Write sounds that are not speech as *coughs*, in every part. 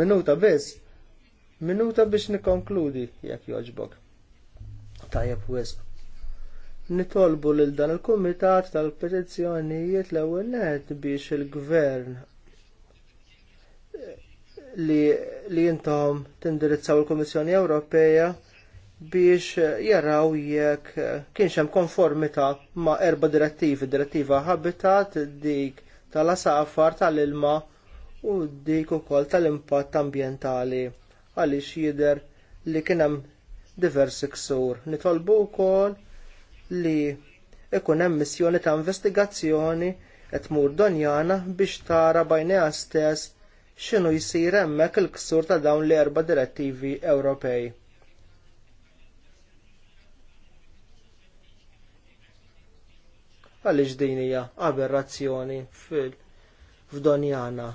Minuta biss. Minuta biex nikonkludi jekk joġbok. Tajjeb wisq. Nitolbu lil dan il-Kumitat tal-Petizzjonijiet l-ewwel nett biex il-Gvern li, li jintom tindirizzaw il-Komissjoni Ewropea biex jaraw jekk kienx hemm konformità ma' erba' direttivi, direttiva Habitat, dik tal-asafar, tal-ilma, u dik ukoll tal-impatt ambjentali għaliex jidher li kien hemm diversi ksur. Nitolbu wkoll li ikun hemm missjoni ta' investigazzjoni qed tmur donjana biex tara bajnija stess x'inhu jsir hemmhekk il-ksur ta' dawn l-erba' direttivi Ewropej. għaliex din hija aberrazzjoni fil-fdonjana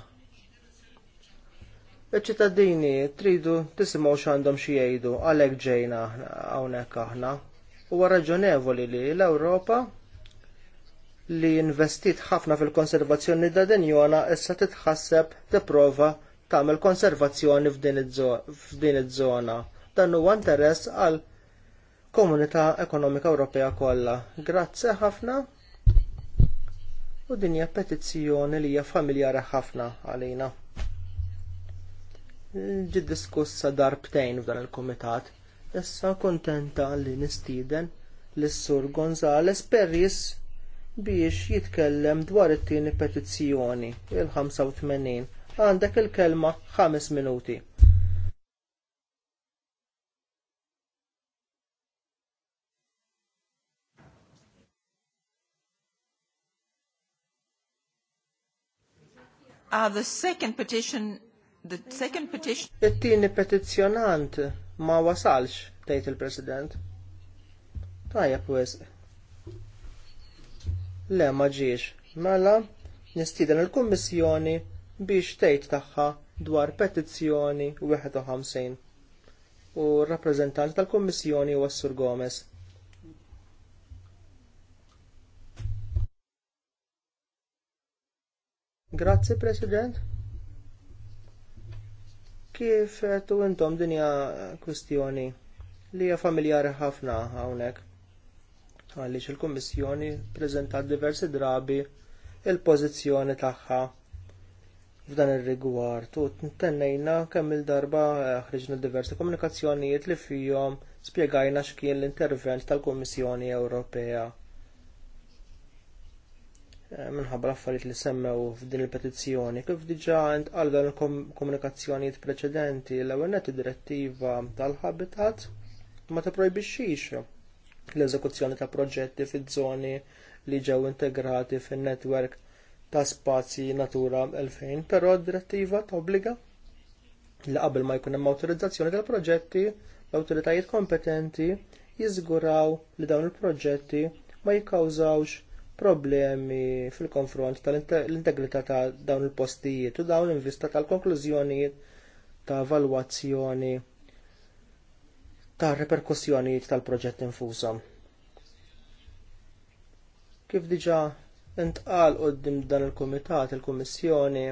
Iċ-ċittadini tridu tisimgħu x'għandhom xi jgħidu għalhekk ġejna hawnhekk aħna. Huwa raġonevoli li l-Ewropa li investit ħafna fil-konservazzjoni ta' dinjona issa titħasseb tipprova tagħmel konservazzjoni f'din iż-żona. Dan huwa interess għal Komunità Ekonomika Ewropea kollha. Grazzi ħafna. U din hija petizzjoni li hija familjari ħafna għalina ġi diskussa darbtejn f'dan il kumitat Issa kuntenta li nistieden lis sur Gonzales Perris biex jitkellem dwar it-tieni petizzjoni il-85. Għandek il-kelma 5 minuti. Uh, the second petition The second petition... It-tieni petizzjonant ma wasalx, tgħid il-President. Tajja pwes. Le ma ġiex. Mela, nistieden il-Kummissjoni biex tgħid tagħha dwar petizzjoni 51. U r-rappreżentant tal-Kummissjoni huwa Sur Gomez. Grazzi President. Kif tu intom dinja kwistjoni li hija familjari ħafna hawnhekk. Għaliex il-Kummissjoni ppreżenta diversi drabi il-pożizzjoni tagħha f'dan ir-rigward u ttennejna kemm il-darba ħriġna diversi komunikazzjonijiet li fihom spjegajna x'kien l-intervent tal-Kummissjoni Ewropea minħabba l-affarijiet li semmew f'din il-petizzjoni. Kif diġà intqal dan il-komunikazzjonijiet preċedenti l-ewwel net id-direttiva tal-habitat ma tipprojbixxix l-eżekuzzjoni ta' proġetti fi żoni li ġew integrati fin-netwerk ta' spazji Natura 2000, però d-direttiva tobbliga li qabel ma jkun hemm awtorizzazzjoni tal-proġetti l-awtoritajiet kompetenti jiżguraw li dawn il-proġetti ma jikkawżawx problemi fil-konfront tal-integrità ta' dawn il-postijiet u dawn invista tal-konklużjonijiet ta' valwazzjoni ta' reperkussjonijiet tal-proġett infushom. Kif diġà intqal quddiem dan il-Kumitat il-Kummissjoni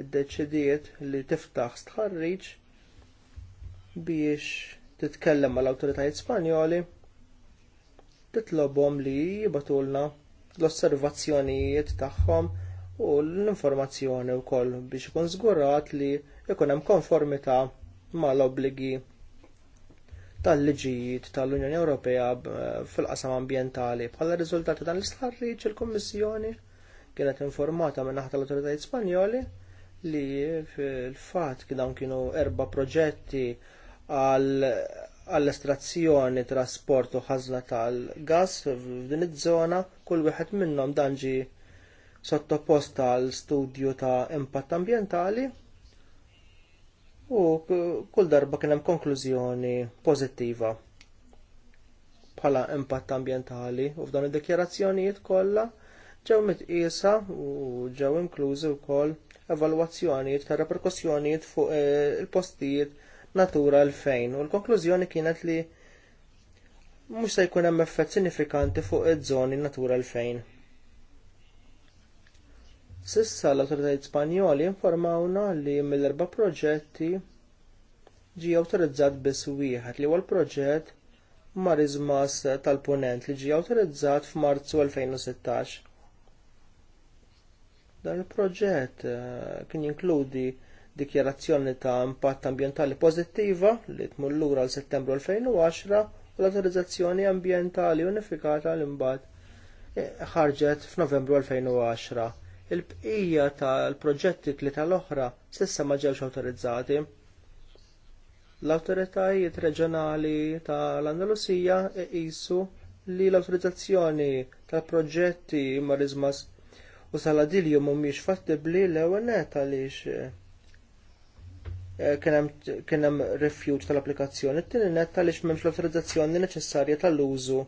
ddeċidiet li tiftaħ stħarriġ biex titkellem mal awtoritajiet Spanjoli titlobhom li jibatulna l-osservazzjonijiet tagħhom u l-informazzjoni wkoll biex ikun żgurat li ikun hemm konformità mal obbligi tal-liġijiet tal-Unjoni Ewropea fil-qasam ambjentali. Bħala riżultat ta' dan l-istħarriġ il-Kummissjoni kienet informata minn naħa tal-Awtoritajiet Spanjoli li fil-fatt dawn kienu erba' proġetti għal għall-estrazzjoni, trasport u ħażla tal gass f'din iż-żona kull wieħed minnhom dan ġie sottopost għal studju ta' impatt ambjentali u kull darba kien hemm konklużjoni pożittiva bħala impatt ambjentali u f'dan id-dikjarazzjonijiet kollha ġew mitqiesa u ġew inklużi wkoll evalwazzjonijiet ta' reperkussjonijiet fuq eh, il-postijiet Natura 2000 u l-konklużjoni kienet li mhux se jkun hemm effett sinifikanti fuq iż-żoni natura 2000. Sissa l awtoritajiet Spanjoli informawna li mill-erba' proġetti ġie awtorizzat biss wieħed li huwa l-proġett Marizmas tal-Punent li ġie awtorizzat f'Marzu 2016. Dan il-proġett eh, kien jinkludi dikjarazzjoni ta' impatt ambjentali pożittiva li tmur lura l-Settembru 2010 l-autorizzazzjoni ambjentali unifikata l imbagħad eh, ħarġet f'Novembru 2010. Il-bqija tal-proġetti tlieta l-oħra s'issa ma ġewx awtorizzati. L-awtoritajiet reġjonali tal-Andalusija iqisu li l awtorizzazzjoni tal-proġetti marizmas u saladilju mhumiex fattibbli l-ewwel għaliex eh, Eh, kien hemm rifjut tal-applikazzjoni, t-tieni net għaliex m'hemmx l autorizzazzjoni neċessarja tal-użu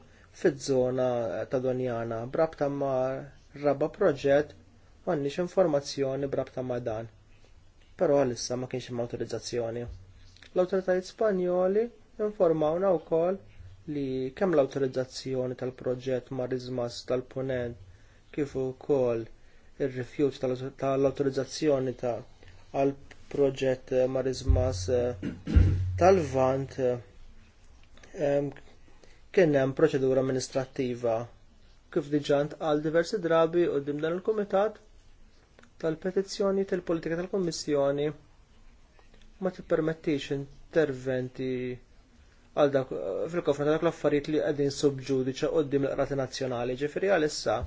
fiż-żona ta' donjana brabta ma' rabba proġett m'għandniex informazzjoni brabta ma' dan. Però għalissa ma kienx hemm awtorizzazzjoni. L-awtoritajiet Spanjoli informawna wkoll li kemm l-awtorizzazzjoni tal-proġett rizmas tal-Punent kif ukoll ir-rifjut tal-awtorizzazzjoni ta' għal proġett proġett eh, Marizmas eh, tal-Vant eh, kien hemm proċedura amministrattiva kif diġà għal diversi drabi quddiem dan il-Kumitat tal-petizzjoni tal-politika tal kummissjoni ma tippermettix interventi għal dak fil-kofra ta' dak l-affarijiet li qegħdin subġudiċa quddiem l-qrati nazzjonali, ġifieri għalissa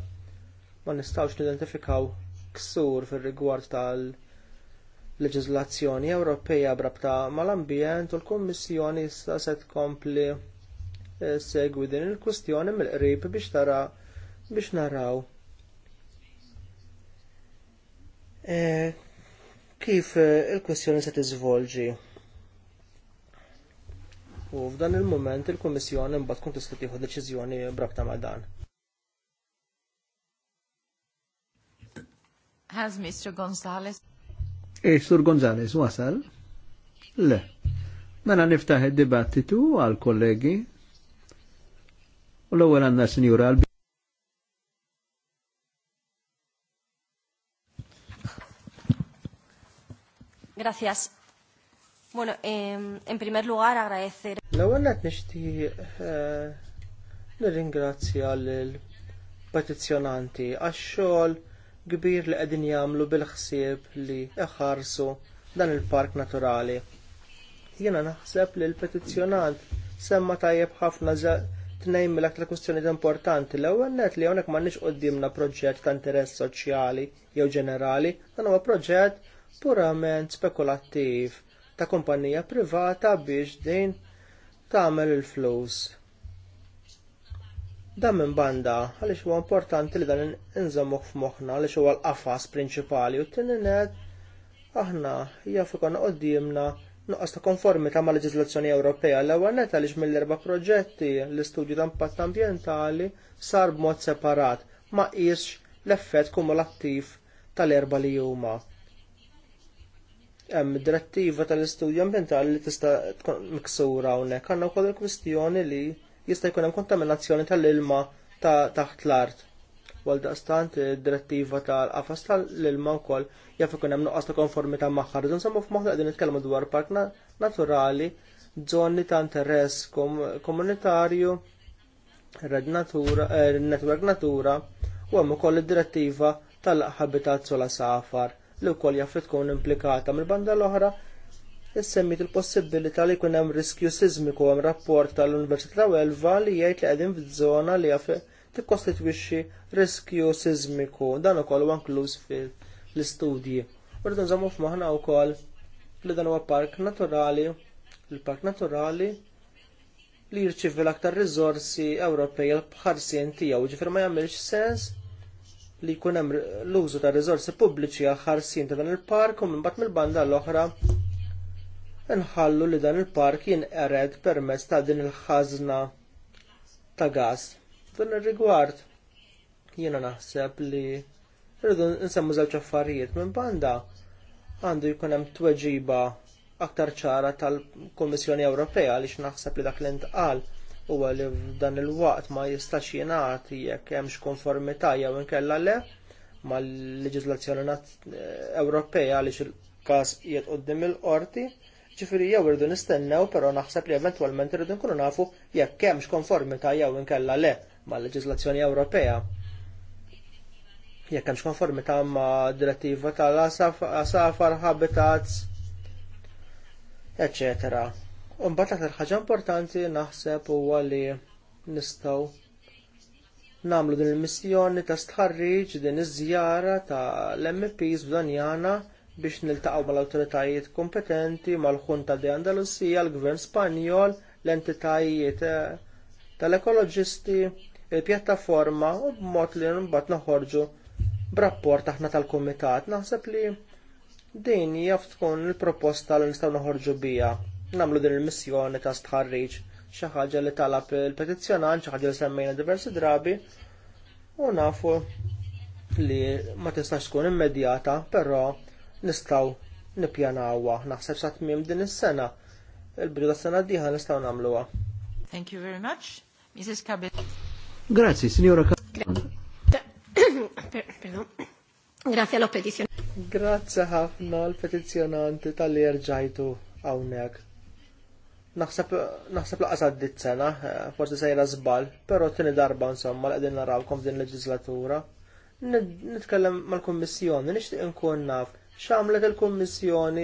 ma nistgħux nidentifikaw ksur fir-rigward tal- leġiżlazzjoni Ewropea brabta mal-ambjent u l-Kummissjoni issa se tkompli eh, segwi din il-kwistjoni mill-qrib biex tara biex naraw. E, kif eh, il-kwistjoni se tiżvolġi? U f'dan il mument il-Kummissjoni mbagħad tkun tista' tieħu deċiżjoni brabta ma' dan. Has Mr. Gonzalez Eħ, eh, sur Gonzales wasal? Le. Mela niftaħ id-dibattitu għal kollegi. U l-ewwel s Sinjura għal Gracias. Bueno, eh, en primer lugar agradecer. L-ewwel qed nixtieq eh, nirringrazzja lill petizzjonanti għax-xogħol kbir li qegħdin jagħmlu bil-ħsieb li iħarsu dan il-park naturali. Jiena naħseb li l-petizzjonant semma tajjeb ħafna tnejn mill-aktar kwistjonijiet importanti l-ewwel net li hawnhekk m'għandniex qudiemna proġett ta' interess soċjali jew ġenerali, dan huwa proġett purament spekulattiv ta' kumpanija privata biex din tagħmel il-flus Dan minn banda, għaliex huwa importanti li dan inżammu f'moħħna għaliex huwa l-qafas prinċipali u t-tinnet aħna jaf ikon qoddimna nuqqas ta' konformità ma' leġiżlazzjoni Ewropea l ewwel net għaliex mill-erba' proġetti l-istudju ta' impatt ambjentali sar b'mod separat ma qisx l-effett kumulattiv tal-erba li huma hemm direttiva tal-istudju ambjentali li tista' tkun miksura hawnhekk għandna wkoll il-kwistjoni li jista' jkun hemm kontaminazzjoni tal-ilma ta' taħt l-art. Għal daqstant direttiva tal-qafas tal-ilma wkoll jaf ikun hemm nuqqas ta' konformità magħha. Rridu nsemmu f'moħħ qegħdin nitkellmu dwar park naturali, żoni ta' interess komunitarju, red natura, eh, netwerk natura, u hemm ukoll id-direttiva tal-habitat sola safar li wkoll jaf tkun implikata mill-banda l-oħra Issemmit il-possibilità li jkun hemm riskju siżmiku hemm rapport tal-Università ta' Welva li jgħid li qegħdin f'żona li jaf tikkostitwixxi riskju siżmiku. Dan ukoll huwa inkluż fil-istudji. Rridu nżommu f'moħħna wkoll li dan huwa park naturali, il-park naturali li jirċivi l-aktar riżorsi Ewropej l-bħarsien tiegħu, ġifier ma jagħmilx sens li jkun hemm l-użu ta' riżorsi pubbliċi għal ħarsien ta' dan il-park u minbagħad mill-banda l-oħra nħallu li dan il-park jinqered permezz ta' din il ħazna ta' gas. F'dan ir-rigward jiena naħseb li rridu nsemmu żewġ affarijiet minn banda għandu jkun hemm tweġiba aktar ċara tal-Kummissjoni Ewropea għaliex naħseb li dak li ntqal huwa li f'dan il-waqt ma jistax jingħati jekk hemmx konformità jew inkella le mal-leġiżlazzjoni Ewropea għaliex il-każ qiegħed quddiem il-qorti. il qorti Ġifieri jew irdu nistennew, però naħseb li eventwalment irridu nkunu nafu jekk hemmx konformità jew inkella le mal-leġiżlazzjoni Ewropea. Jekk hemmx konformità ma' direttiva tal-asafar, habitats, U Mbagħad aktar ħaġa importanti naħseb huwa li nistgħu namlu din il-missjoni ta' stħarriġ din iż-żjara tal-MIP's mps b'Danjana biex niltaqgħu mal-awtoritajiet kompetenti mal-Ħunta di Andalusija, l-Gvern Spanjol, l-entitajiet eh, tal-ekoloġisti, il-pjattaforma u b'mod li mbagħad noħorġu b'rapport aħna tal-Kumitat. Naħseb li din hija tkun il-proposta li nistgħu noħorġu bija. Nagħmlu din il-missjoni ta' stħarriġ xi ħaġa li talab il-petizzjonant, xi ħaġa li semmejna diversi drabi u nafu li ma tistax tkun immedjata, però nistgħu nippjanawha naħseb sa tmiem din is-sena. Il-bidu sena diħa nistaw nistgħu nagħmluha. Thank you very much. Mrs. Cabin. Grazie, signora Cabin. Grazie għal petizjon. Grazie ħafna l-petizjonanti tal-li rġajtu hawnhekk. Naħseb naħseb laqas għaddit sena, eh, forsi sejra żball, però tini darba insomma l qegħdin narawkom din leġislatura. Nitkellem mal-Kummissjoni nixtieq inkun naf x'għamlet il-Kummissjoni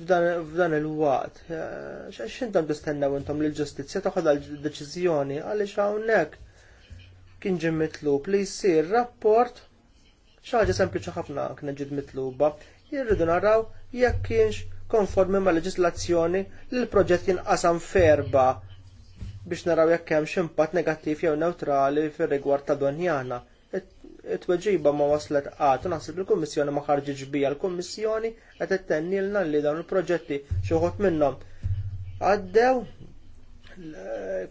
f'dan il-waqt. Eh, x'intom tistennew intom li l-ġustizzja toħodha l-deċiżjoni għaliex hawnhekk kien ġim mitlub li jsir rapport xaħġa sempliċi ħafna kien ġid mitluba jirridu naraw jekk kienx konformi ma' leġislazzjoni li l-proġett jinqasam ferba biex naraw jekk hemm xi impatt negattiv jew newtrali fir-rigward ta' donjana it-tweġiba ma waslet għad, naħseb il-Kummissjoni ma ħarġiġ bija l-Kummissjoni qed ittennilna li dawn il-proġetti xi wħud minnhom għaddew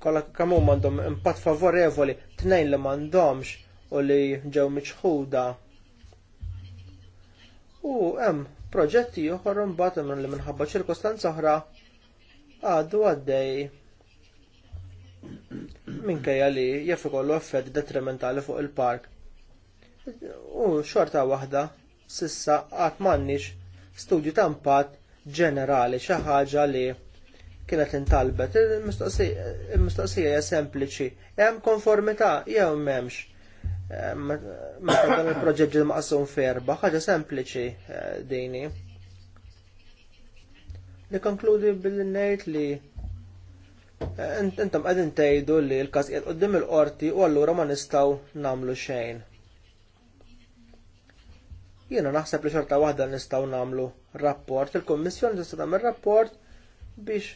kollha kemm huma għandhom impatt favorevoli tnejn li m'għandhomx u li ġew miċħuda. U hemm proġetti oħra mbagħad minn li minħabba ċirkostanza oħra għadu għaddej minkejja li jaf ikollu effett detrimentali fuq il-park u xorta waħda sissa għat m'għandniex studju ta' impatt ġenerali xi ħaġa li kienet intalbet. Il-mistoqsija hija sempliċi. Hemm konformità jew m'hemmx. Meta dan il-proġett ġil maqsum ferba, ħaġa sempliċi eh, dini. Nikonkludi billi ngħid li eh, intom qegħdin tgħidu li l-każ qiegħed qudiem il-qorti u allura ma nistgħu nagħmlu xejn. Jiena naħseb li xorta waħda nistgħu nagħmlu rapport, il-Kummissjoni tista' tagħmel rapport biex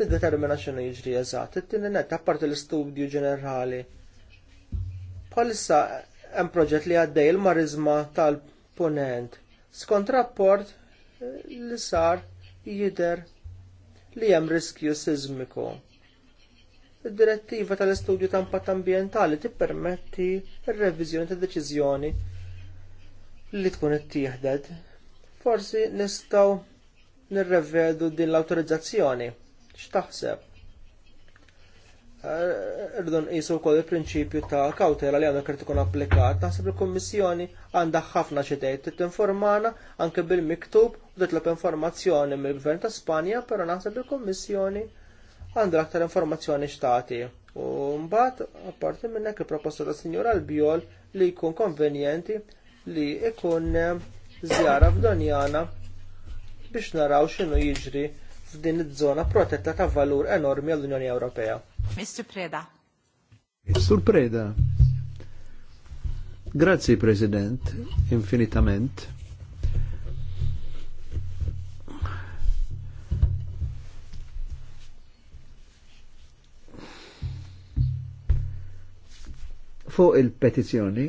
tiddetermina x'inhu jiġri eżatt. It-tieni nett apparti l-istudju ġenerali. Bħalissa hemm proġett li għaddej il-marizma tal-ponent. Skont rapport li sar jidher li hemm riskju siżmiku id-direttiva tal-istudju ta' impatt ambjentali tippermetti r reviżjoni ta' deċiżjoni li tkun ittieħdet. Forsi nistgħu nirrevedu din l-awtorizzazzjoni. X'taħseb? Eh, Irdu nqisu wkoll il-prinċipju ta' kawtela li għandha kert ikun applikat. Naħseb il-Kummissjoni għandha ħafna xi tgħid tinformana anke bil-miktub u titlob informazzjoni mill-Gvern ta' Spanja, però naħseb il-Kummissjoni għandha aktar informazzjoni xtati. U mbagħad apparti minn hekk il-proposta ta' Sinjor Albiol li jkun konvenjenti li ikun eh, żjara f'Donjana biex naraw x'inhu jiġri f'din iż-żona protetta ta' valur enormi għall-Unjoni Ewropea. Mr. Preda. Mr. Preda. Grazzi, President, infinitament. Fuq il-petizjoni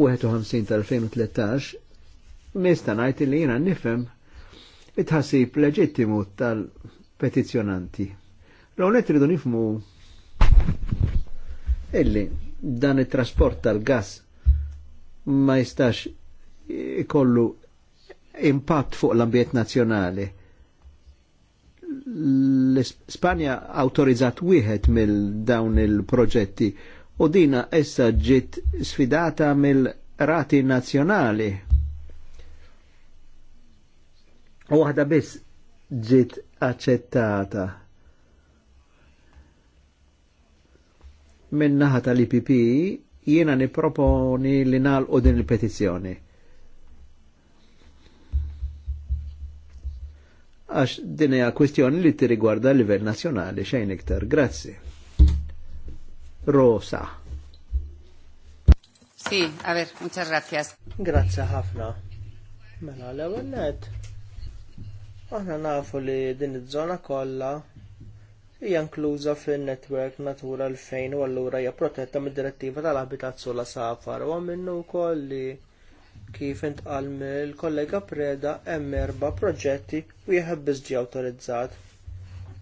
51 tal-2013 mista ngħid li jiena nifhem itħasib leġittimu tal-petizzjonanti. L-għonet rridu nifmu illi dan it-trasport tal-gas ma jistax ikollu impatt fuq l-ambjent nazzjonali. L-Spanja autorizzat wieħed mill dawn il-proġetti u dina issa ġiet sfidata mill-rati nazzjonali. U għada biss ġiet minn Minnaħa tal-IPP jiena niproponi li nalqu din il-petizzjoni. Għax din hija kwistjoni li tirrigwarda l-livell nazzjonali xejn iktar. Grazzi. Rosa. Sì, a ver, muchas gracias. Grazie ħafna. Mela l-ewwel net. Aħna nafu li din iż-żona kollha hija inkluża fin-netwerk Natura 2000 u allura hija protetta mid-direttiva tal-Habitat Sola Safar u minnu wkoll li kif intqal mill-kollega Preda hemm erba' proġetti wieħed biss awtorizzat.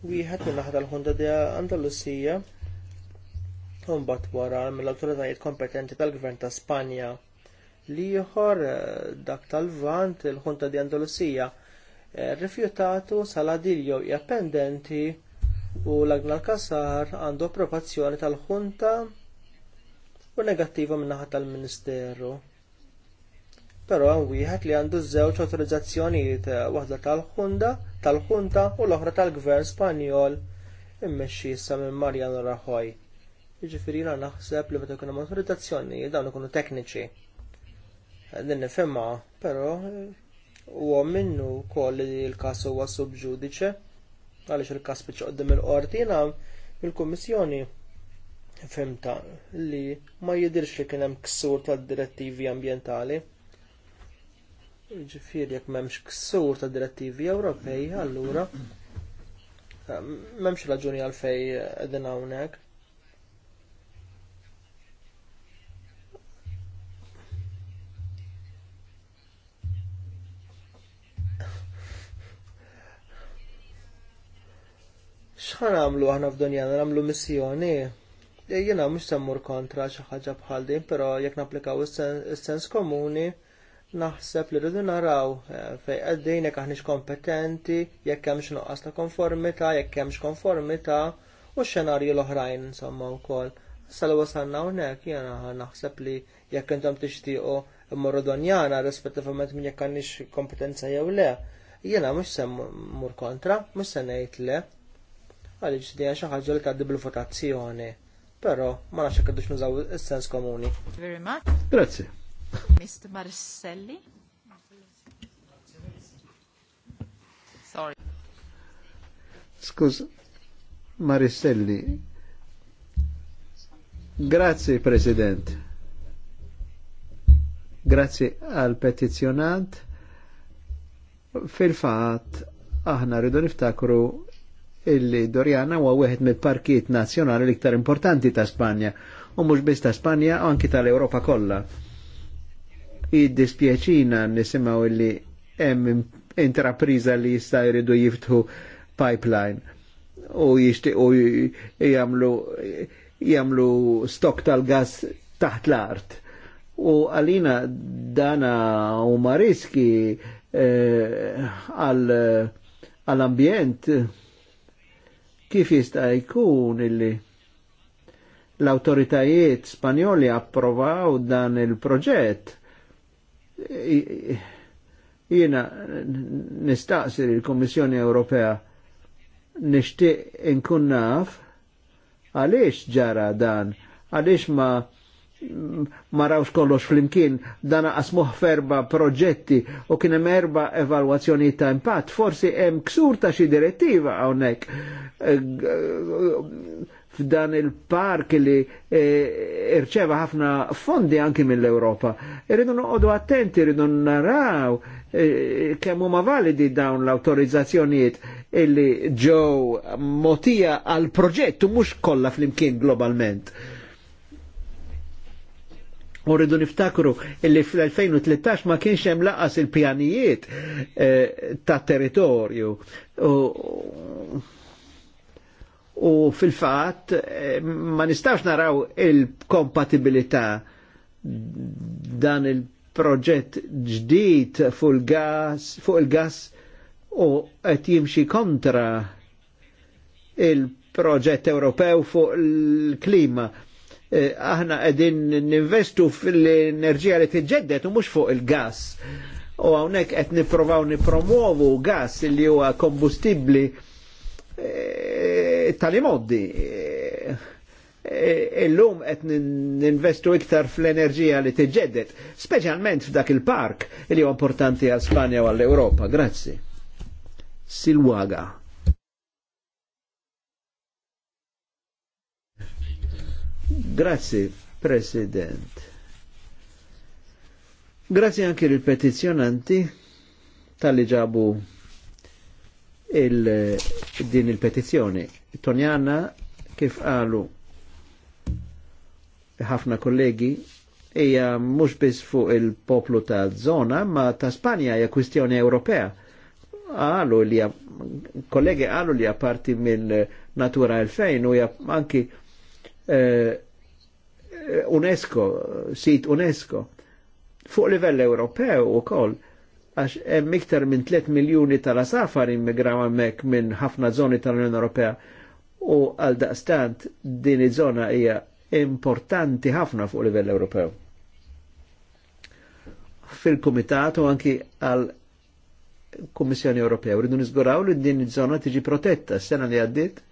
Wieħed minn naħa l-Ħunda di Andalusija u mbagħad wara mill-awtoritajiet kompetenti tal-Gvern ta' Spanja. L-ieħor eh, dak tal-Vant il-Ħunta di Andalusija eh, rifjutatu saladilju hija pendenti u l-Agnal Kasar għandu approvazzjoni tal-Ħunta u negattiva min-naħa tal-Ministeru. Però hemm wieħed li għandu żewġ awtorizzazzjonijiet eh, waħda tal-Ħunda tal-Ħunta u l-oħra tal-Gvern Spanjol immexxi issa minn Mariano Rajoy. Jiġifieri jiena naħseb li meta jkun hemm autorizzazzjoni dawn ikunu tekniċi. Din nifhimha, però huwa minnu wkoll li l-każ huwa subġudice għaliex il-każ biċċa qudiem il-qorti jiena il-Kummissjoni fimta li ma jidhirx li kien hemm ksur tad-direttivi ambjentali. Ġifieri jekk m'hemmx ksur tad direttivi Ewropej, allura m'hemmx raġuni għalfejn qegħdin hawnhekk. xħan għamlu għana f'dunjana, għamlu missjoni. Eh, Jena mux semmur kontra xaħġa bħal din, pero jek naplikaw il-sens komuni, naħseb li rridu naraw eh, fej għaddin jek aħniex kompetenti, jekk hemmx nuqqas ta' konformità, jekk hemmx konformità u xenarju l-oħrajn insomma wkoll. kol. Sala wasanna hawnhekk jiena naħseb li jekk intom tixtiequ immorru donjana rispettivament minn jekk għandix kompetenza jew le. Jiena mhux semmur kontra, mhux se ngħid le, għaliex dija għaxa ħaġa li kaddi bil-votazzjoni. Pero, ma nafx kaddu kiddux nużaw is-sens komuni. Very much. Grazzi. Mr. Marcelli. Sorry. Skuż, Maristelli. Grazzi, President. Grazie al petizionant. Fil-fat, aħna rridu niftakru illi doriana huwa wieħed mill parkiet nazzjonali l-iktar importanti ta' Spanja u mhux biss ta' Spanja u anki tal-Ewropa kollha. Id-dispjaċina nisimgħu illi hemm intrapriża li jista' jridu jiftħu pipeline u jixtiequ jagħmlu jagħmlu stok tal-gas taħt l-art. U għalina dana u mariski għall-ambjent eh, kif jista' jkun illi l-autoritajiet spanjoli approvaw dan il-proġett. Jiena nistaqsir il-Kommissjoni Ewropea nixtieq inkun naf għaliex ġara dan, għaliex ma' marawx kollox flimkien, dana asmuħ ferba proġetti u kien hemm erba evalwazzjoni ta' impatt, forsi hemm ksur ta' xi direttiva hawnhekk. Eh, f'dan il-park li eh, irċeva ħafna fondi anki mill-Europa. Irridu noqogħdu attenti, irridu naraw eh, kemm huma validi dawn l-autorizzazzjonijiet illi ġew motija għal proġett u mhux kollha flimkien globalment Uridu niftakru illi fl-2013 ma kienx hemm laqas il-pjanijiet eh, ta' territorju. U, fil-fatt eh, ma nistax naraw il-kompatibilità dan il-proġett ġdid fuq il fuq il-gas u qed jimxi kontra il-proġett Ewropew fuq il-klima Eh, aħna qegħdin ninvestu fil-enerġija li t-ġeddet u mhux fuq il-gas. U hawnhekk qed nipprovaw nipromuovu gas li huwa kombustibbli eh, tal-imoddi. Eh, illum qed ninvestu iktar fl-enerġija li t-ġeddet, specialment f'dak il-park li huwa importanti għal Spanja u għall europa Grazzi. Silwaga. Grazie, President. Grazie anche il petizjonanti tali ġabu il din il-petizjoni. Tonjana kif qalu ħafna kollegi hija mhux biss fuq il-poplu ta' zona, ma ta' Spanja hija kwistjoni Ewropea. Qalu li kollegi qalu li parti mill-natura 2000 u anki Eh, UNESCO, sit UNESCO, fuq livell Ewropew u koll, għax hemm iktar minn 3 miljuni tal-asafar immigraw hemmhekk minn ħafna żoni tal-Unjoni Ewropea u għal daqstant din iż-żona hija importanti ħafna fuq livell Ewropew. Fil-Kumitat u anki għal Kummissjoni Ewropea rridu niżguraw li din iż-żona tiġi protetta s-sena li għaddiet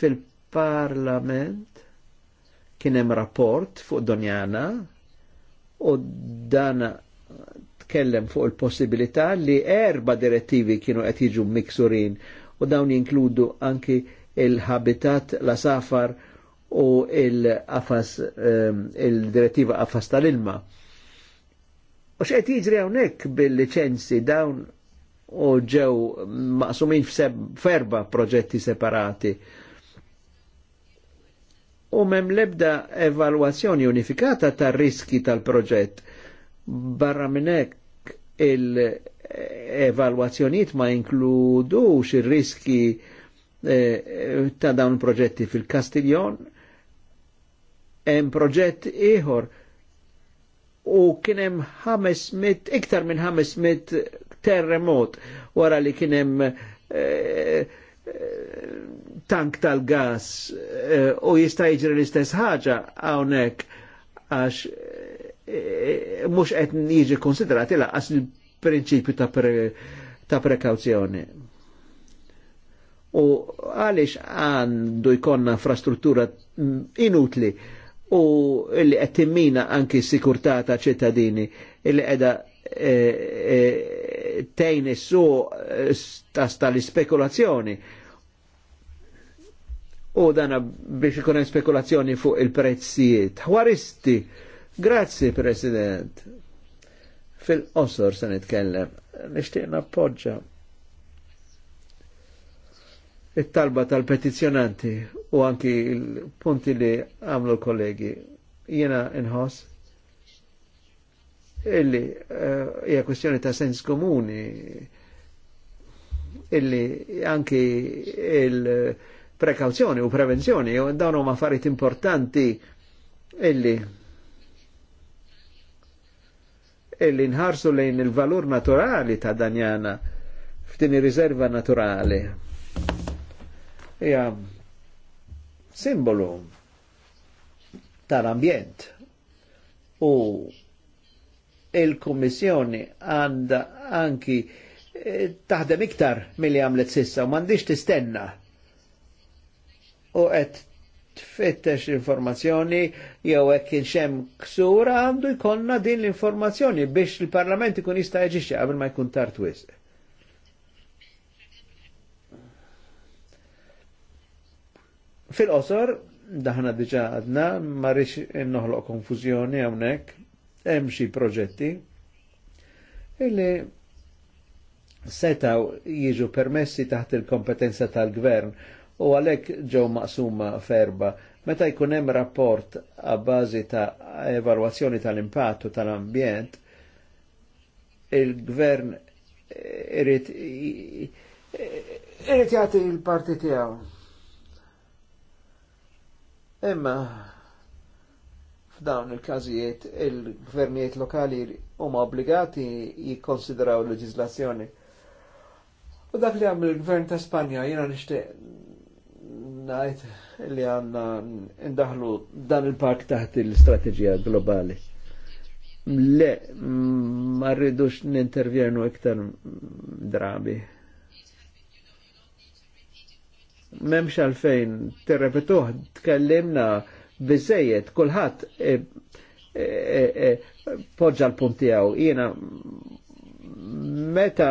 fil parlament kien hemm rapport fuq Donjana u dan tkellem fuq il-possibilità li erba direttivi kienu qed jiġu miksurin u dawn jinkludu anki il-habitat la safar u il-qafas ehm, il-direttiva qafas tal-ilma. U xqed jiġri hawnhekk bil-liċenzi dawn u ġew maqsumin f'erba proġetti separati u mem lebda evalwazzjoni unifikata tar riski tal-proġett. Barra minnek il-evalwazzjoniet ma inkludux il-riski eh, ta' dawn proġetti fil-Kastiljon, hemm proġett ieħor u kien hemm 500 iktar minn 500 terremot wara li kien hemm eh, eh, tank tal-gas eh, u jista' jiġri l-istess ħaġa hawnhekk għax eh, mhux qed jiġi konsiderati ilaqas il-prinċipju ta' prekawzjoni. U għaliex għandu jkollna infrastruttura inutli u li qed timmina anki s-sikurtà ta' ċittadini illi qiegħda eh, tgħin is-suq ta' tal-ispekulazzjoni u dana biex ikun hemm spekulazzjoni fuq il-prezzijiet. Ħwaristi, grazzi President. Fil-qosor se nitkellem, nixtieq nappoġġa it-talba tal petizzjonanti u anki il-punti li għamlu l-kollegi jena inħoss illi eh, hija uh, kwestjoni ta' sens komuni illi anki il- uh, prekawzjoni u prevenzjoni u dawn huma affarijiet importanti illi illi nħarsu lejn il-valur naturali ta' danjana f'din ir-riserva naturali. Hija simbolu tal-ambjent u il-Kummissjoni għanda anki eh, taħdem iktar mill-li għamlet sissa u mandiġ tistenna u qed tfittex l-informazzjoni jew hekk kien xem ksura għandu jkollna din l-informazzjoni biex il-Parlament ikun jista' jaġixxi qabel ma jkun tard wisq. Fil-qosor, daħna diġa għadna, ma rix noħloq konfuzjoni hawnhekk, hemm xi proġetti illi setaw jiġu permessi taħt il-kompetenza tal-gvern u għalhekk ġew maqsuma ferba. Meta jkun hemm rapport għabbażi ta' evalwazzjoni tal-impattu tal-ambjent, il-gvern irid irid jagħti l-parti tiegħu. Imma f'dawn il-każijiet il-gvernijiet lokali huma obbligati jikkonsidraw l-leġiżlazzjoni. U dak li għamil il-gvern ta' Spanja jiena nixtieq najt li għanna indaħlu dan il-park taħt il-strategija globali. Le, ma rridux nintervjenu iktar drabi. Memx għalfejn, terrepetuħ, tkellimna bizzejiet, kullħat e, e, e, poġġa l għaw. Jena meta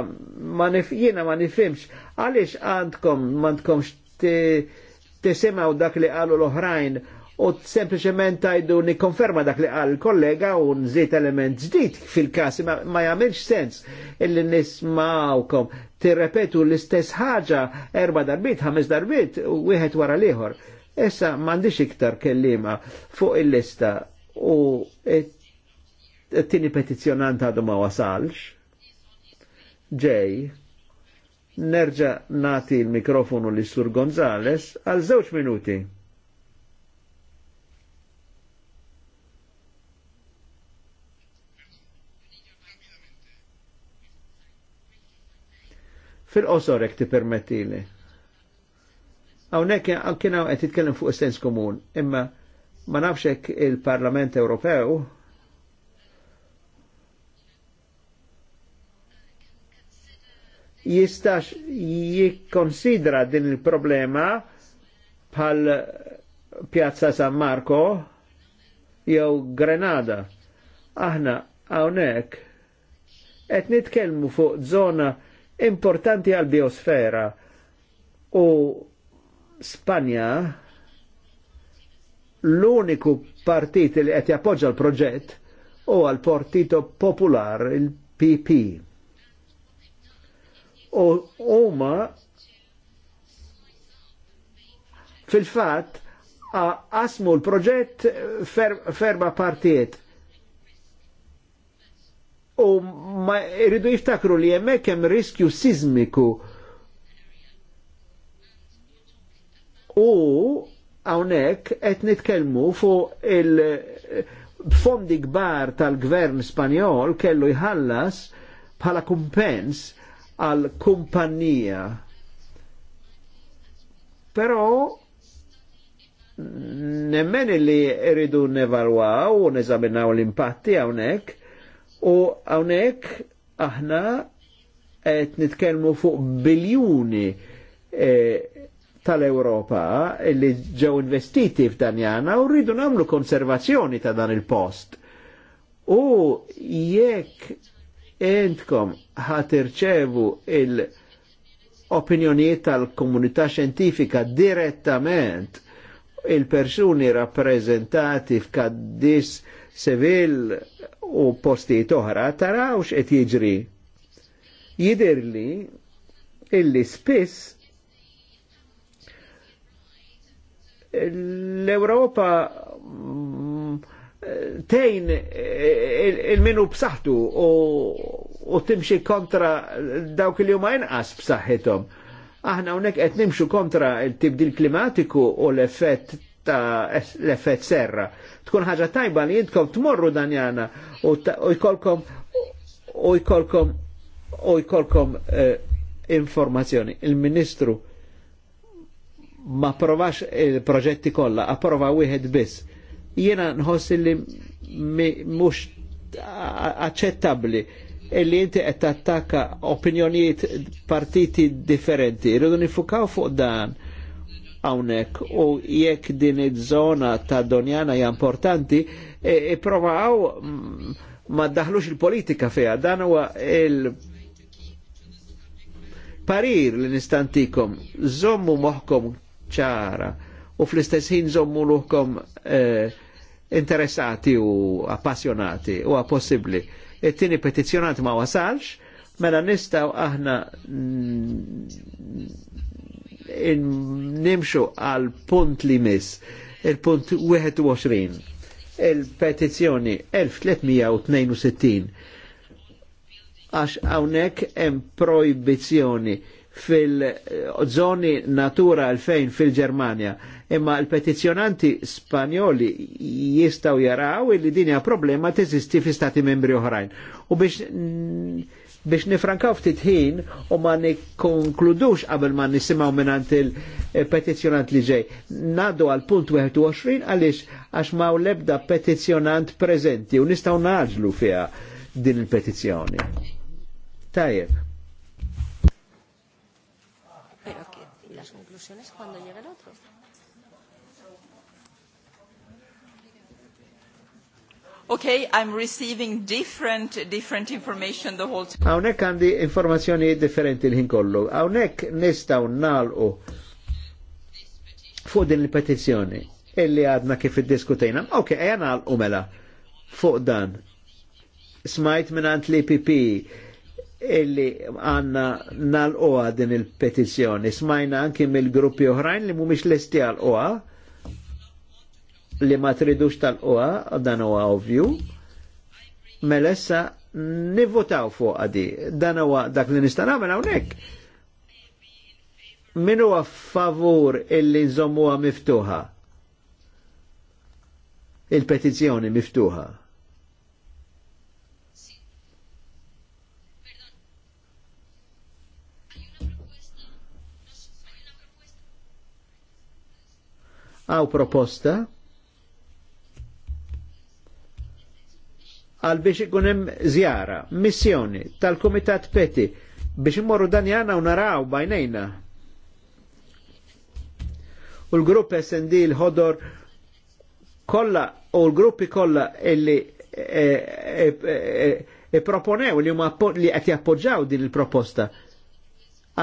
jena ma nifimx għalix għandkom m'għandkomx tesemaw dak li qalu l-oħrajn u sempliciment tajdu nikkonferma dak li għal kollega u nżid element ġdid fil-kas ma, ma jagħmilx sens illi nismawkom tirrepetu l-istess ħaġa erba darbit, ħames darbit u wieħed wara l-ieħor. Issa m'għandix iktar kellima fuq il-lista u t-tini petizjonant għadu ma wasalx. Ġej nerġa nati il-mikrofonu li sur Gonzales għal żewġ minuti. Fil-qosorek ti permettili. Hawnhekk kien hawn qed titkellem fuq sens komun, imma ma nafxek il-Parlament Ewropew jistax jikonsidra din il-problema pal Piazza San Marco jew Grenada. Aħna hawnhekk qed nitkellmu fuq zona importanti għal biosfera u Spanja l-uniku partit li qed jappoġġa l-proġett u għal Partito Popular il-PP huma fil-fatt qasmu l-proġett fer, ferba partijiet. U ma irridu jiftakru li jemmek hemm riskju sismiku. u hawnhekk qed nitkellmu fuq il-fondi gbar tal-gvern Spanjol kellu jħallas bħala kumpens għal kumpanija. Però nemmen li rridu nevalwaw u neżaminaw l-impatti hawnhekk u għawnek aħna qed nitkellmu fuq biljuni e, tal-Europa li ġew investiti f'danjana u rridu nagħmlu konservazzjoni ta' dan il-post. U jekk intkom ħatirċevu il opinjoniet tal-komunità xjentifika direttament il-persuni rappresentati f'kaddis sevil u posti toħra tarawx et jiġri. Jidirli illi spiss l-Europa tejn il-minu il b'saħħtu u timxi kontra dawk li huma inqas b'saħħithom. Aħna hawnhekk qed nimxu kontra il-tibdil klimatiku u l-effett ta' l-effett serra. Tkun ħaġa tajba li jintkom tmorru danjana u jkolkom u jkolkom u jkolkom eh, informazzjoni. Il-Ministru ma provax il-proġetti kollha, approva wieħed biss Jiena nħoss li mhux aċċettabbli illi inti qed attakka opinjonijiet partiti differenti. Irridu nifukaw fuq dan hawnhekk u jekk din iż-żona ta' Donjana hija importanti, e, ipprovaw mm, ma daħlux il-politika fiha. dan huwa il- parir li nistantikom, zommu moħkom ċara u fl-istess ħin zommu luħkom eh, interessati u appassjonati u possibbli. It-tieni petizjonati ma wasalx, mela nistaw aħna nimxu għal punt li mis, il-punt 21, il-petizzjoni 1362 għax hawnhekk hemm proibizjoni fil-żoni natura 2000 fil-Ġermanja imma l-petizjonanti spanjoli jistaw jaraw li dinja problema teżisti fi stati membri oħrajn. U biex biex nifrankaw ftit ħin u ma nikkonkludux qabel ma nisimaw minnant il-petizjonant li ġej. Nadu għal punt 21 għaliex għax ma lebda petizjonant prezenti u nistaw naġlu fija din il-petizjoni. Tajjeb. Okay, I'm receiving different, different information the whole time. Għawnek għandi informazzjoni differenti l-ħin kollu. Għawnek nistaw nalqu fuq din il-petizjoni illi għadna kif id-diskutejna. Ok, għajan nalqu mela fuq dan. Smajt minn għant l-IPP illi għanna nal nalqu din il-petizjoni. Smajna anki mill-gruppi oħrajn li mumiex l-istijal uqa ah? li ma tridux tal-qwa, dan huwa ovvju, melessa nivvotaw fuq għadi. Dan huwa dak li nista' nagħmel hawnhekk. Min huwa favur illi nżommuha miftuħa? Il-petizzjoni miftuħa. Għaw proposta? għal biex ikun hemm żjara, missjoni tal-Kumitat Peti biex immorru dan u naraw bajnejna. U l-grupp SND l-ħodor kolla u l-gruppi kolla illi e, e, e, proponew li huma li qed jappoġġjaw din il-proposta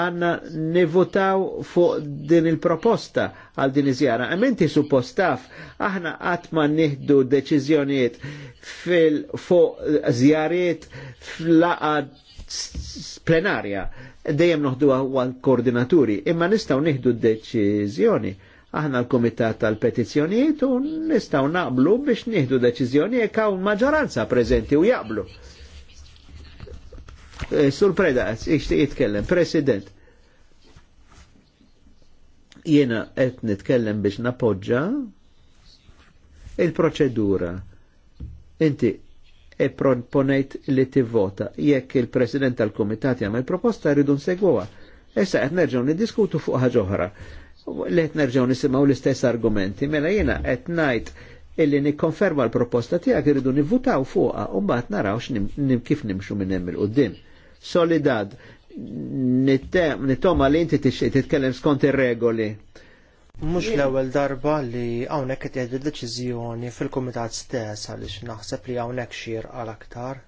għanna nevotaw fuq din il-proposta għal din iżjara. Għamenti suppostaf, aħna għatma nieħdu deċizjoniet fuq zjariet fl-laqa plenarja. Dejjem noħdu għal koordinaturi, imma nistaw nieħdu deċizjoni aħna l-Komitat tal-Petizzjonijiet u nistaw naqblu biex nieħdu deċiżjoni jekk hawn maġġoranza preżenti u jaqblu. Eh, Sur predaz, ixti jitkellem, president. Jena qed nitkellem biex napoġġa il-proċedura. Inti e proponejt li tivvota jekk il-President tal-Komitat jagħmel proposta rridu nsegwuha. Issa qed nerġgħu niddiskutu fuq ħaġa oħra. Li qed nerġgħu nisimgħu l-istess argumenti, mela jiena qed ngħid illi nikkonferma l-proposta tiegħek irridu nivvutaw fuqha u mbagħad naraw nim, kif nimxu minn hemm il-qudiem. Solidad, nittoma li inti titkellem skont ir-regoli. Mux l-ewwel darba li hawnhekk qed jgħidu deċiżjoni fil-kumitat stess għaliex naħseb li hawnhekk xir għal aktar.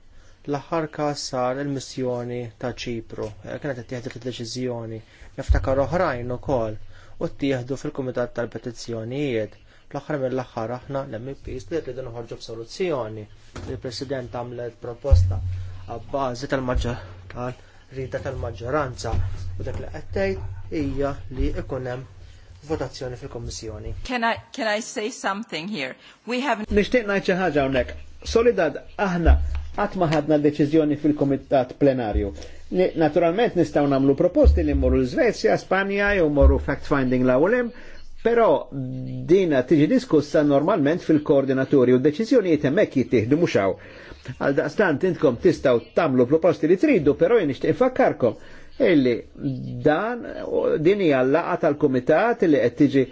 L-aħħar każ sar il-missjoni ta' Ċipru, eh, kienet qed jieħdu deċiżjoni niftakar oħrajn ukoll u ttieħdu fil-kumitat tal-petizzjonijiet. L-aħħar mill-aħħar aħna l-MPs li rridu noħorġu b'soluzzjoni. Il-President għamlet proposta għabbażi tal-maġġor għal rida tal-maġġoranza u dak li qed hija li ikun hemm votazzjoni fil-Kommissjoni. Can I, can I say something here? We have Nixtieq ngħid xi ħaġa hawnhekk. Solidad aħna qatt ma ħadna deċiżjoni fil-Kumitat Plenarju. Naturalment nistgħu nagħmlu proposti li mmorru l-Svezja, Spanja jew morru fact-finding l-ewwel Però dina tiġi diskussa normalment fil-koordinaturi u d deċiżjonijiet hemmhekk jittieħdu mhux hawn. Għal daqstant intkom tistaw tamlu proposti li tridu, pero jen nishtiq infakkarkom illi dan dini hija tal-kumitat li qed tiġi eh,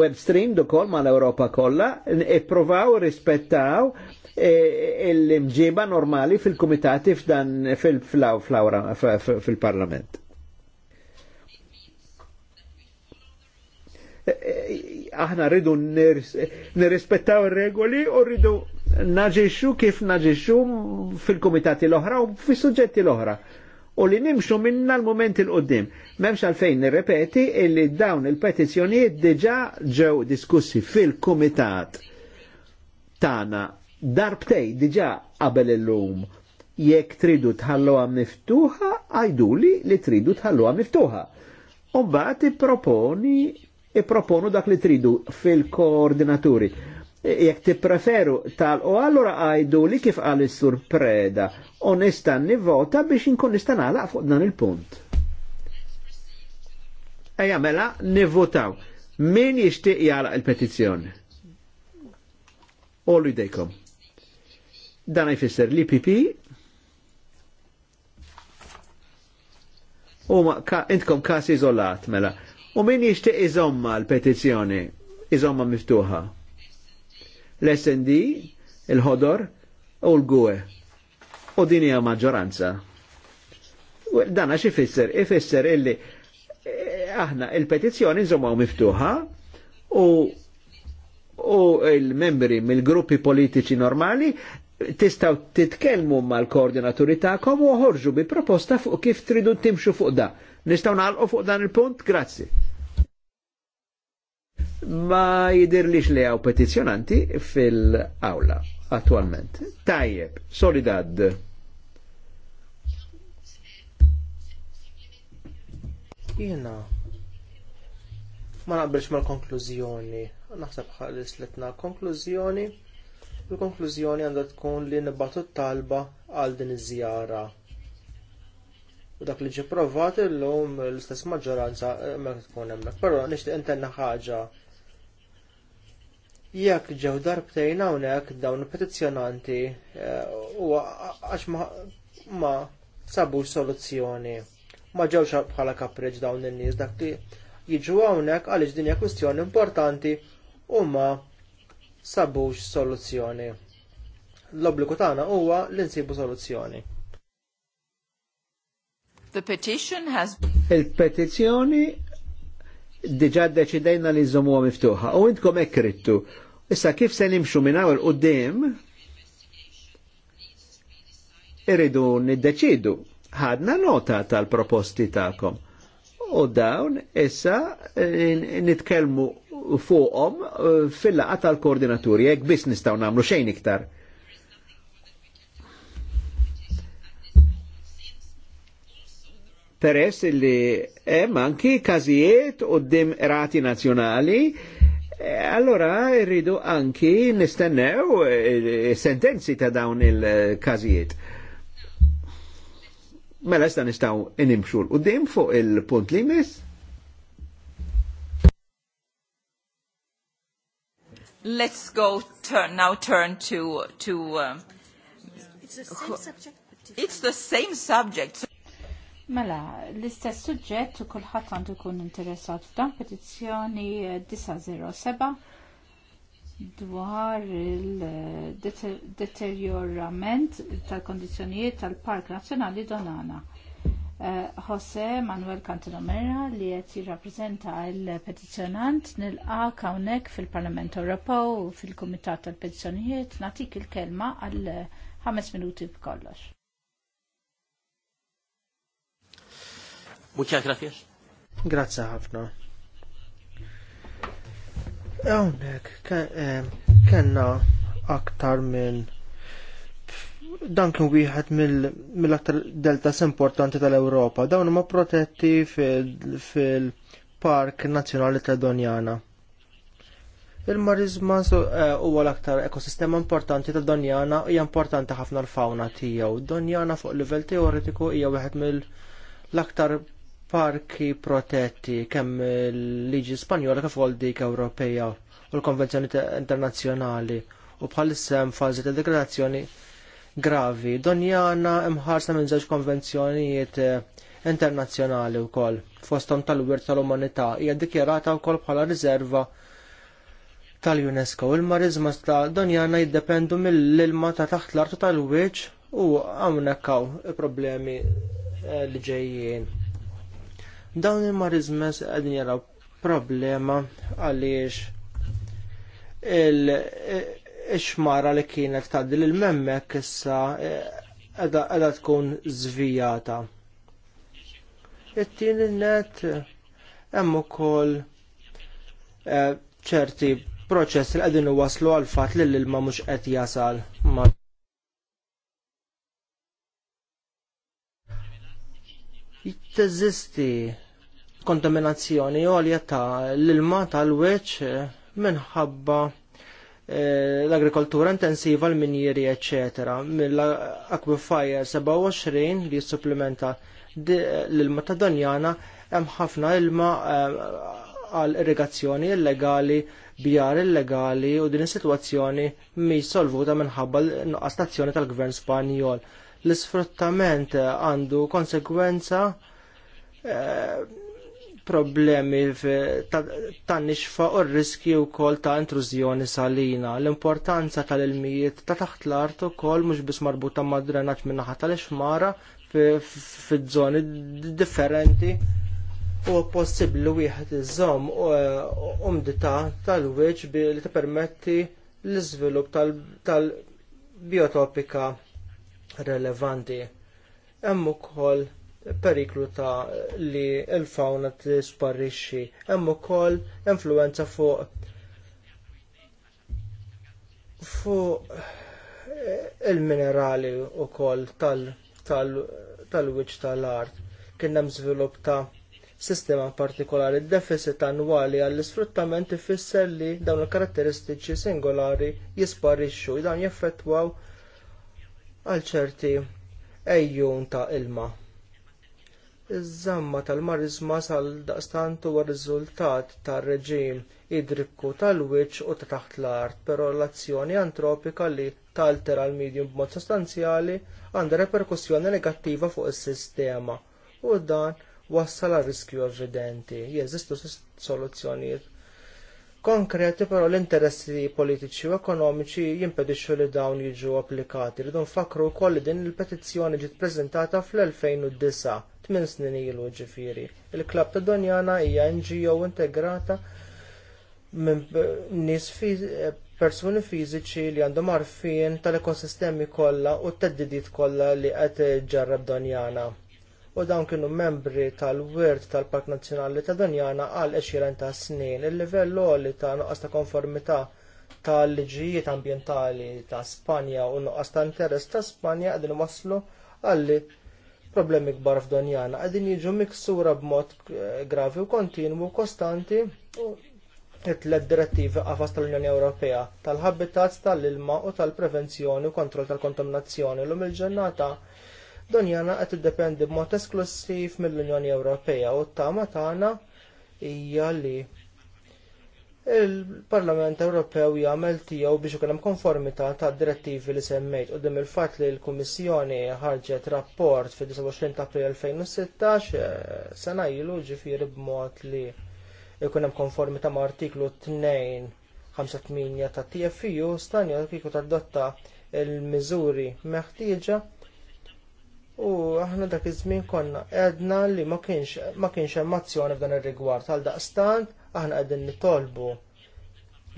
web stream ukoll mal europa kollha ippruvaw rispettaw eh, l-imġiba normali fil-kumitati f'dan fil-parlament. Eh, aħna rridu nirrispettaw ir-regoli u rridu naġiċu kif naġiċu fil-komitati l-oħra u fil-sujġetti l-oħra u li nimxu minna l-moment il-qoddim. Memx għalfejn nirrepeti illi dawn il-petizjoniet diġa ġew diskussi fil-komitat tana darbtej diġa qabel il-lum. Jekk tridu tħalluha miftuħa, għajdu li li tridu tħalluha miftuħa. Umbat proponi i proponu dak li tridu fil-koordinaturi ti preferu tal u allura għajdu li kif qal surpreda sur nivota biex inkun nista' nagħlaq fuq dan il-punt. Ejja mela nivvotaw. Min jixtieq jagħlaq il-petizzjoni? Ollu jdejkom. Dan jfisser li PP u ka, intkom kas iżolat mela. U min jixtieq iżomma l-petizzjoni? Iżomma miftuħa l-SND, il-ħodor u l-gwe. U din hija maġġoranza. Dana għax ifisser, ifisser illi eh, aħna il-petizzjoni u miftuħa u u il-membri mill-gruppi politiċi normali tistaw titkelmu mal-koordinaturi ta'kom u ħorġu bi proposta fuq kif tridu timxu fuq da. Nistaw nagħlqu fuq dan il-punt? Grazzi ma lix li għaw petizjonanti fil-awla attualment. Tajjeb, solidad. Jena, ma naqbilx mal-konklużjoni, naħseb ħalis letna konklużjoni, il-konklużjoni għandha tkun li nibatu talba għal din iż-żjara dak li ġi provat illum l-istess maġġoranza eh, ma tkun hemmhekk. Però nixtieq intenna ħaġa jekk ġew darbtejn hawnhekk dawn il-petizzjonanti eh, u għax ma sabux soluzzjoni. Ma ġewx bħala kapreġ dawn in-nies dak li jiġu hawnhekk għaliex din hija kwistjoni importanti u ma sabux soluzzjoni. L-obbligu tagħna huwa li nsibu soluzzjoni. The petition has Il-petizzjoni diġa deċidejna li żomuha miftuħa. U intkom hekk Issa kif se nimxu minn hawn qudiem irridu niddeċidu. Ħadna nota tal-proposti tagħkom. U dawn issa eh, nitkellmu fuqhom eh, fil-laqa tal-koordinaturi, jekk biss nistaw nagħmlu xejn iktar. Peress li hemm anki każijiet qudiem irati nazzjonali E, allora rridu anki nistennew e, e, sentenzi ta' dawn il kazijiet Mela sta nistaw inimxu u dim fuq il-punt li mis. Let's go turn, now turn to, to uh, It's the same subject. It's the same subject. Mela, l-istess suġġett u kulħadd għandu jkun interessat f'dan petizzjoni 907 dwar il-deterjorament tal-kondizjonijiet tal-Park Nazzjonali Donana. Eh, Jose Manuel Cantanomera li qed jirrappreżenta l-petizzjonant nilqak hawnhekk fil-Parlament Ewropew u fil-Kumitat tal-Petizzjonijiet nagħtik il-kelma għal ħames minuti b'kollox. Muchas Grazie ħafna. Hawnhekk kena eh, aktar minn dan kien wieħed mill-aktar deltas importanti tal-Ewropa. Dawn huma protetti fil-Park Nazzjonali ta' Donjana. Il-marizma eh, huwa l-aktar ekosistema importanti ta' Donjana hija importanti ħafna l-fawna tiegħu. Donjana fuq livell teoretiku hija wieħed mill- l-aktar parki protetti kemm il-liġi Spanjola kif ukoll dik Ewropea u l-konvenzjoni internazzjonali u bħalissa hemm fażi ta' degradazzjoni gravi. Donjana imħarsa minn żewġ konvenzjonijiet eh, internazzjonali wkoll fosthom tal-wirt tal-umanità hija ddikjarata wkoll bħala riserva tal-UNESCO. Il-marizma ta' Donjana jiddependu mill-ilma ta' taħt l-artu tal-wiċ u hawnhekk hawn problemi eh, li ġejjin Dawn il-marizmes għedin jaraw problema għaliex il-xmara li kienet tgħaddil il-memmek issa e, għedha tkun zvijata. It-tieni net hemm ukoll e, ċerti proċess li qegħdin waslu għal fatt li l-ilma mhux qed jasal. jitteżisti kontaminazzjoni għolja ta' l-ilma tal-weċ minħabba eh, l-agrikoltura intensiva, l-minjeri, ecc. Mill-Aquifer 27 li supplementa l-ilma ta' Donjana hemm ħafna ilma eh, għal irrigazzjoni illegali, bjar illegali u din is-sitwazzjoni mi solvuta minħabba l-nuqqas tazzjoni tal-Gvern Spanjol. L-isfruttament għandu konsekwenza eh, problemi tan-nixfa u r-riski wkoll ta' intrużjoni salina. L-importanza tal-ilmijiet ta' taħt l-art ukoll mhux biss marbuta ma' drenaċ min-naħa tal-ixmara fil żoni differenti u possibbli wieħed u eh, umdita tal-wiċċ li permetti l-iżvilupp tal-biotopika tal relevanti. Hemm ukoll periklu ta' li l-fawna tisparixxi, hemm ukoll influenza fuq fuq il-minerali wkoll tal-wiċċ tal-art. Kien hemm żvilupp ta' sistema partikolari d-deficit annwali għall-isfruttament ifisser li dawn il-karatteristiċi singolari jisparixxu, dawn jaffettwaw għal ċerti ejjun ta' ilma. Iż-żamma tal-marizma sal-daqstant huwa riżultat tar-reġim idriku tal-wiċċ u ta' taħt l-art, però l-azzjoni antropika li taltera l-medium b'mod sostanzjali għandha reperkussjoni negattiva fuq is-sistema u dan wassal għal riskju evidenti. Jeżistu soluzzjonijiet konkreti, però l-interessi politiċi u ekonomiċi jimpedixxu li dawn jiġu applikati. Rridu nfakru wkoll li din il-petizzjoni ġiet preżentata fl-2009, tmien snin ilu ġifieri. Il-Klab ta' Donjana hija NGO integrata minn nies persuni fiżiċi li għandhom arfien tal-ekosistemi kollha u t-teddidiet kollha li qed ġarrab Donjana u dawn kienu membri tal-Wirt tal-Park Nazzjonali ta' Danjana għal 20 ta' snin. Il-livell li ta' nuqqas ta' konformità tal-liġijiet ambjentali ta' Spanja u nuqqas ta' interess ta' Spanja qegħdin waslu għalli problemi kbar f'Danjana. qegħdin jiġu miksura b'mod eh, gravi u kontinwu kostanti u it-tlet direttivi qafas tal-Unjoni Ewropea tal-habitats tal-ilma u tal-prevenzjoni u kontroll tal-kontaminazzjoni l-lum il-ġurnata il il ġurnata Dan id qed iddependi b'mod esklusiv mill-Unjoni Ewropea u t-tama tagħna hija li il-Parlament Ewropew jagħmel tiegħu biex ikun hemm konformità tad direttivi li semmejt dim il-fatt li l-Kummissjoni ħarġet rapport fi 29 ta' April 2016 eh, sena ilu b b'mod li jkun hemm konformità ma' artiklu 258 ta' TFU stanja kieku tadotta il miżuri meħtieġa U aħna dak iż-żmien konna għedna li ma kienx ma kienx hemm azzjoni f'dan ir-rigward għal daqstant aħna qegħdin nitolbu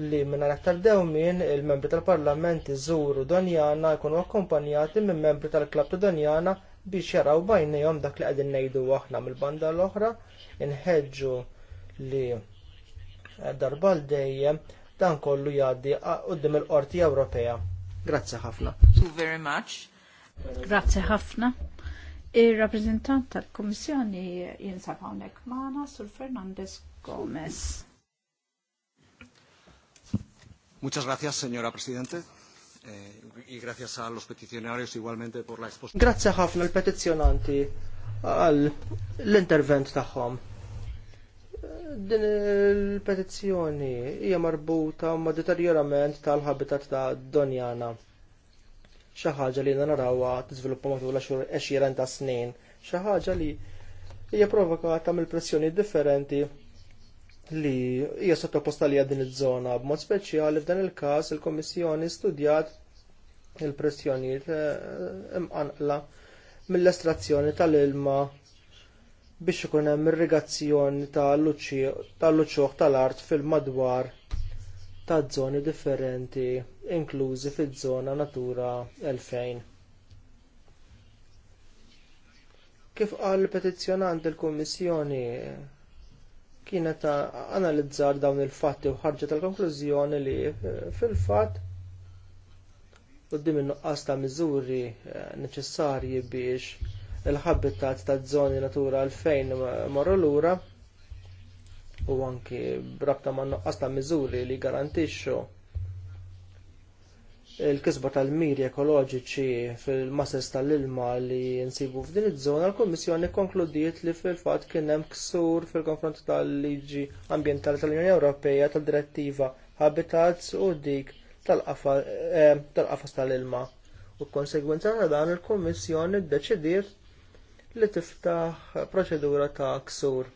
li minn aktar dewmien il-membri tal-Parlament iżuru Donjana jkunu akkompanjati minn membri tal klabb ta' Donjana biex jaraw bajnejhom dak li qegħdin ngħidu aħna mill-banda l-oħra inħeġġu li darba dejjem dan kollu jgħaddi qudiem il-Qorti Ewropea. Grazzi ħafna. Thank you very much. Grazie ħafna. Il-rappresentant tal-Komissjoni jinsab hawnhekk magħna Sur Fernandez Gomez. Muchas gracias, señora Presidente. Eh, y gracias a los peticionarios igualmente por la exposición. Grazie ħafna l-petizjonanti għal l-intervent tagħhom. Din il-petizzjoni hija marbuta ma' deterjorament tal-habitat ta' Donjana xi ħaġa li narawha tiżviluppa matul għexieren ta' snin, xi ħaġa li hija provokata mill-pressjoni differenti li hija sottoposta li din iż-żona b'mod speċjali f'dan il-każ il-Kommissjoni studjat il-pressjonijiet eh, imqanqla mill-estrazzjoni tal-ilma biex ikun hemm irrigazzjoni tal-luċċuħ tal-art fil-madwar ta' żoni differenti inklużi fiż-żona Natura 2000. Kif qal petizzjonant il-Kummissjoni kienet analizzar dawn il-fatti u ħarġet tal-konklużjoni li eh, fil-fatt quddiem in-nuqqas ta' miżuri eh, neċessarji biex il-habitat ta' żoni Natura 2000 marru lura u anki brabta ma' noqqas ta' miżuri li garantixxu il-kisba tal-miri ekoloġiċi fil-masses tal-ilma li nsibu f'din iż-żona, l-Kummissjoni konkludiet li fil-fatt kien hemm ksur fil-konfront tal-liġi ambjentali tal-Unjoni Ewropea tad-Direttiva Habitats u dik eh, tal-qafas tal-ilma. U konsegwenza ta' dan il-Kummissjoni ddeċidiet li tiftaħ proċedura ta' ksur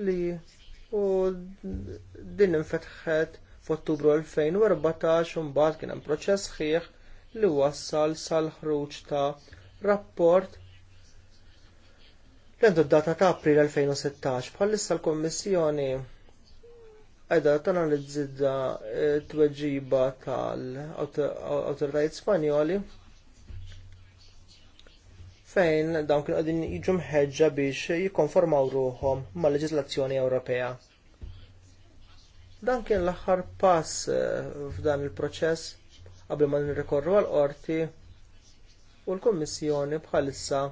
li u din infetħet f'Ottubru 2014 u mbagħad kien hemm proċess ħieħ li wassal sal-ħruġ ta' rapport l data ta' April 2016 bħalissa l-Kommissjoni qiegħda tanalizza t tweġiba tal-awtoritajiet Spanjoli fejn dawn kienu għadin jiġu mħeġġa biex jikkonformaw ruhom mal leġislazzjoni Ewropea. Dan kien l-aħħar pass eh, f'dan il-proċess qabel ma nirrikorru għal qorti u l-Kummissjoni bħalissa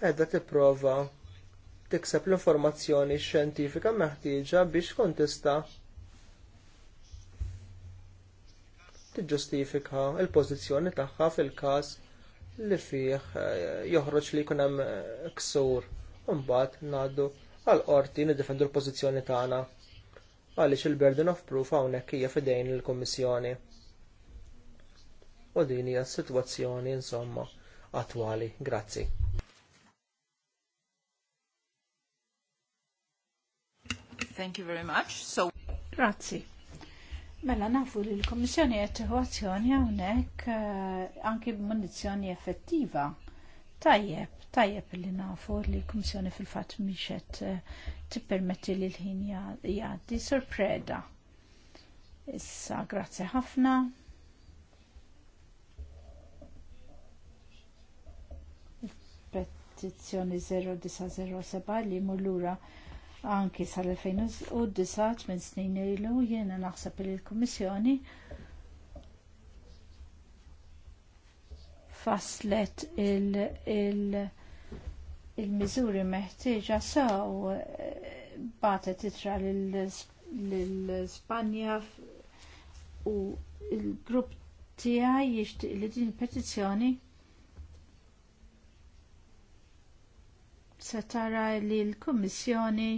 qiegħda tipprova tikseb l-informazzjoni xjentifika meħtieġa biex kontista' tiġġustifika l pożizzjoni tagħha fil-każ li fih eh, joħroġ li jkun hemm eh, ksur u mbagħad ngħaddu għal qorti niddefendu l-pożizzjoni tagħna għaliex il-burden of proof hawnhekk hija fidejn il-Kummissjoni. U din hija s-sitwazzjoni insomma attwali. Grazzi. Thank you very much. So Grazzi. Mela nafu li l-Komissjoni qed tieħu azzjoni hawnhekk eh, anki b'munizzjoni effettiva. Tajjeb, tajjeb li nafu li l-Komissjoni fil-fatt mhix qed eh, tippermetti li l-ħin jgħaddi sorpreda. Issa grazzi ħafna. Petizzjoni 0907 li mullura lura anki sal-2009 minn snin ilu jiena naħseb li l-Kummissjoni faslet il-miżuri meħtieġa saw eh, batet titra l-Spanja u l grupp tiegħi jixtieq li din il-petizzjoni se tara li l-Kummissjoni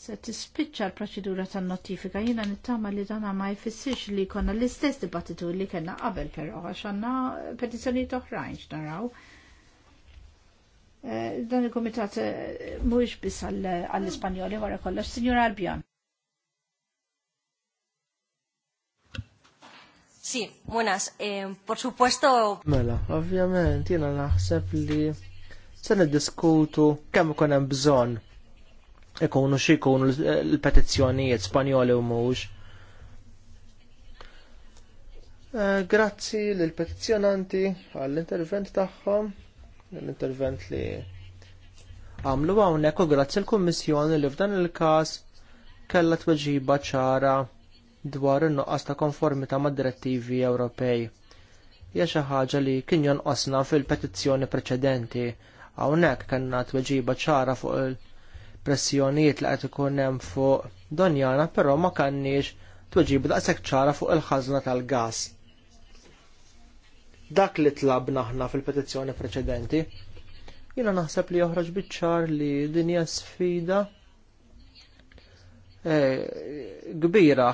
se tispiċċa l-proċedura tan notifika jiena nittama li dan ma jfissirx li jkollna l-istess dibattitu li kellna qabel però għax għandna petizzjonijiet oħrajn x'naraw. Eh, dan il-Kumitat eh, mhuwiex biss għall-Ispanjoli wara kollox, Sinjura Albion. Sì, buonas, eh, por supuesto. Mela, ovvjament, jiena naħseb li se niddiskutu kemm ikun hemm bżonn ikunu xi jkunu l-petizzjonijiet Spanjoli u mhux. Eh, grazzi lill petizzjonanti għall-intervent tagħhom, l-intervent li għamlu hawnhekk u grazzi l-Kummissjoni li f'dan il-każ kellha tweġiba ċara dwar in-nuqqas ta' konformità mad-direttivi Ewropej. Hija xi ħaġa li kien jonqosna fil-petizzjoni preċedenti Hawnhekk kellna tweġiba ċara fuq il-pressjonijiet li qed ikun hemm fuq Donjana, però ma kanniex tweġiba daqshekk ċara fuq il ħazna tal-gas. Dak li tlabna ħna fil-petizzjoni preċedenti, jiena naħseb li joħroġ biċ-ċar li din hija sfida eh, kbira,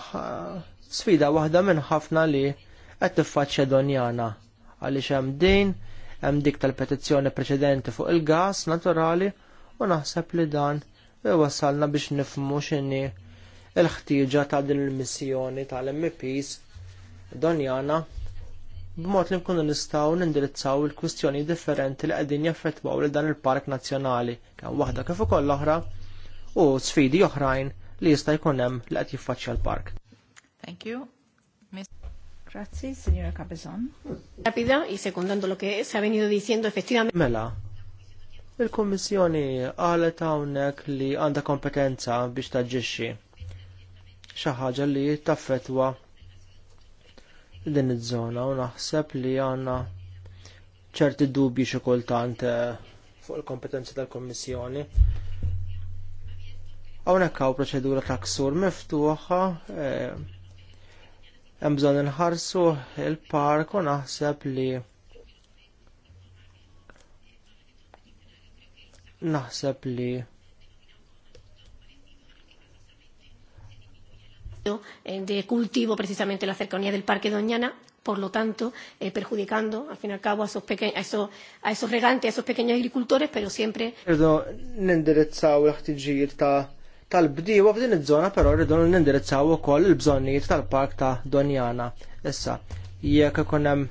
sfida waħda minn ħafna li qed tiffaċċja donjana għaliex hemm din hemm dik tal-petizzjoni preċedenti fuq il-gas naturali u naħseb li dan iwassalna biex nifmu x'inhi l-ħtieġa ta' din il-missjoni tal-MPs Donjana b'mod li nkunu nistgħu nindirizzaw il-kwistjoni differenti li qegħdin jaffettwaw lil dan il-Park Nazzjonali kemm waħda kif ukoll oħra u sfidi oħrajn li jista' jkun hemm li qed jiffaċċja l-park. Thank you. Grazie, signora Capezon. Rapida, y secundando lo que se ha venido diciendo efectivamente... Mela, il-Kommissjoni għalet hawnhekk li għandha kompetenza biex taġġixxi xi ħaġa li taffetwa din iż-żona u naħseb li għandna ċerti dubji xi kultant eh, fuq il-kompetenza tal-Kommissjoni. Hawnhekk hawn proċedura ta' ksur miftuħa eh, hemm bżonn inħarsu il-park u naħseb li naħseb li de cultivo precisamente la cercanía del Parque Doñana, por lo tanto, eh, perjudicando al fin y al cabo a esos, peque a esos, a esos regantes, a esos pequeños agricultores, pero siempre. Perdón, nindirizzaw l-ħtiġijiet ta' tal-bdiewa f'din iż-żona però rridu nindirizzaw ukoll il-bżonnijiet tal-park ta' Donjana. Issa, jekk ikun hemm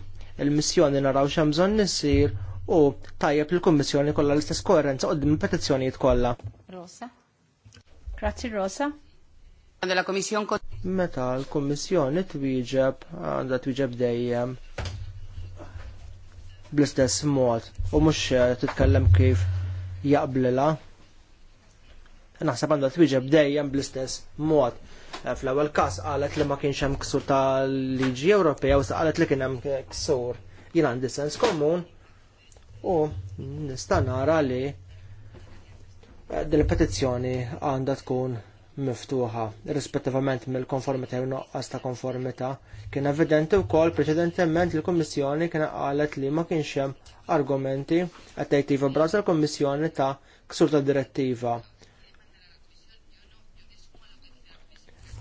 il-missjoni naraw x'hemm bżonn issir u tajjeb il-Kummissjoni kollha l-istess koerenza qudiem il-petizzjonijiet kollha. Rosa. Grazzi Rosa. Meta l-Kummissjoni twieġeb għandha twieġeb dejjem bl-istess mod u mhux eh, titkellem kif jaqblilha Naħseb għandha twieġeb dejjem bl-istess mod. Eh, fl-ewwel każ qalet li ma kienx hemm ksur tal-liġi Ewropea u qalet li kien hemm ksur. Jien għandi sens komun u nista' nara li eh, din il-petizzjoni għandha tkun miftuħa, rispettivament mill-konformità u noqqas ta' konformità, kien evidenti wkoll preċedentement li l-Kummissjoni kien qalet li ma kienx hemm argumenti qed tajtiva iva l-Kummissjoni ta' ksur ta' direttiva.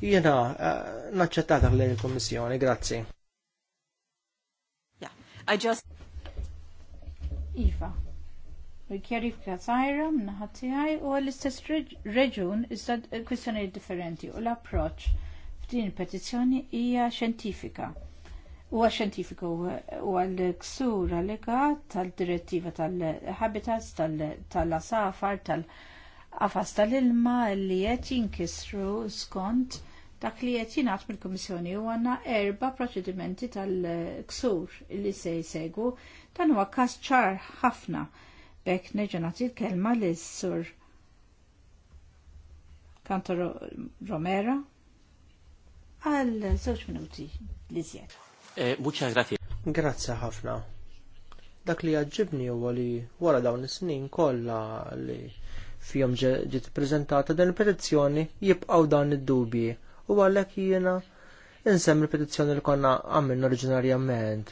Jena, eh, naċċettata dak lejn il-Kommissjoni, grazzi. Yeah, I just... Iva, kjarifika zaħira u għal istess reġun iżda kwistjoni differenti u l-approċ f'din il-petizzjoni hija xjentifika huwa xjentifiku huwa l-ksur allegat tal-direttiva tal-habitats tal-asafar tal afas tal-ilma li qed jinkisru skont Dak li qed jingħad mill-Kummissjoni u għandna erba' proċedimenti tal-ksur li se jsegu dan huwa każ ċar ħafna bekk neġa' nagħti l-kelma lis sur Kanto Romera għal żewġ minuti li żjed. Eh, Muċa grazie. Grazzi ħafna. Dak li għagġibni huwa li wara dawn is-snin kollha li fihom ġiet prezentata din il-petizzjoni jibqgħu dan id-dubji u għalhekk jiena insem ripetizjoni petizzjoni li konna għamilna oriġinarjament.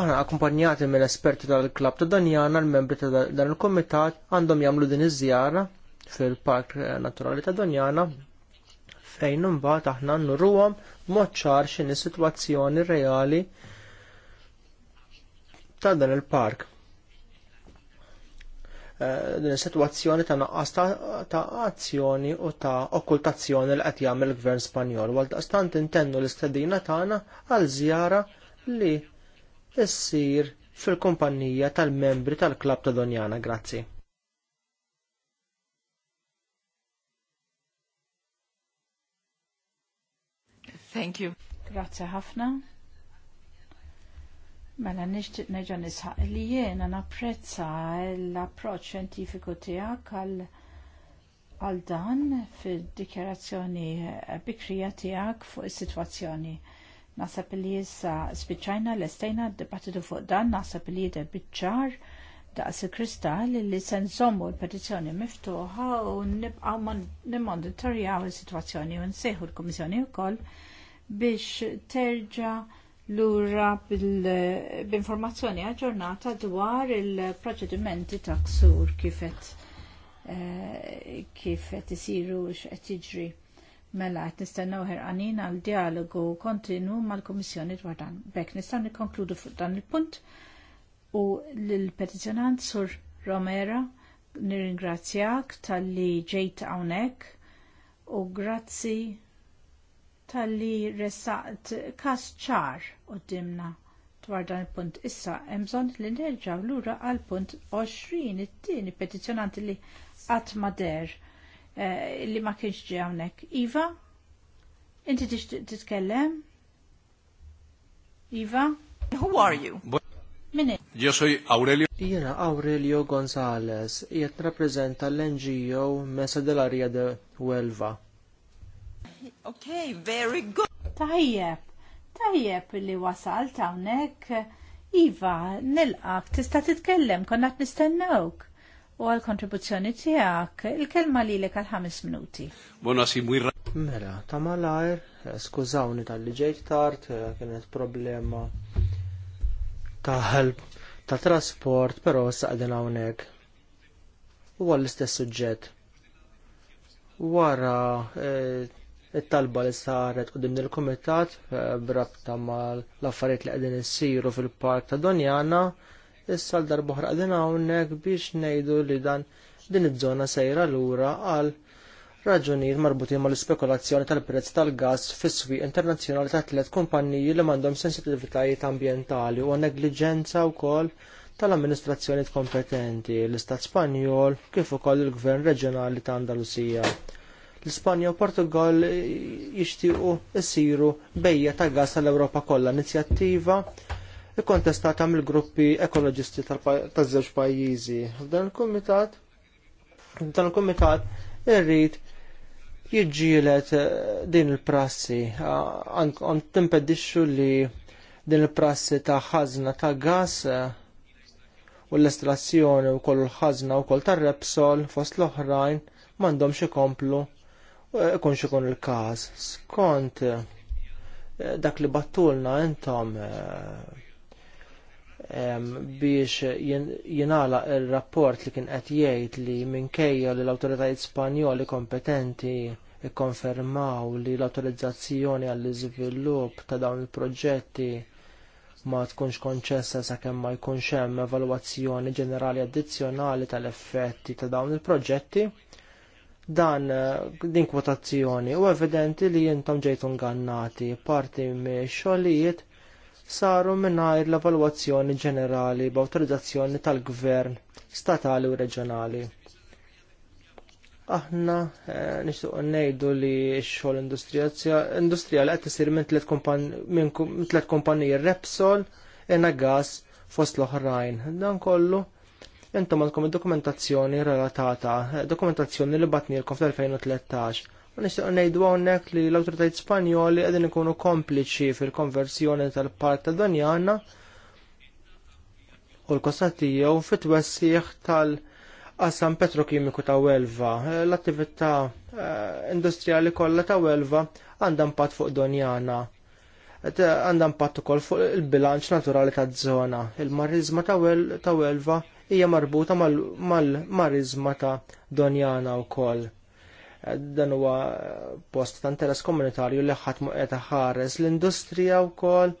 Aħna akkumpanjati mill esperti tal-klab ta' Danjana, l-membri ta' dan il-komitat għandhom jagħmlu din iż-żjara fil-Park Naturali ta' Danjana fejn imbagħad aħna nurruhom mod ċar x'inhi sitwazzjoni reali ta' dan il-park. Eh, din is-sitwazzjoni ta' naqqas ta' azzjoni u ta' okkultazzjoni li qed jagħmel il-Gvern Spanjol. Għaldaqstant intennu l-istedina tagħna għal żjara li ssir fil-kumpanija tal-membri tal-Klab ta' Grazzi. Thank you. Grazie ħafna. Mela nixtieq neġa' nisħaq li jiena napprezza l-approċċ xjentifiku tiegħek għal għal dan fid-dikjarazzjoni eh, bikrija tiegħek fuq is-sitwazzjoni. Naħseb li issa spiċċajna l-estejna d-dibattitu fuq dan, naħseb li jidher biċċar daqs il-kristall li se nżommu l-petizzjoni miftuħa u nibqgħu nimmonitorjaw is-sitwazzjoni u nsejħu l-Kummissjoni wkoll biex terġa' lura b'informazzjoni aġġornata dwar il-proċedimenti ta' ksur kifet eh, kifet isiru x'qed jiġri. Mela qed nistennew ħerqanin għal dialogu kontinu mal-Kummissjoni dwar dan. Bek nistgħu nikkonkludu fuq dan il-punt u l-petizzjonant Sur Romera nirringrazzjak tal-li ġejt hawnhekk u grazzi tal-li resaqt kas ċar quddiemna dwar dan il-punt issa hemm bżonn li nerġgħu lura għal punt 20 it-tieni petizzjonanti li qatt ma eh, li ma kienx ġie hawnhekk. Iva, inti tixtieq titkellem? Iva? Who are you? Mini? Io soy Aurelio. Jena Aurelio Gonzalez, jett rappresenta l-NGO Mesa dell'Aria de Huelva. Okay, very good. Tajjeb, tajjeb li wasal tawnek. Iva, nilqak, tista titkellem, konna qed nistennawk u għal kontribuzzjoni tijak, il-kelma li l għal ħames minuti. Buona simwirra. Mela, ta' malajr, skużawni tal-li ġejt tard, eh, kienet problema ta' help ta' trasport, pero saqden hawnhekk. U għall-istess suġġett. Wara eh, it-talba li saret u il l-komitat eh, brabta mal l-affarijiet li qegħdin issiru fil-park ta' Donjana, issa l-darbohra qegħdin hawnhekk biex ngħidu li dan din iż-żona sejra lura għal raġunijiet marbutin mal ispekulazzjoni tal-prezz tal-gass fis-swieq internazzjonali ta' tliet kumpanniji li m'għandhom sensitivitajiet ambjentali u negliġenza wkoll tal-amministrazzjoni kompetenti l-Istat Spanjol kif ukoll il-Gvern Reġjonali ta' Andalusija l-Ispanja u Portugal jixtiequ isiru bejja ta' gas għall-Ewropa kollha inizjattiva l-kontestata mill-gruppi ekoloġisti taż-żewġ pajjiżi. F'dan il-kumitat dan il-kumitat irrid jiġġielet eh, din il-prassi għan ah, timpedixxu li din il-prassi ta' ħażna ta' gas eh, u l-estrazzjoni u koll ħażna u koll tar-repsol fost l-oħrajn m'għandhomx ikomplu kun ikun il-każ. Skont eh, dak li battulna intom eh, biex jenala il-rapport li kien qed jgħid li minkejja li l-awtoritajiet Spanjoli kompetenti ikkonfermaw li l-autorizzazzjoni għall-iżvilupp ta' dawn il-proġetti ma tkunx konċessa sakemm ma jkunx hemm evalwazzjoni ġenerali addizzjonali tal-effetti ta' dawn il-proġetti dan eh, din kwotazzjoni u evidenti li jintom ġejtu ngannati parti me xogħlijiet saru mingħajr l-evalwazzjoni ġenerali b'awtorizzazzjoni tal-gvern statali u reġjonali. Aħna eh, nixtuq ngħidu li x-xogħol għed qed sir minn tliet kumpaniji Repsol, Enagas fost l-oħrajn. Dan kollu Intom għalkom id-dokumentazzjoni relatata, dokumentazzjoni li batnilkom fl-2013. Nishtiq ngħidu hawnhekk li l-awtoritajiet Spanjoli qegħdin ikunu kompliċi fil-konversjoni tal-part ta' Donjana u l-kosta tiegħu fit-twessieħ tal- qasam petrokimiku ta' Welva. L-attività eh, industrijali kollha ta' Welva għandha impatt fuq Donjana. Eh, għandha impatt ukoll fuq il-bilanċ naturali taż żona. Il-marizma ta' Welva hija marbuta mal-marizma ta' Donjana wkoll. Dan huwa post ta' interess komunitarju li ħadd qed ħares l-industrija wkoll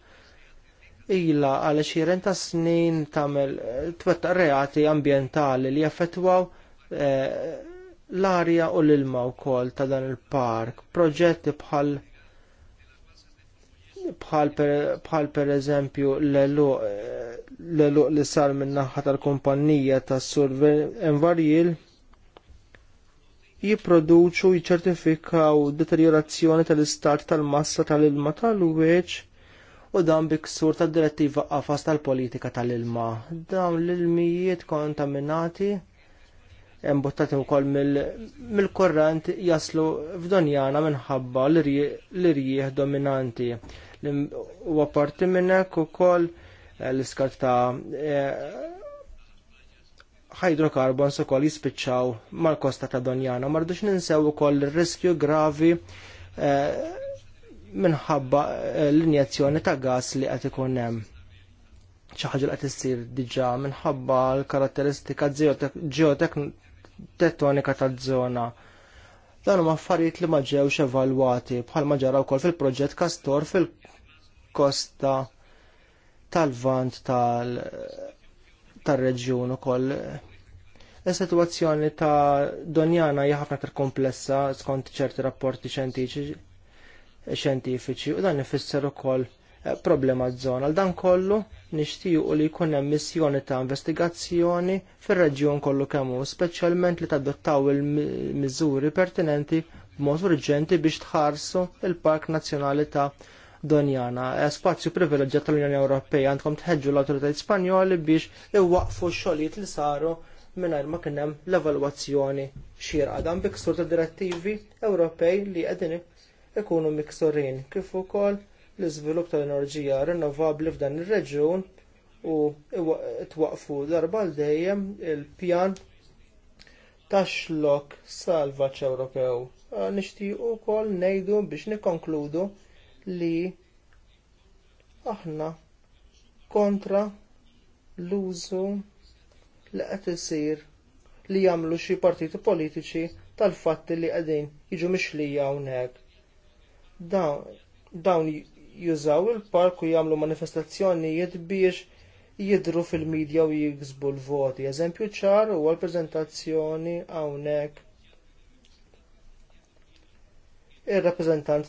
ilha għal xiren ta' snin tagħmel twettaq reati ambjentali li jaffettwaw eh, l-arja u l-ilma wkoll ta' dan il-park, proġetti bħal bħal per eżempju l-eluq li sar minn naħa tal-kumpanija tas surver Envarjil jipproduċu jċertifikaw deteriorazzjoni tal-istat tal-massa tal-ilma tal-weċ u dan biksur tad direttiva qafas tal-politika tal-ilma. Dawn l-ilmijiet kontaminati u koll mill-korrent jaslu f'donjana minħabba l-irjieħ dominanti u apparti minnek u kol eh, l-iskart ta' eh, hydrocarbons u kol jispiċċaw mal-kosta ta' Donjana. Mardux ninsew ukoll riskju gravi eh, minħabba l-injazzjoni ta' gas li qed ikun hemm. Xi ħaġa li qed issir diġà minħabba l-karatteristika ġeotektonika taż-żona. Dan huma affarijiet li ma ġewx evalwati bħalma ġara wkoll fil-proġett Kastor fil-kosta tal-vant tal-reġjun ukoll. Is-sitwazzjoni ta' Donjana hija ħafna aktar komplessa skont ċerti rapporti xjentifiċi u dan ifisser ukoll Eh, problema żona dan kollu nixtiequ li jkun hemm missjoni ta' investigazzjoni fir-reġjun kollu kemm hu, speċjalment li tadottaw il-miżuri pertinenti b'mod urġenti biex tħarsu il-Park Nazzjonali ta' Donjana. Eh, Spazju privileġġjat tal-Unjoni Ewropea għandkom tħeġġu l-awtoritajiet Spanjoli biex iwaqfu x-xogħlijiet li saru mingħajr ma kien hemm l-evalwazzjoni xierqa bi biksur ta' direttivi Ewropej li qegħdin ikunu miksurin kif ukoll l-iżvilupp tal-enerġija rinnovabbli f'dan ir-reġjun u twaqfu darba l dejjem il-pjan tax-xlok salvaċ Ewropew. Nixtieq ukoll ngħidu biex nikkonkludu li aħna kontra l-użu li qed isir li jagħmlu xi partiti politiċi tal-fatti li qegħdin jiġu mixlija hawnhekk. Dawn jużaw il-park u jagħmlu manifestazzjonijiet biex jidhru fil-medja u jiksbu l-voti. Eżempju ċar huwa l-preżentazzjoni hawnhekk ir-rappreżentant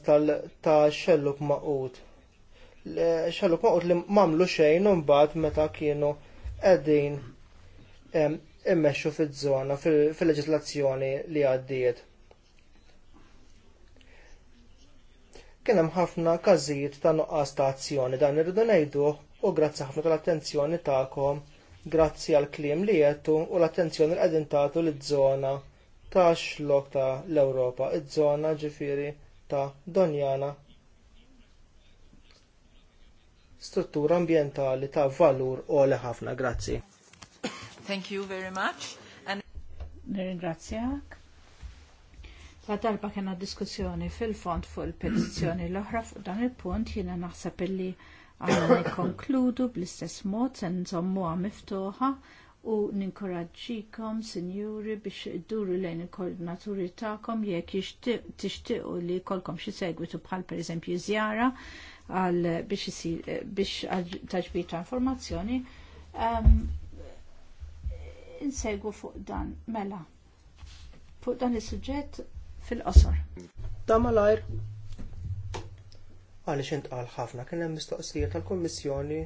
ta' xelluk maqut. Xelluk maqut li mamlu xejn u mbagħad meta kienu qegħdin immexxu fiż-żona fil-leġislazzjoni li għaddiet. kien hemm ħafna każijiet ta' nuqqas ta' azzjoni dan irridu ngħiduh u grazzi ħafna tal-attenzjoni tagħkom, grazzi għall kliem li jettu u l-attenzjoni li qegħdin tagħtu liż-żona ta' xlok ta' l-Ewropa, iż-żona ġifieri ta' Donjana struttura ambjentali ta' valur għoli ħafna. Grazzi. Thank you very much. And... Ringrazzjak. La darba kena diskussjoni fil-fond fuq il-petizzjoni l-oħra fuq dan il-punt jiena naħseb illi għanna *coughs* nikonkludu bl-istess mod se nżommuha miftuħa u ninkoraġġikom, sinjuri, biex idduru lejn il-koordinaturi tagħkom jekk tixtiequ li jkollkom xi segwitu bħal pereżempju żjara għal biex biex taġbir ta' informazzjoni. Ehm, insegwu fuq dan, mela. Fuq dan is-suġġett fil-qosor. Damalajr. Għaliex intqal ħafna kien hemm mistoqsija tal-Kummissjoni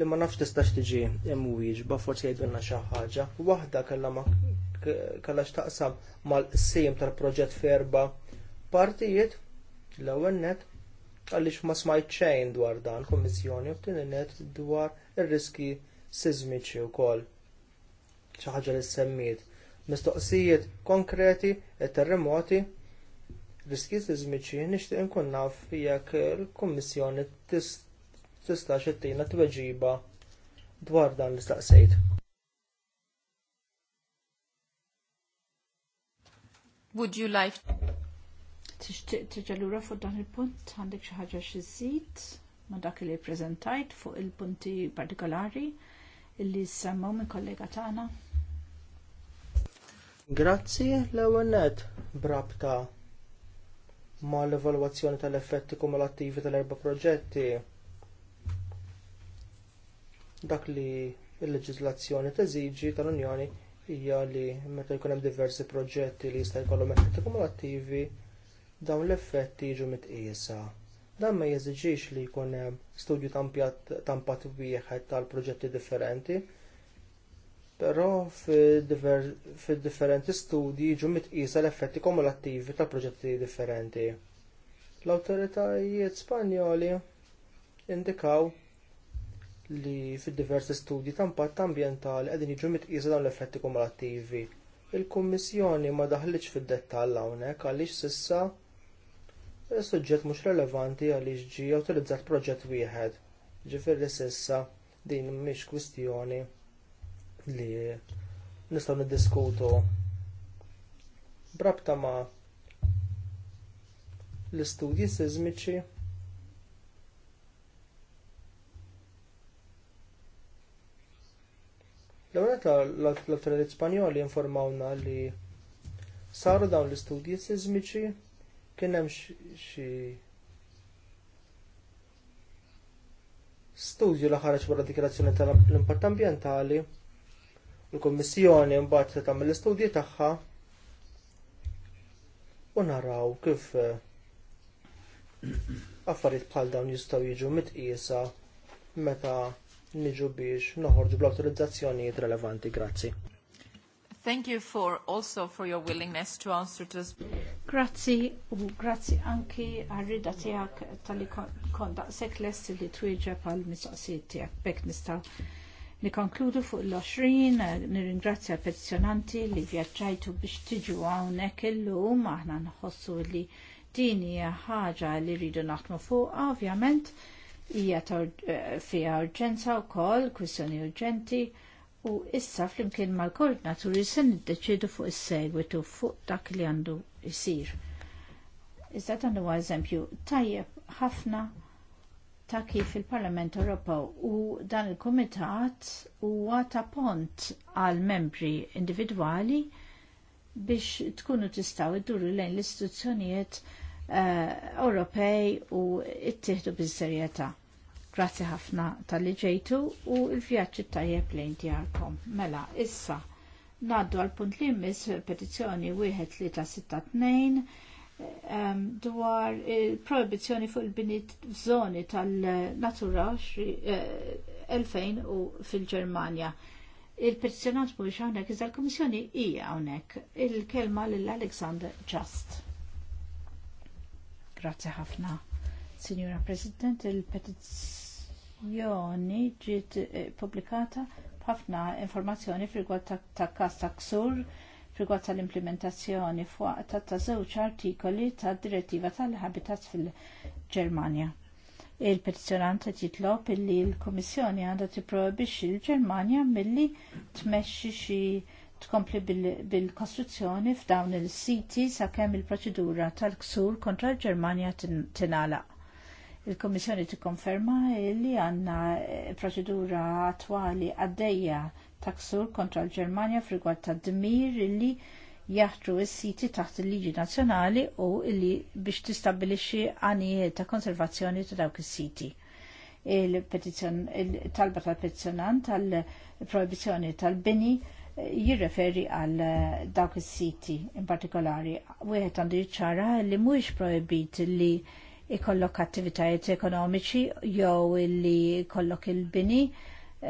li ma nafx tistax tiġi hemm wieġba forsi jgħidilna xi ħaġa. Waħda kellha ma kellha x'taqsam mal-qsim tal-proġett ferba partijiet l-ewwel net għaliex ma smajt xejn dwar dan kummissjoni u tieni net dwar ir-riski sizmiċi wkoll. Xi ħaġa li semmiet mistoqsijiet konkreti e terremoti riski sismiċi nixtieq inkun naf jekk il-Kummissjoni tista' xi tina tweġiba dwar dan li staqsejt. Would you like tixtieq tiġelura fuq dan il-punt għandek xi ħaġa xi żid ma' dak li ppreżentajt fuq il-punti partikolari illi semmew minn kollega tagħna? Grazzi l-ewwel net brabta ma l-evalwazzjoni tal-effetti kumulattivi tal-erba' proġetti dak li l-leġiżlazzjoni teżiġi tal-Unjoni hija li meta jkun hemm diversi proġetti li jista' jkollhom effetti kumulattivi dawn l-effetti jiġu mitqiesa. Dan ma jeżiġix li jkun hemm studju ta' impatt wieħed tal-proġetti differenti, però fid differenti studji jiġu mitqisa l-effetti kumulattivi tal proġetti differenti. L-awtoritajiet Spanjoli indikaw li fid-diversi studji ta' impatt ambjentali qegħdin jiġu mitqisa dawn l-effetti kumulattivi. Il-Kummissjoni ma daħlitx fid-dettall hawnhekk għaliex sissa is-suġġett mhux relevanti għaliex ġie awtorizzat proġett wieħed. Ġifieri sissa din mhix kwistjoni li nistgħu niddiskutu brabta ma l-istudji sizmiċi L-għonet l-autorit spanjoli informawna li saru dawn l-istudji sizmiċi kien hemm xi studju l ħarġ wara dikrazzjoni tal-impatt ambjentali Il-Kummissjoni mbagħad se tagħmel l-istudji tagħha u naraw kif eh, affarijiet bħal dawn jistgħu jiġu mitqiesa meta niġu biex noħorġu bl awtorizzazzjonijiet relevanti. Grazzi. Thank you for also for your willingness to answer to this. Grazzi u grazzi anki għarrida tiegħek tal-li kondaqsek lest li twieġeb pal mistoqsijiet tiegħek bekk nistaw Nikonkludu fuq l-20, nirringrazzja l-petizjonanti li vjaġġajtu biex tiġu hawnhekk illum aħna nħossu li din hija ħaġa li rridu naħdmu fuq ovvjament hija eh, fiha urġenza wkoll, kwistjoni urġenti. U issa flimkien mal-koordinaturi se niddeċidu fuq is-segwitu fuq dak li għandu jsir. Iżda għandu għazempju eżempju tajjeb ħafna ta' kif il-Parlament Ewropew u dan il-Kumitat huwa ta' pont għal membri individwali biex tkunu tistaw idduru lejn l-istituzzjonijiet eh, Ewropej u ttieħdu bis-serjetà. Grazzi ħafna tal-li ġejtu u l-vjaġġi tajjeb lejn djarkom. Mela, issa, ngħaddu għal punt li jmiss petizzjoni 1362 Um, dwar il-prohibizjoni fuq il-bini f'żoni tal-Natura 2000 eh, u fil-Ġermanja. Il-petizjonant mhuwiex hawnhekk iżda l-Kummissjoni hija hawnhekk. Il-kelma l Alexander Just. Grazzi ħafna. Signora President, il-petizzjoni ġiet eh, publikata b'ħafna informazzjoni fil-gwad ta' kas ta' ksur. Ta rigward tal-implementazzjoni fuq ta' ta' żewġ artikoli ta' direttiva tal-Habitat fil-Ġermanja. Il-petizjonant qed jitlob illi l-Kummissjoni għandha tipprobixxi l-Ġermanja milli tmexxi xi tkompli bil-kostruzzjoni f'dawn il-siti sakemm il-proċedura tal-ksur kontra l-Ġermanja tingħalaq. il kummissjoni tikkonferma li għandna eh, proċedura attwali għaddejja ta' ksur kontra l-Ġermanja f'rigward ta' dmir illi jaħtru s-siti taħt il-liġi nazzjonali u illi biex tistabbilixxi għanijiet ta' konservazzjoni ta' dawk is-siti. Il-talba tal-petizzjonant tal-proibizjoni tal-bini eh, jirreferi għal eh, dawk is-siti in partikolari. Wieħed għandu jiċċara li mhuwiex proibit li ikollok attivitajiet ekonomiċi jew illi ikollok il-bini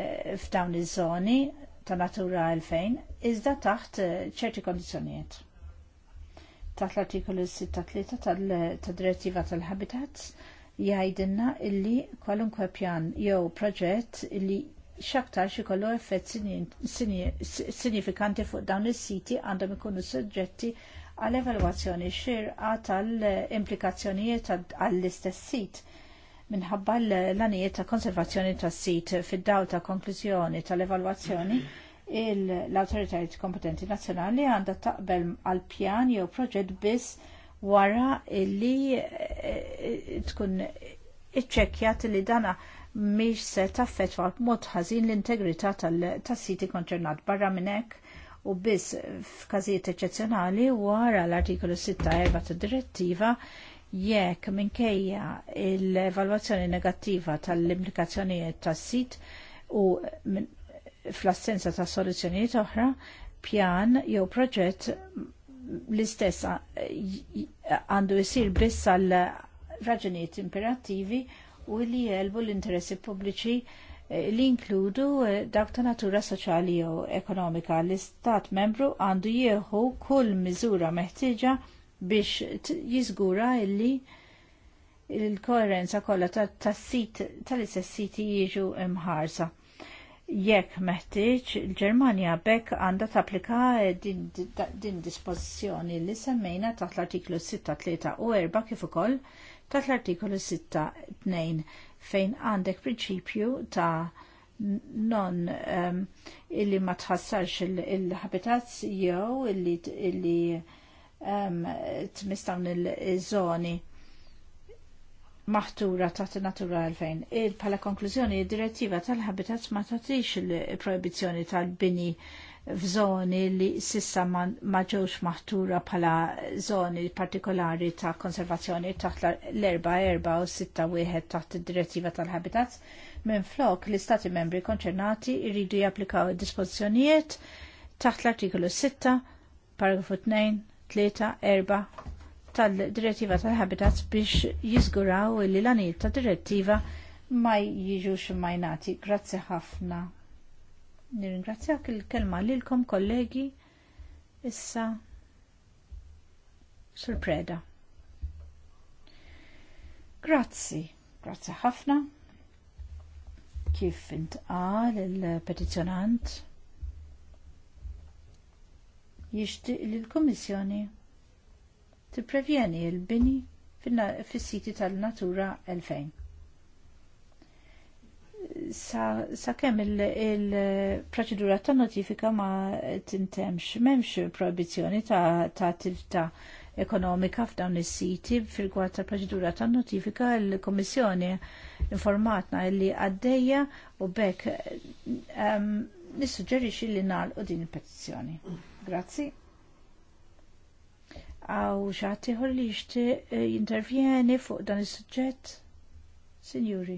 Eh, f'dawn iż-żoni ta' natura 2000 iżda taħt eh, ċerti kondizjonijiet. Taħt l-artikolu 63 tad-direttiva tal-Habitats jgħidilna illi kwalunkwe pjan jew proġett illi xaktar kollu effett sinifikanti fuq dawn is-siti għandhom ikunu suġġetti għal evalwazzjoni xirqa tal-implikazzjonijiet għall-istess sit minħabba l-għanijiet ta' konservazzjoni tas sit fid-daw ta' konklużjoni tal-evalwazzjoni l-autoritajiet kompetenti nazzjonali għandha taqbel għal pjan jew proġett biss wara li eh, eh, tkun iċċekkjat li dana miex se taffetwa b'mod ħażin l-integrità tas-siti konċernat barra minn hekk u biss f'każijiet eċċezzjonali wara l-artikolu 64 tad-direttiva jekk minkejja l-evalwazzjoni negattiva tal-implikazzjonijiet tas-sit u fl-assenza ta' soluzzjonijiet oħra, pjan jew proġett l-istess għandu jisir biss għal raġunijiet imperattivi u li jelbu l-interessi pubbliċi eh, li inkludu eh, dawk ta' natura soċjali jew ekonomika. L-Istat membru għandu jieħu kull miżura meħtieġa biex jiżgura illi il-koerenza kollha tal-istess siti jiġu mħarsa. Jekk meħtieġ il-Ġermanja bekk għandha tapplika din dispożizzjoni li semmejna taħt l-artiklu 6.3 u 4 kif ukoll taħt l-artiklu 6.2 fejn għandek prinċipju ta' non ehm, illi ma tħassarx il-habitats jew illi, illi tmiss dawn il-żoni maħtura taħt natura għalfejn. Pala konklużjoni, id-direttiva tal-habitat ma tatix il-proibizjoni tal-bini f'żoni li sissa ma ġewx maħtura pala żoni partikolari ta' konservazzjoni taħt l-4 u 6 taħt id-direttiva tal-habitat. Minn flok, l-istati membri konċernati irridu japplikaw id-dispożizzjonijiet taħt l-artikolu 6, paragrafu 2 3-4 tal-direttiva tal-habitats biex jizguraw li l anil ta' direttiva ma jiġux majnati. Grazzi ħafna. Nirringrazzjak il-kelma lilkom kollegi issa surpreda. Grazzi, grazzi ħafna. Kif intqal il-petizjonant? jixtieq li l-Kummissjoni tipprevjeni l-bini fis-siti tal-Natura 2000. Sa, kemm il-proċedura ta' notifika ma tintemx, m'hemmx proibizzjoni ta' attività ekonomika f'dawn is-siti fil-gwad ta' proċedura ta' notifika l kummissjoni informatna li għaddejja u bekk ehm, nissuġġerixxi li nagħlqu din il-petizzjoni. Grazzi. Għaw xaħtiħor li jishti eh, jintervjeni fuq dan is-suġġett? Signori.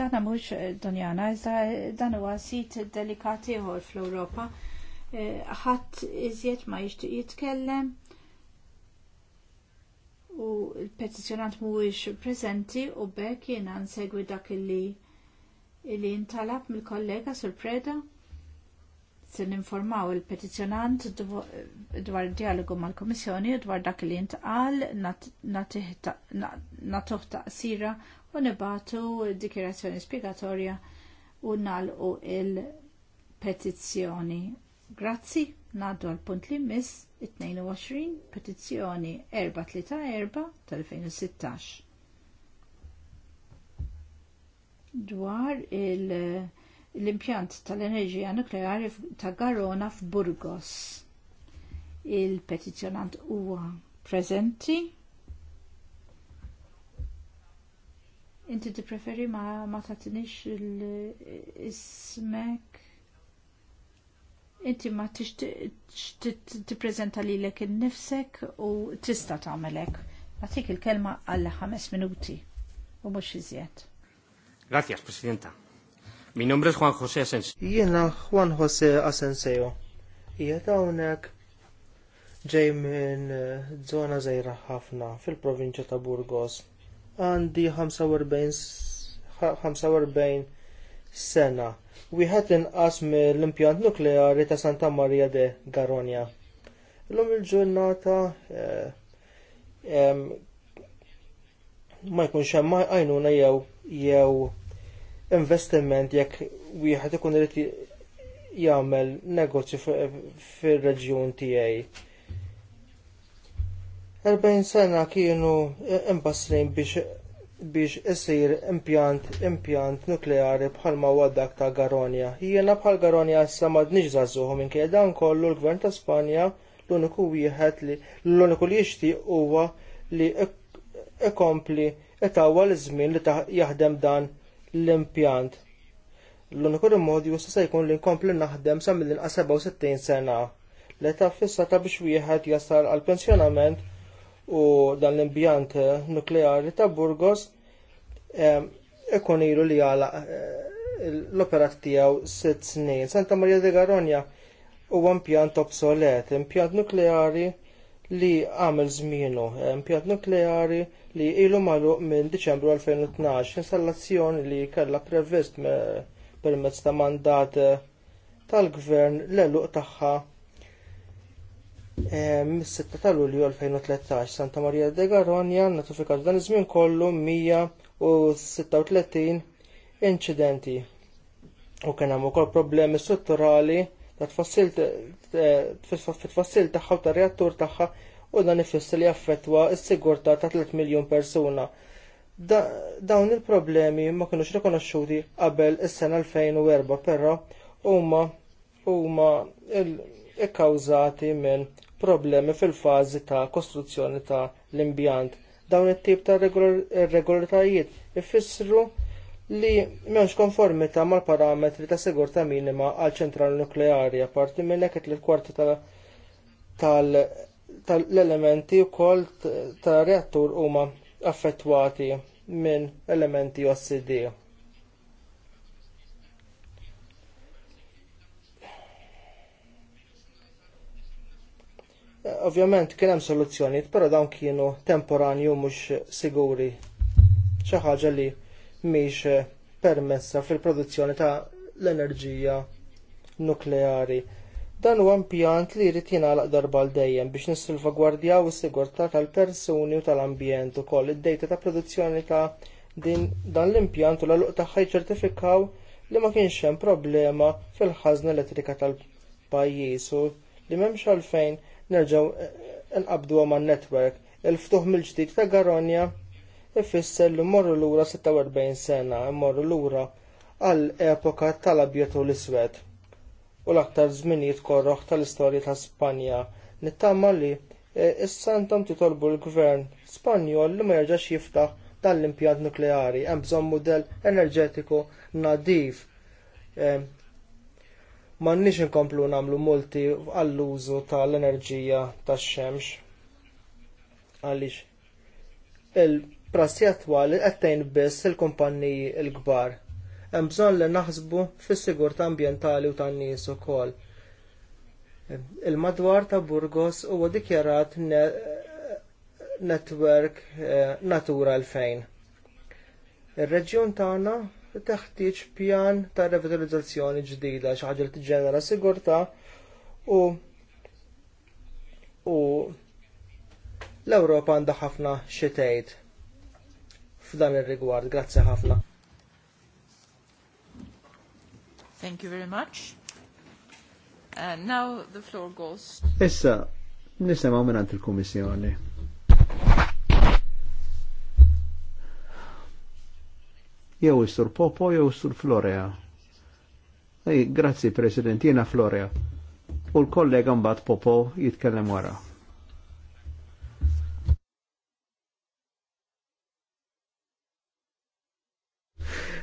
Dana mux eh, donjana, eh, dan huwa sit delikati ieħor fl-Ewropa. Ħadd iżjed ma jixtieq jitkellem u l-petizzjonant mhuwiex prezenti u bekk jiena nsegwi dak li illi intalab mill-kollega sur preda se ninformaw il-petizjonant dwar dialogu mal-Komissjoni dwar dak li intqal natuħ taqsira u nibatu dikjerazzjoni spiegatorja u nalqu il-petizzjoni. Grazzi, naddu għal punt li miss 22 petizzjoni 434 tal-2016. dwar l-impjant tal-enerġija nukleari ta' Garona f'Burgos. Il-petizjonant huwa prezenti? Inti tippreferi ma, ma tatinix l-ismek? Inti ma tippreżenta lilek innifsek u tista' tagħmelek. Għatik il-kelma għal ħames minuti u mhux iżjed. Gracias, Presidenta. Mi nombre es Juan José Asensio. Jena Juan José Asensio. Jeta unek ġej minn eh, zona zejra ħafna fil-provinċja ta' Burgos. Għandi 45 sena. Wieħed inqas mill-impjant nukleari ta' Santa Maria de Garonia. L-lum il-ġurnata eh, ma jkunx hemm għajnuna jew jew investiment jekk wieħed ikun irid jagħmel negozju fir-reġjun tiegħi. 40 sena kienu imbasslin biex biex isir impjant impjant nukleari bħalma huwa dak ta' Garonja. Jiena bħal Garonja issa m'għadniex żagħżuhom minkejja dan kollu l-Gvern ta' Spanja l-uniku wieħed li l-uniku li jixtieq huwa li ikompli etawwa l-żmien li jaħdem dan l-impjant. L-uniku mod justa se jkun li nkompli naħdem sa mill-inqas 67 sena. L-età fissata biex wieħed jasal għall pensjonament u dan l-impjant eh, nukleari ta' Burgos eh, ikun ilu li għala eh, l-operat tijaw sitt snin. Santa Maria de Garonja u impjant obsolet, impjant nukleari li għamel żmienu eh, impjat nukleari li ilu magħluq minn Diċembru 2012 installazzjoni li kellha previst permezz ta' mandat eh, tal-gvern l-eluq tagħha eh, mis-6 ta' Lulju 2013 Santa Maria de Garonja notifikat dan iż-żmien kollu 136 inċidenti u kien hemm ukoll problemi strutturali fit-tfassil tagħha ta' reattur tagħha u dan ifisser li jaffettwa s-sigurtà ta' 3 miljun persuna. Dawn il-problemi ma kinux rikonoxxuti qabel is-sena 2004 però huma huma ikkawżati minn problemi fil-fażi ta' kostruzzjoni ta' l-imbjant. Dawn it-tip ta' irregolaritajiet ifissru li m'hemmx konformità mal-parametri ta' sigurtà minima għal ċentrali nukleari apparti minn hekk li l-kwarti tal-elementi wkoll ta' reattur huma affettwati minn elementi OCD. Ovvjament kien hemm soluzzjonijiet, però dawn kienu temporanju mhux siguri. Xi ħaġa li Miex eh, permessa fil-produzzjoni ta' l-enerġija nukleari. Dan huwa impjant li jrid jingħalaq darba l dejjem biex nissilvagwardjaw is-sigurtà tal-persuni u tal-ambjent ukoll id-dejta ta' produzzjoni ta' din dan l-impjant u l-għaluq tagħha jċertifikaw li ma kienx hemm problema fil-ħażna elettrika tal-pajjiż u li m'hemmx għalfejn nerġgħu eh, eh, nqabduha man-netwerk il-ftuħ mill-ġdid ta' Garonja ifisser li mmorru lura 46 sena, mmorru lura għall epoka tal-abjetu l-iswed u l-aktar żminijiet korroħ tal-istorja ta' Spanja nittama li e, issa intom titolbu l-gvern Spanjol li ma jerġax jiftaħ dan l-impjant nukleari hemm bżonn mudell enerġetiku nadif. E, m'għandniex inkomplu nagħmlu multi għall-użu tal-enerġija tax-xemx għaliex prassi attwali qed tgħin biss il-kumpanniji l-kbar. Hemm bżonn li naħsbu fis-sigurtà ambjentali u tan-nies ukoll. Il-madwar ta' Burgos huwa dikjarat netwerk eh, Natura 2000. Ir-reġjun tagħna teħtieġ pjan ta' revitalizzazzjoni ġdida xi ħaġa li tiġġenera sigurtà u u l-Ewropa għandha ħafna xi tgħid f'dan ir-rigward. Grazzi ħafna. Thank you very much. And now the floor goes. Issa, nisimaw minnant il-Komissjoni. Jew is-Sur Popo jew is-Sur Florea. Ej, grazzi President, jiena Florea. U l-kollega mbagħad Popo jitkellem wara.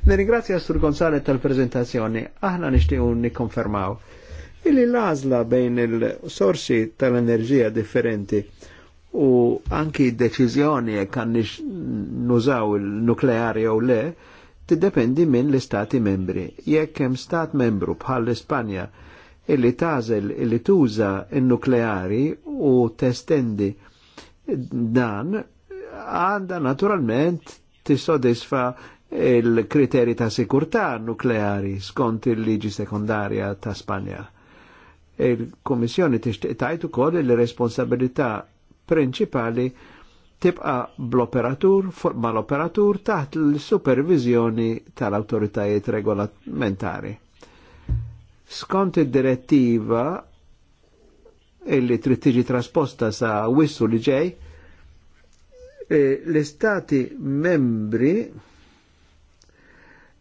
Neringrazzja Sur Gonzalez tal-prezentazzjoni, aħna nixtiequ nikkonfermaw illi lazla bejn il-sorsi tal-enerġija differenti u anki e kan nużaw il-nukleari u le, tiddependi minn l-istati membri. Jekk hemm stat membru bħal l-Ispanja illi tażel illi tuża il-nukleari u testendi dan għanda naturalment tissodisfa il-kriteri ta' sikurtà nukleari skont il-liġi sekundarja ta' Spanja. Il-Komissjoni tixtieq tajt ukoll li responsabilità prinċipali tibqa' bl-operatur mal-operatur taħt l-supervizjoni tal-awtoritajiet regolamentari. Skont id-direttiva illi trid tiġi trasposta sa' wissu li ġej, eh, l-istati membri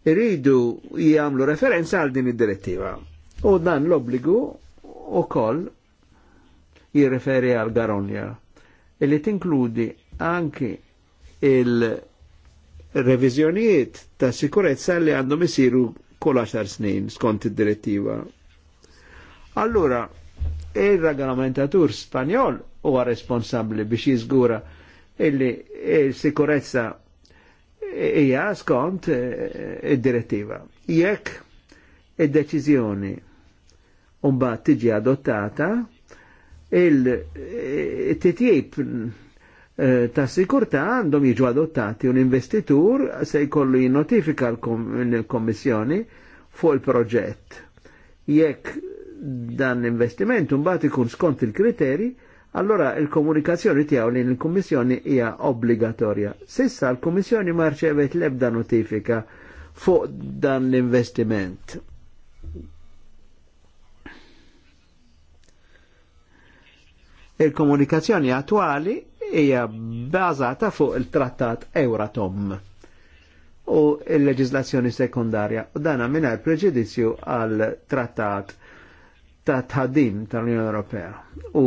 irridu jgħamlu referenza għal din id-direttiva. U dan l-obbligu ukoll jirreferi għal Garonja li tinkludi anki il-revizjonijiet ta' sikurezza li għandhom isiru kull 10 snin skont id-direttiva. Allura, il-regolamentatur Spanjol huwa responsabbli biex jiżgura illi il-sikurezza hija skont eh, id-direttiva. Jekk id-deċiżjoni mbagħad tiġi adottata, il-titjib eh, eh, ta' sikurta għandhom jiġu adottati un investitur se jkollu jinnotifika l-Kommissjoni fuq il-proġett. Jekk dan l-investiment mbagħad ikun skont il-kriteri, allora il-komunikazzjoni tiegħu li l-Kummissjoni hija obbligatorja. Sissa l-Kummissjoni ma rċevet l-ebda notifika fuq dan l-investiment. Il-komunikazzjoni attuali hija bbażata fuq il-trattat Euratom u l leġislazzjoni sekundarja u dana mingħajr preġudizzju għal trattat ta' tħaddim tal-Unjoni Ewropea u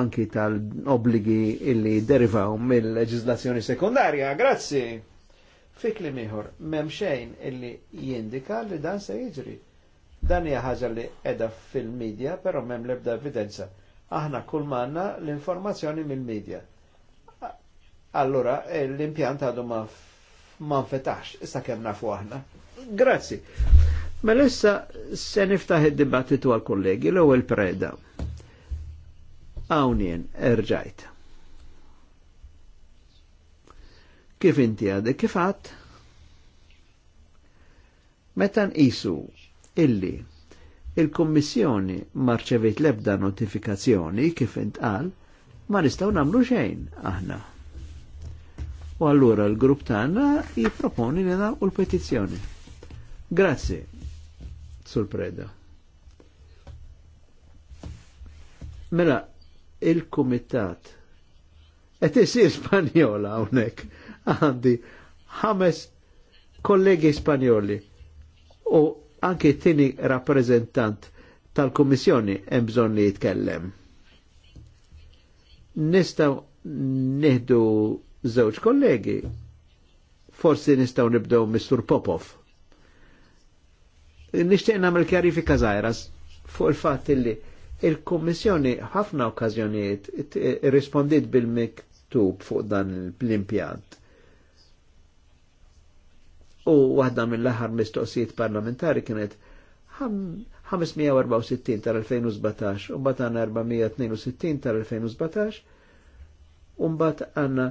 anki tal-obligi illi derivaw mill-leġizlazzjoni sekundarja. Grazzi! Fikli miħor, memxejn illi jindika li dan se jiġri. Dan hija ħaġa li edha fil-medja, però mem lebda evidenza. Aħna kull manna l-informazzjoni mill-medja. Allora, eh, l-impjant għadu ma' manfetax, issa kemm nafu aħna. Grazzi. Mela issa se niftaħ id-dibattitu għal kollegi l-ewwel preda. Hawnien erġajt. Kif inti għadek kif għadd? Meta nqisu illi il-Kommissjoni marċevit lebda notifikazzjoni kif intqal, ma nistgħu nagħmlu xejn aħna. U allura l-grupp tagħna jipproponi li u l-petizzjoni. Grazzi, Sur Preda. Mela, il-Kumitat Et isir Spanjola hawnhekk għandi ħames kollegi Spanjoli u anke tini rappresentant tal-Kummissjoni hemm bżonn li jitkellem. Nistgħu neħdu żewġ kollegi. Forsi nistgħu nibdew Mr. Popov. Nishtiq namel kjarifika zaħira fuq il-fat illi il-Kommissjoni ħafna okkazjonijiet rispondit bil-miktub fuq dan l-impjant. U waħda mill-aħħar mistoqsijiet parlamentari kienet 564 tal-2017 u mbagħad għandna 462 tal-2017 u mbagħad għandna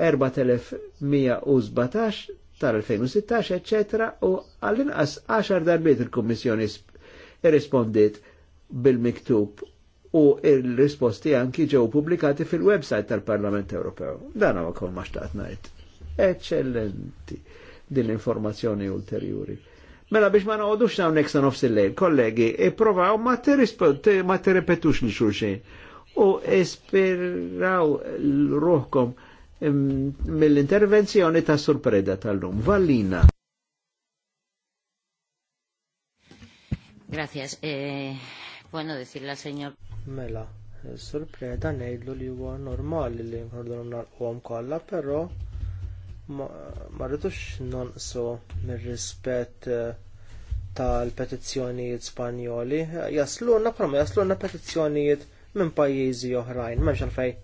4117 tar 2016 eccetera, u għall-inqas 10 darbiet il-Kommissjoni irrispondiet bil-miktub u il-risposti anki ġew pubblikati fil-website tal-Parlament Ewropew. Dan huwa kol ma xtaqt ngħid. Eċċellenti din l-informazzjoni ulterjuri. Mela biex ma noqodux hawnhekk sa nofs il-lejl, kollegi, ipprovaw ma t-repetux li xulxejn. U ispiraw l-ruħkom mill-intervenzjoni ta' surpreda tal-lum. Vallina. Grazie. Eh, bueno, decirla, señor. Mela, eh, surpreda nejdlu li huwa normali li nħordu narqom kollha, però ma rridux nonqsu mir-rispett eh, tal-petizzjonijiet Spanjoli. Eh, jaslunna, però ma jaslunna petizzjonijiet minn pajjiżi oħrajn, m'hemmx fej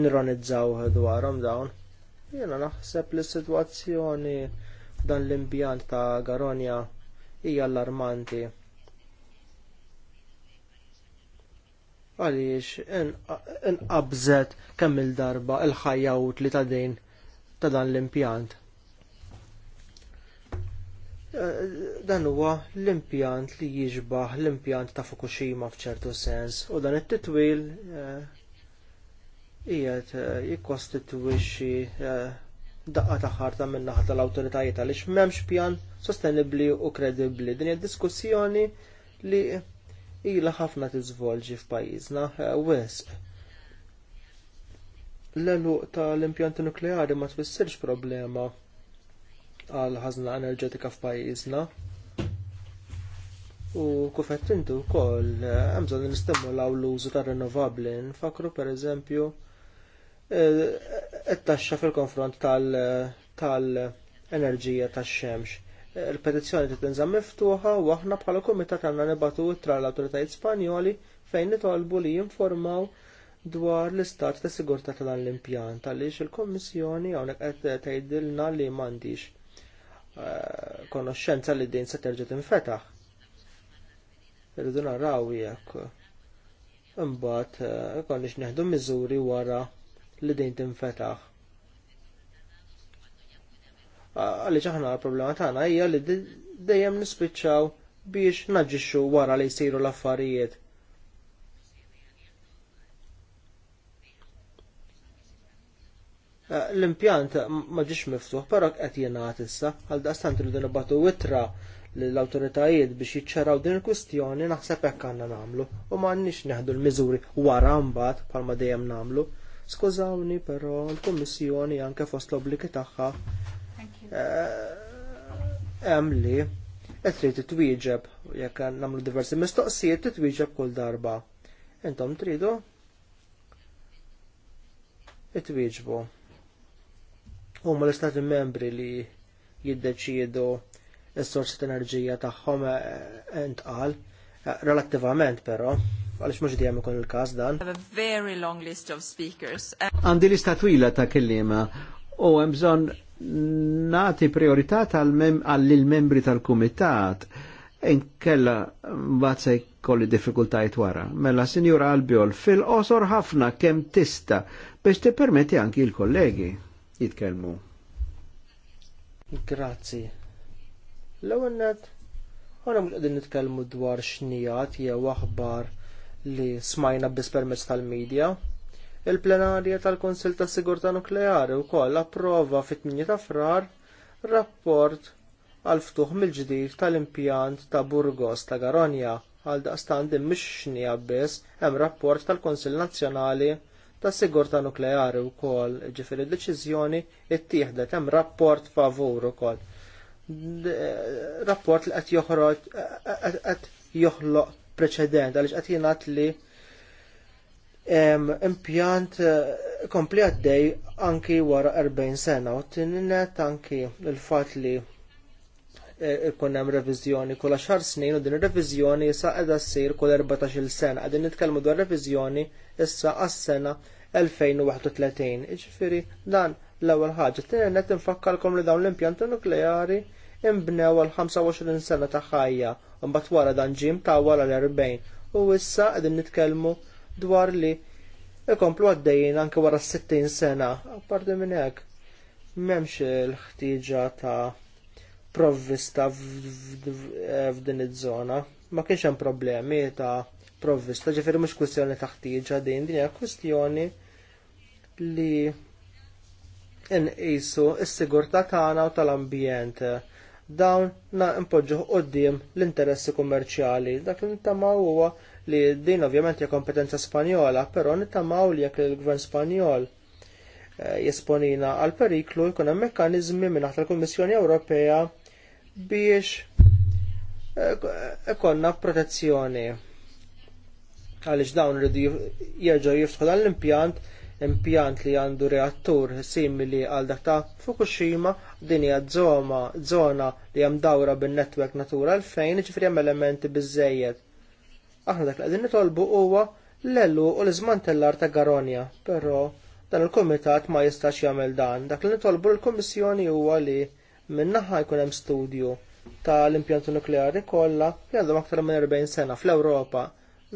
nironizzaw dwarhom dawn. Jiena naħseb li s-sitwazzjoni dan l-imbjant ta' Garonja hija allarmanti. Għaliex inqabżet kemm il-darba il-ħajja utli ta' din ta' dan l-impjant. Eh, dan huwa l-impjant li jiġbaħ l-impjant ta' Fukushima f'ċertu sens u dan it-titwil eh, qiegħed eh, xi eh, daqqa ta' ħarta minn naħa tal-awtoritajiet għaliex m'hemmx pjan sostenibbli u kredibbli. Din hija diskussjoni li ilha ħafna tiżvolġi f'pajjiżna eh, wisq. L-eluq tal-impjanti nukleari ma tfissirx problema għal ħażna enerġetika f'pajjiżna. U qed intu wkoll hemm bżonn nistimulaw l-użu tar rinnovabbli nfakru pereżempju Eh, it-taxxa fil-konfront tal-enerġija tax-xemx. Eh, il-petizzjoni titinżam miftuħa u aħna bħala kumitat għandna nibatu tra l-awtoritajiet Spanjoli fejn nitolbu li jinformaw dwar l-istat ta' sigurtà ta' dan l-impjant għaliex il-Kommissjoni hawnhekk qed tgħidilna li m'għandix eh, konoxxenza li din se terġa' tinfetaħ. Irridu naraw jekk imbagħad konniex neħdu miżuri wara li din tinfetaħ. Għalli ċaħna l-problema tagħna hija li dejjem nispiċċaw biex naġġixxu wara li jsiru l-affarijiet. L-impjant ma miftuħ, però qed jingħad issa, għal daqstant din nibgħatu wittra l-autoritajiet biex jiċċaraw din il-kwistjoni naħseb hekk għandna nagħmlu u m'għandniex neħdu l-miżuri wara mbagħad bħalma dejjem nagħmlu. Skużawni, però l-Kummissjoni anke fost l-obbligi tagħha eh, hemm li qed trid titwieġeb jekk nagħmlu diversi mistoqsijiet titwieġeb kull darba. Intom tridu itwieġbu. Huma l-istati membri li jiddeċiedu s-sorsi ta' enerġija tagħhom entqal, eh, eh, relattivament però għalix mux dijem ikon il-kas dan. I have a very long list of speakers. Għandi lista twila ta' kellima u għemżon nati priorità għall-membri tal-kumitat inkella kella se kolli diffikultajiet wara. Mela Sinjura Albiol fil-qosor ħafna kemm tista biex permetti anki l-kollegi jitkellmu. Grazzi. L-ewwel għana mhux nitkellmu dwar xnijat jew aħbar li smajna bis permezz tal-medja. Il-plenarja tal-Konsil tas Sigurtà Nukleari wkoll approva fit-8 ta' frar rapport għal ftuħ mill-ġdid tal-impjant ta' Burgos ta' Garonja għal daqstant immixxni biss hemm rapport tal-Konsil Nazzjonali tas sigurtà nukleari wkoll ġifieri d deċiżjoni ttieħdet hemm rapport favur ukoll. Eh, rapport li qed joħroġ eh, qed joħloq preċedent, għaliex qed jingħad li impjant eh, kompli għaddej anki wara 40 sena u t-tinnet anki l fat li eh, ikun hemm reviżjoni kull xar snin u din ir-reviżjoni issa s ssir kull 14-il sena. għadin nitkellmu dwar reviżjoni jissa għas-sena 2031. iġifiri dan l-ewwel ħaġa. Tinnet infakkalkom li dawn l-impjanti nukleari imbnew għal 25 sena ta' ħajja, mbagħad wara dan ġim ta' wara l-40 u issa qegħdin nitkellmu dwar li ikomplu għaddejjin anke wara 60 sena. Apparti minn hekk m'hemmx il-ħtieġa ta' provvista f'din iż-żona. Ma kienx hemm problemi ta' provvista, ġifieri mhux kwistjoni ta' ħtieġa din, din hija kwistjoni li inqisu s-sigurtà tagħna u tal-ambjent dawn na impoġġu qoddim l-interessi kummerċjali. Dak li nittamaw huwa li din ovvjament hija kompetenza Spanjola, però nittamaw li jekk il-Gvern Spanjol eh, jesponina għal periklu jkun hemm mekkaniżmi minn naħta l-Kummissjoni Ewropea biex eh, ikonna protezzjoni. Għaliex dawn rridu jerġgħu jiftħu dan l-impjant impjant li għandu reattur simili għal dak ta' Fukushima, din hija żona li hemm dawra bin-netwerk Natura 2000, jiġifieri hemm elementi biżżejjed. Aħna dak li qegħdin nitolbu huwa l-ellu u l-iżmantellar ta' Garonja, però dan il-kumitat ma jistax jagħmel dan. Dak li nitolbu l-Kummissjoni huwa li minnaħa jkun hemm studju tal-impjanti nukleari kollha li għandhom aktar minn 40 sena fl-Ewropa.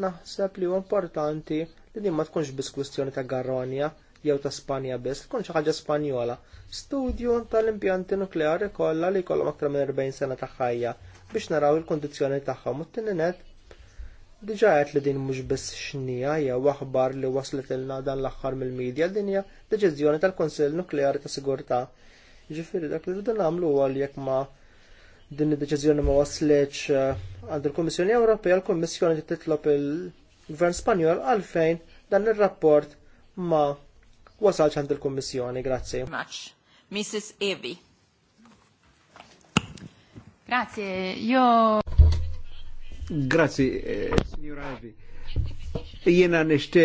Naħseb li huwa importanti li din ma tkunx biss kwistjoni ta' Garronja jew ta' Spanja biss, tkun xi ħaġa Spanjola. Studju tal-impjanti nukleari kollha li jkollhom aktar minn 40 sena ta' ħajja biex naraw il-kundizzjoni tagħhom u t-tinenet Diġa għet li din mhux biss xnija jew aħbar li waslet ilna dan l-aħħar mill-medja din hija deċiżjoni tal-Kunsill Nukleari ta' Sigurtà. Ġifieri dak li rridu nagħmlu huwa li jekk ma din id-deċiżjoni ma waslitx eh, għand il-Kummissjoni Ewropea l-Kummissjoni titlob il- gvern Spanjol għalfejn dan ir-rapport ma wasalx għand il-Kummissjoni. Grazzi. Mrs. Evi. Grazie, jo. Grazie, eh, signora Evi. Jiena nishti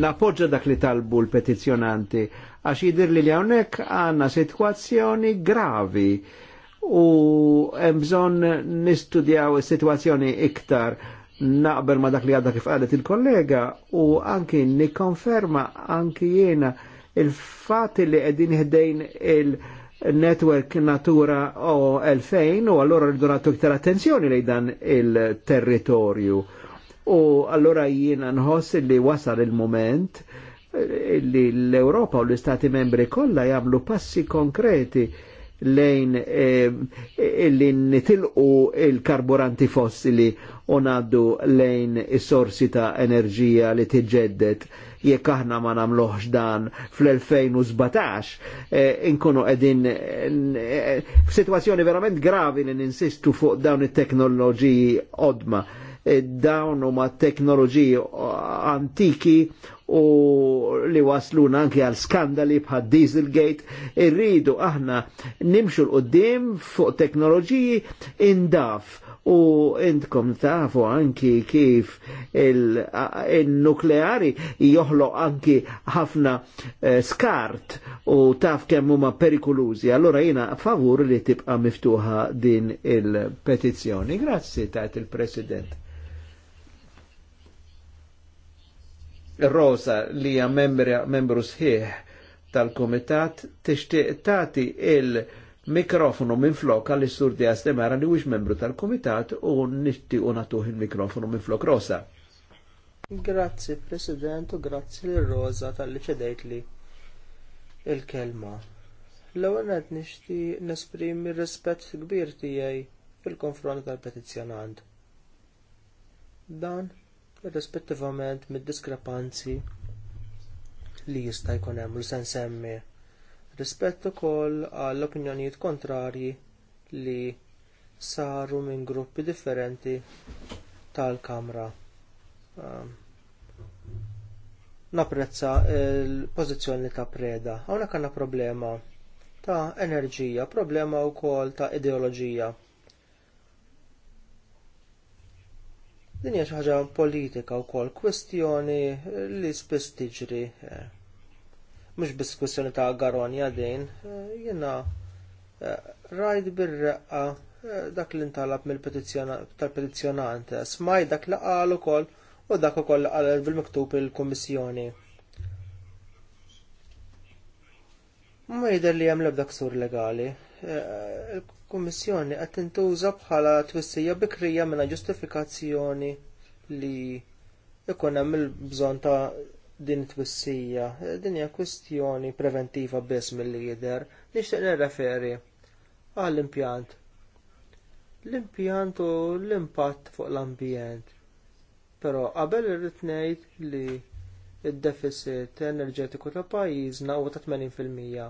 napoġġa dak li talbu l-petizjonanti għax jidir li hawnhekk għandna sitwazzjoni gravi u hemm bżonn nistudjaw is-sitwazzjoni iktar naqber ma dak li għadda kif għadet il-kollega u anki nikonferma anki jena il-fat li għedin ħdejn il-network Natura o 2000 u allora rridu nagħtu iktar attenzjoni lejn dan il-territorju. U allora jiena nħoss li wasal il-moment eh, li l-Europa u l-Istati membri kollha jagħmlu passi konkreti lejn eh, li nitilqu il-karburanti fossili u naddu lejn is-sorsi ta' enerġija li tiġġedded jekk aħna ma nagħmluhx dan fl-2017 eh, inkunu qegħdin eh, f'sitwazzjoni verament gravi li ninsistu fuq dawn it-teknoloġiji qodma eh, dawn huma teknoloġiji antiki u li wasluna anke għal skandali bħal Dieselgate, irridu aħna nimxu l-qoddim fuq teknoloġiji indaf u intkom tafu anki kif il-nukleari joħlo anki ħafna eh, skart u taf kemm huma perikolużi. Allora jina favur li tibqa miftuħa din il-petizzjoni. Grazzi tajt il-President. Rosa li hija membru sħiħ tal-Komitat tixtieq tagħti il- mikrofonu minn flok għall sur di għastemara li wix membru tal-komitat u nitti u natuħ il-mikrofonu minn flok rosa. Grazzi, President, u grazzi l rosa tal-li ċedajt li il-kelma. L-ewwel qed nixti nesprimi rispett kbir tiegħi fil-konfront tal-petizzjonant. Dan rispettivament mid-diskrepanzi li jista' jkun hemm l se nsemmi rispett ukoll għall opinjonijiet kontrarji li saru minn gruppi differenti tal-Kamra. Ehm, napprezza l pożizzjoni ta' preda. Hawnhekk għandna problema ta' enerġija, problema wkoll ta' ideoloġija. Din hija xi ħaġa politika wkoll kwestjoni li spiss tiġri eh, mhux diskussjoni ta' garonja din, jiena eh, rajt bir-reqqa eh, dak li ntalab mill-petizzjonant, smaj dak li qal ukoll u dak ukoll qal bil-miktub il-Kummissjoni. Ma jidher li hemm l-ebda ksur legali. Eh, Il-Kummissjoni qed tintuża bħala twissija bikrija mingħajr ġustifikazzjoni li ikun hemm il-bżonn ta' din it-twissija, din hija kwistjoni preventiva biss mill-lider, nixtieq nirreferi għall-impjant. L-impjant u l-impatt fuq l-ambjent. Però qabel irrid ngħid li d deficit enerġetiku ta' pajjiżna huwa ta' 80%.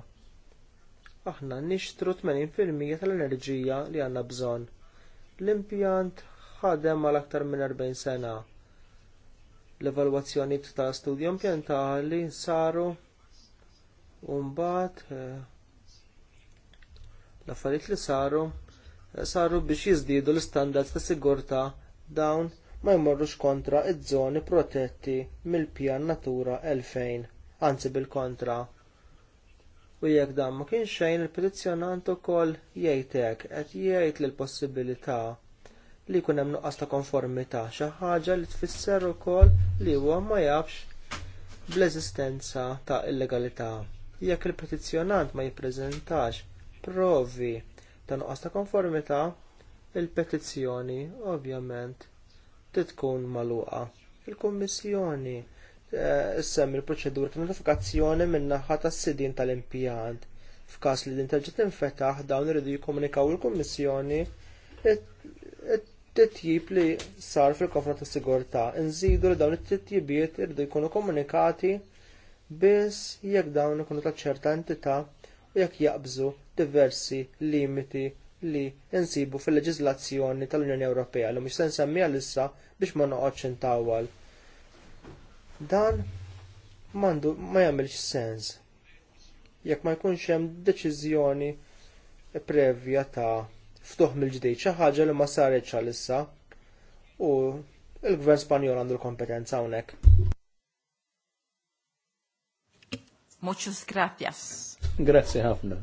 Aħna nixtru 80% tal-enerġija li għandna bżonn. L-impjant ħadem għal aktar minn 40 sena l-evalwazzjoni ta' studju ambjentali saru mbagħad eh, l-affarijiet li saru eh, saru biex jiżdiedu l-istandards ta' sigurtà dawn ma jmorrux kontra iż-żoni protetti mill-pjan Natura 2000, anzi bil-kontra. U jekk dan ma kienx xejn il-petizzjonant ukoll jgħid hekk qed jgħid li l-possibilità li jkun hemm nuqqas ta' konformità xi ħaġa li tfisser ukoll li huwa ma jafx bl-eżistenza ta' illegalità. Jekk il-petizzjonant ma jippreżentax provi ta' nuqqas ta' konformità, il-petizzjoni ovvjament titkun magħluqa. Il-Kummissjoni issemmi eh, l-proċedur ta' notifikazzjoni min-naħa tas-sidin tal-impjant. F'każ li l-intelġet infetaħ dawn iridu jikkomunikaw il-Kummissjoni titjib li sar fil-kofra ta' sigurtà Nżidu li dawn it-titjibiet irridu jkunu komunikati biss jekk dawn ikunu ta' ċerta entità u jekk jaqbżu diversi limiti li insibu fil-leġiżlazzjoni tal-Unjoni Ewropea li mhux se nsemmiha issa biex ma noqgħodx intawwal. Dan mandu ma jagħmilx sens jekk ma jkunx hemm deċiżjoni prevja ta' ftuħ mill-ġdid xi ħaġa li ma saret għalissa. u l gvern Spanjol għandu l-kompetenza hawnhekk. Muchas gracias. Grazzi ħafna.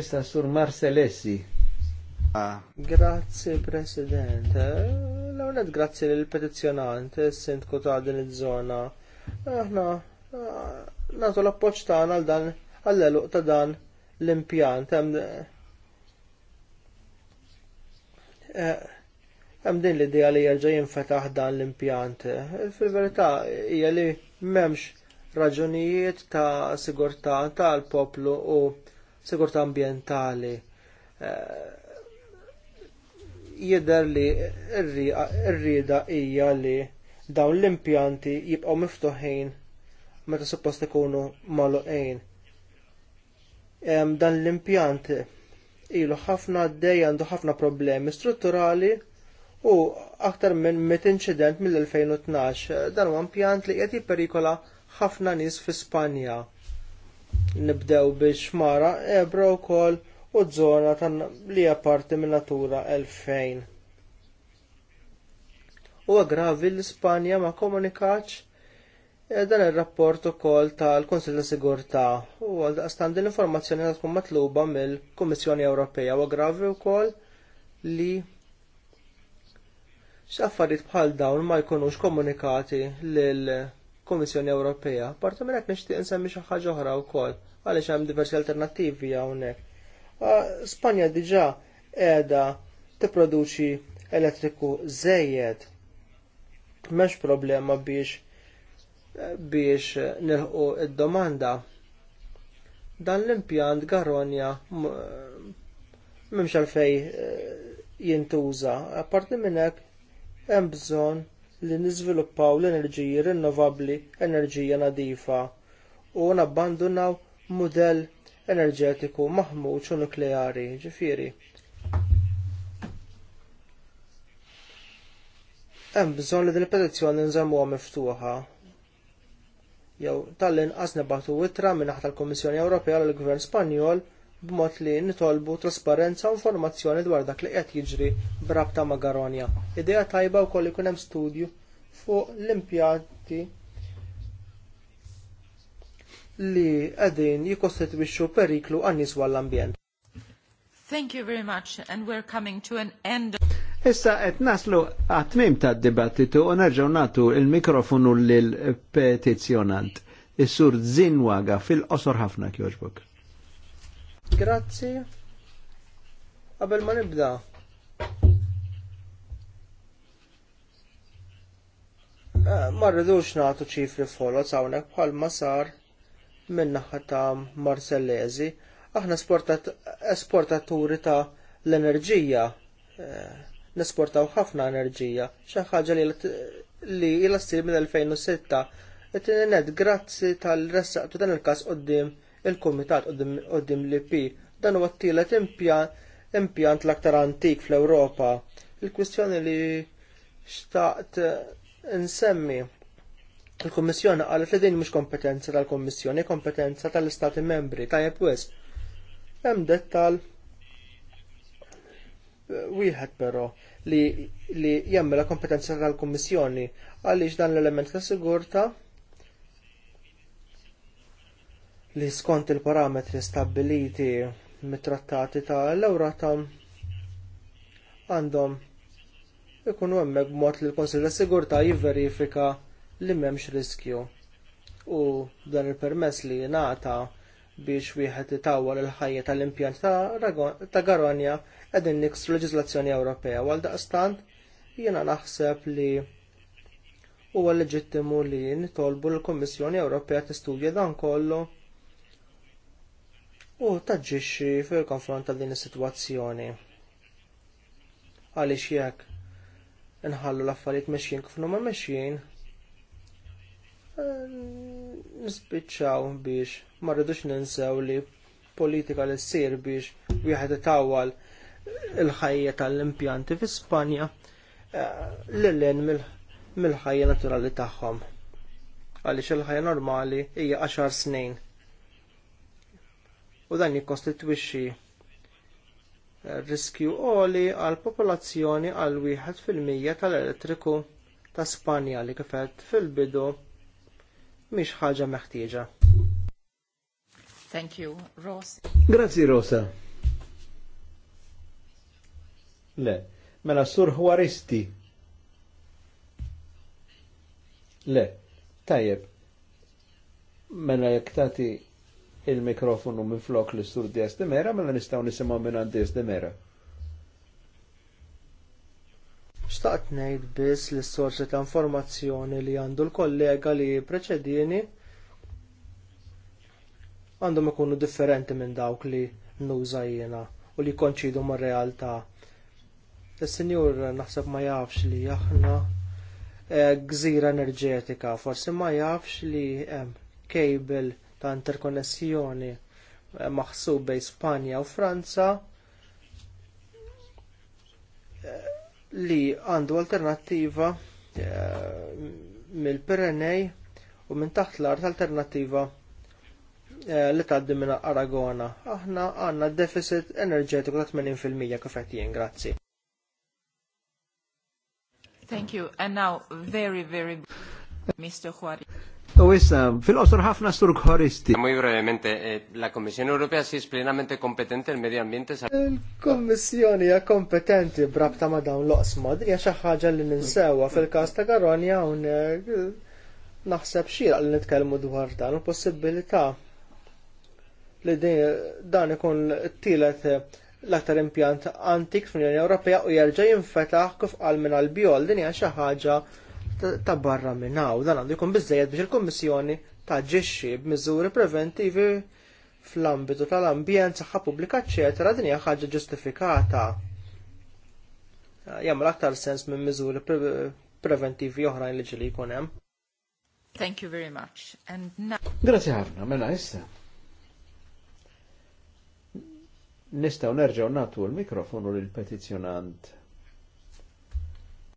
Esta sur Marcelessi. Ah. Grazzi President. L-għonet grazzi l-petizjonant, sindku ta' din iż-żona. Aħna, ah, nagħtu l appoġġ tagħna għal dan, għall-eluq ta' dan l-impjant. Eh, hemm din l-idea li jerġa' jinfetaħ dan l-impjant. Eh, fil-verità hija li m'hemmx raġunijiet ta' sigurtà tal-poplu u sigurtà ambjentali. Eh, jidher li r-rieda hija li dawn l-impjanti jibqgħu miftuħin meta suppost ikunu magħluqin. Dan l-impjant ilu ħafna għaddej għandu ħafna problemi strutturali u aktar minn mit inċident mill-2012. Dan huwa impjant li qed jipperikola ħafna nies fi Spanja. Nibdew biex mara ebro wkoll u żona tan li hija parti minn Natura 2000. Huwa gravi l-Ispanja ma komunikax Eh, dan ir-rapport ukoll tal-Konsil ta' Sigurtà u għal din l-informazzjoni li tkun matluba mill-Kummissjoni Ewropea u gravi wkoll li x'affarijiet bħal dawn ma jkunux komunikati lill kummissjoni Ewropea. Parti minn hekk nixtieq insemmi xi ħaġa oħra wkoll għaliex hemm diversi alternattivi hawnhekk. Spanja diġà qiegħda tipproduċi elettriku żejjed. M'hemmx problema biex biex nilħu id-domanda. Dan l-impjant Garonja m'hemmx għalfej eh, jintuża. Apparti minn hekk hemm bżonn li niżviluppaw l-enerġiji rinnovabbli, enerġija nadifa u nabbandunaw mudell enerġetiku maħmuġ u nukleari, ġifieri. Hemm bżonn li din il petizzjoni nżammuha miftuħa jew tal-inqas nebatu wittra minnaħ tal-Kummissjoni Ewropea lill gvern Spanjol b'mod li nitolbu trasparenza u informazzjoni dwar dak li qed jiġri b'rabta ma' Garonja. Idea tajba wkoll ikun hemm studju fuq l-impjanti li qegħdin jikkostitwixxu periklu għan-nies l ambjent Thank you very much and we're coming to an end. of Issa qed naslu għatmim tad-dibattitu u nerġgħu nagħtu il-mikrofonu lil petizzjonant Is-sur Zinwaga fil-qosor ħafna kjoġbok. Grazzi. Qabel ma nibda. Eh, ma rridux nagħtu ċifri folot hawnhekk ma sar min ta' Marsellesi. Aħna esportaturi ta' l-enerġija eh, nesportaw ħafna enerġija, xi ħaġa li ilha ssir minn 2006 It-tinet grazzi tal ta' dan il-każ qoddim il-Kumitat qoddim l-IP dan huwa t-tielet impjant l-aktar antik fl-Ewropa. Il-kwistjoni li xtaqt insemmi il-Kommissjoni qalet li din mhux kompetenza tal-Kommissjoni, kompetenza tal-Istati Membri, tajjeb wisq. Hemm dettal wieħed però li, li la kompetenza tal-Kummissjoni għaliex dan l-element ta' sigurta li skont il-parametri stabiliti mit-trattati ta' l-Euratom għandhom ikunu hemmhekk b'mod li l-Konsil ta' Sigurtà jivverifika li m'hemmx riskju u dan il-permess li nata biex wieħed itawwal il-ħajja tal-impjant ta', ta Garonja qegħdin niks leġizlazzjoni Ewropea għal daqstant jiena naħseb li huwa leġittimu li nitolbu l-Kommissjoni Ewropea tistudja dan kollu u taġġixxi fil-konfront ta' din is-sitwazzjoni. Għaliex jekk inħallu l-affarijiet mexjin kif ma mexjin, eh, nispiċċaw biex ma rridux ninsew li politika li ssir biex wieħed itawwal il-ħajja tal-impjanti fi Spanja eh, l-len mill-ħajja naturali tagħhom. Għaliex il-ħajja normali hija 10 snin. U dan jikkostitwixxi eh, riskju għoli għal popolazzjoni għal wieħed fil-mija tal-elettriku ta' Spanja li kifet fil-bidu mhix ħaġa meħtieġa. Thank you, Rosa. Grazie, Rosa. Le. Mela sur Juaristi. Le. Tajjeb. Mela jek tagħti il-mikrofonu minn flok li sur Dias de Mera, mela nistgħu nisimgħu minn għand Dias de Mera. Xtaqt ngħid biss li s-sorsi ta' informazzjoni li għandu l-kollega li preċedini għandhom ikunu differenti minn dawk li nuża jiena u li konċidu mar-realtà. Is-senjur naħseb ma jafx li aħna eh, gżira enerġetika, forsi ma jafx li hemm eh, kejbel ta' interkonnessjoni eh, maħsub bejn Spanja u Franza li għandu alternattiva mill-Pirenej u minn taħt l-art alternattiva li tgħaddi minn Aragona. Aħna għandna deficit enerġetiku ta' 80% kif qed jien, grazzi. Thank you. And now, very, very, Mr. Juarez. U issa, eh, fil-qosor ħafna Muy brevemente, eh, la Kommissjoni Ewropea si plenamente kompetente il medio ambiente. Il-Kommissjoni hija kompetenti brabta ma dawn loqs mod. din hija xi ħaġa li ninsewa fil-każ ta' Garonja hawn eh, naħseb xieraq li nitkellmu dwar dan u possibilità li dan ikun t l-aktar impjant antik fl-Unjoni Ewropea u jerġa' jinfetaħ kif qal minn għall-bjol din hija xi ħaġa ta' barra minn hawn. Dan għandu jkun biżżejjed biex il-Kummissjoni taġġixxi b'miżuri preventivi fl-ambitu tal-ambjent, saħħa pubblika, eċetera, din hija ħaġa ġustifikata. Jagħmel aktar sens minn miżuri preventivi oħrajn li ġili jkun hemm. Thank you very much. And now... Grazie ħafna, mela issa. nistaw nerġaw natu l-mikrofonu l-petizjonant.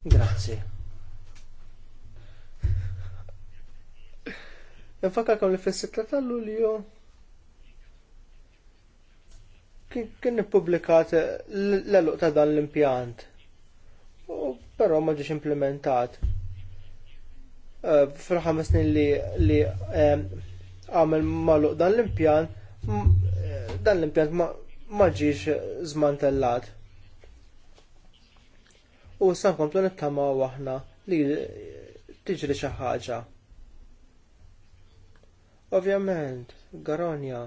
Grazie. Nfakka kam li fil-6 ta' lulju kien publikat l-eluq ta' dan l-impjant. Però ma ġiex implementat. Eh, fil snin li eh, għamel maluq dan l-impjant, eh, dan l-impjant ma ma ġiex zmantellat. U sankomplu nittama waħna li tiġri xi ħaġa. Ovvjament, Garonja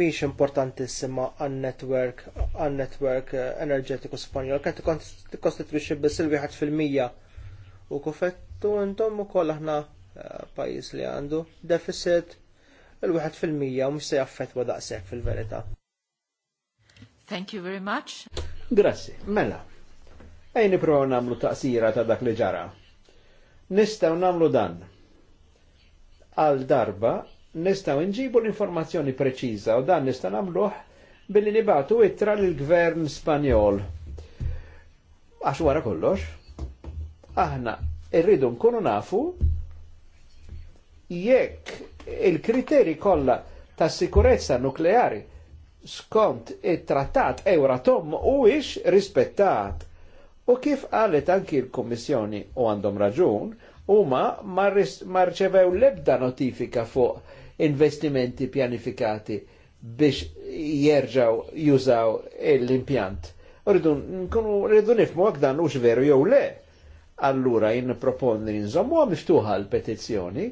mhix importantissima għan netwerk għan netwerk eh, enerġetiku Spanjol, t tikkostitwixxi biss il-wieħed fil-mija u kufettu intom ukoll aħna eh, pajjiż li għandu deficit il-1 fil-mija u mhux se jaffettwa daqshekk fil-verità. Thank you very much. Grazzi, mela. Ej niprofaw namlu taqsira ta' dak li ġara. Nistaw namlu dan. Għal darba, nistaw nġibu l-informazzjoni preċiża u dan nistaw namluħ billi nibatu ittra l-gvern Spanjol. Għax wara kollox, aħna irridu nkunu nafu jekk il-kriteri kollha ta' sikurezza nukleari skont it-trattat Euratom u ix rispettat. U kif għalet anki l-Kommissjoni u għandhom raġun, huma ma rċevew lebda notifika fuq investimenti pjanifikati biex jerġaw jużaw l-impjant. Rridu nifmu għak dan ux veru jew le. Allura jinn proponni nżommu miftuħa l-petizzjoni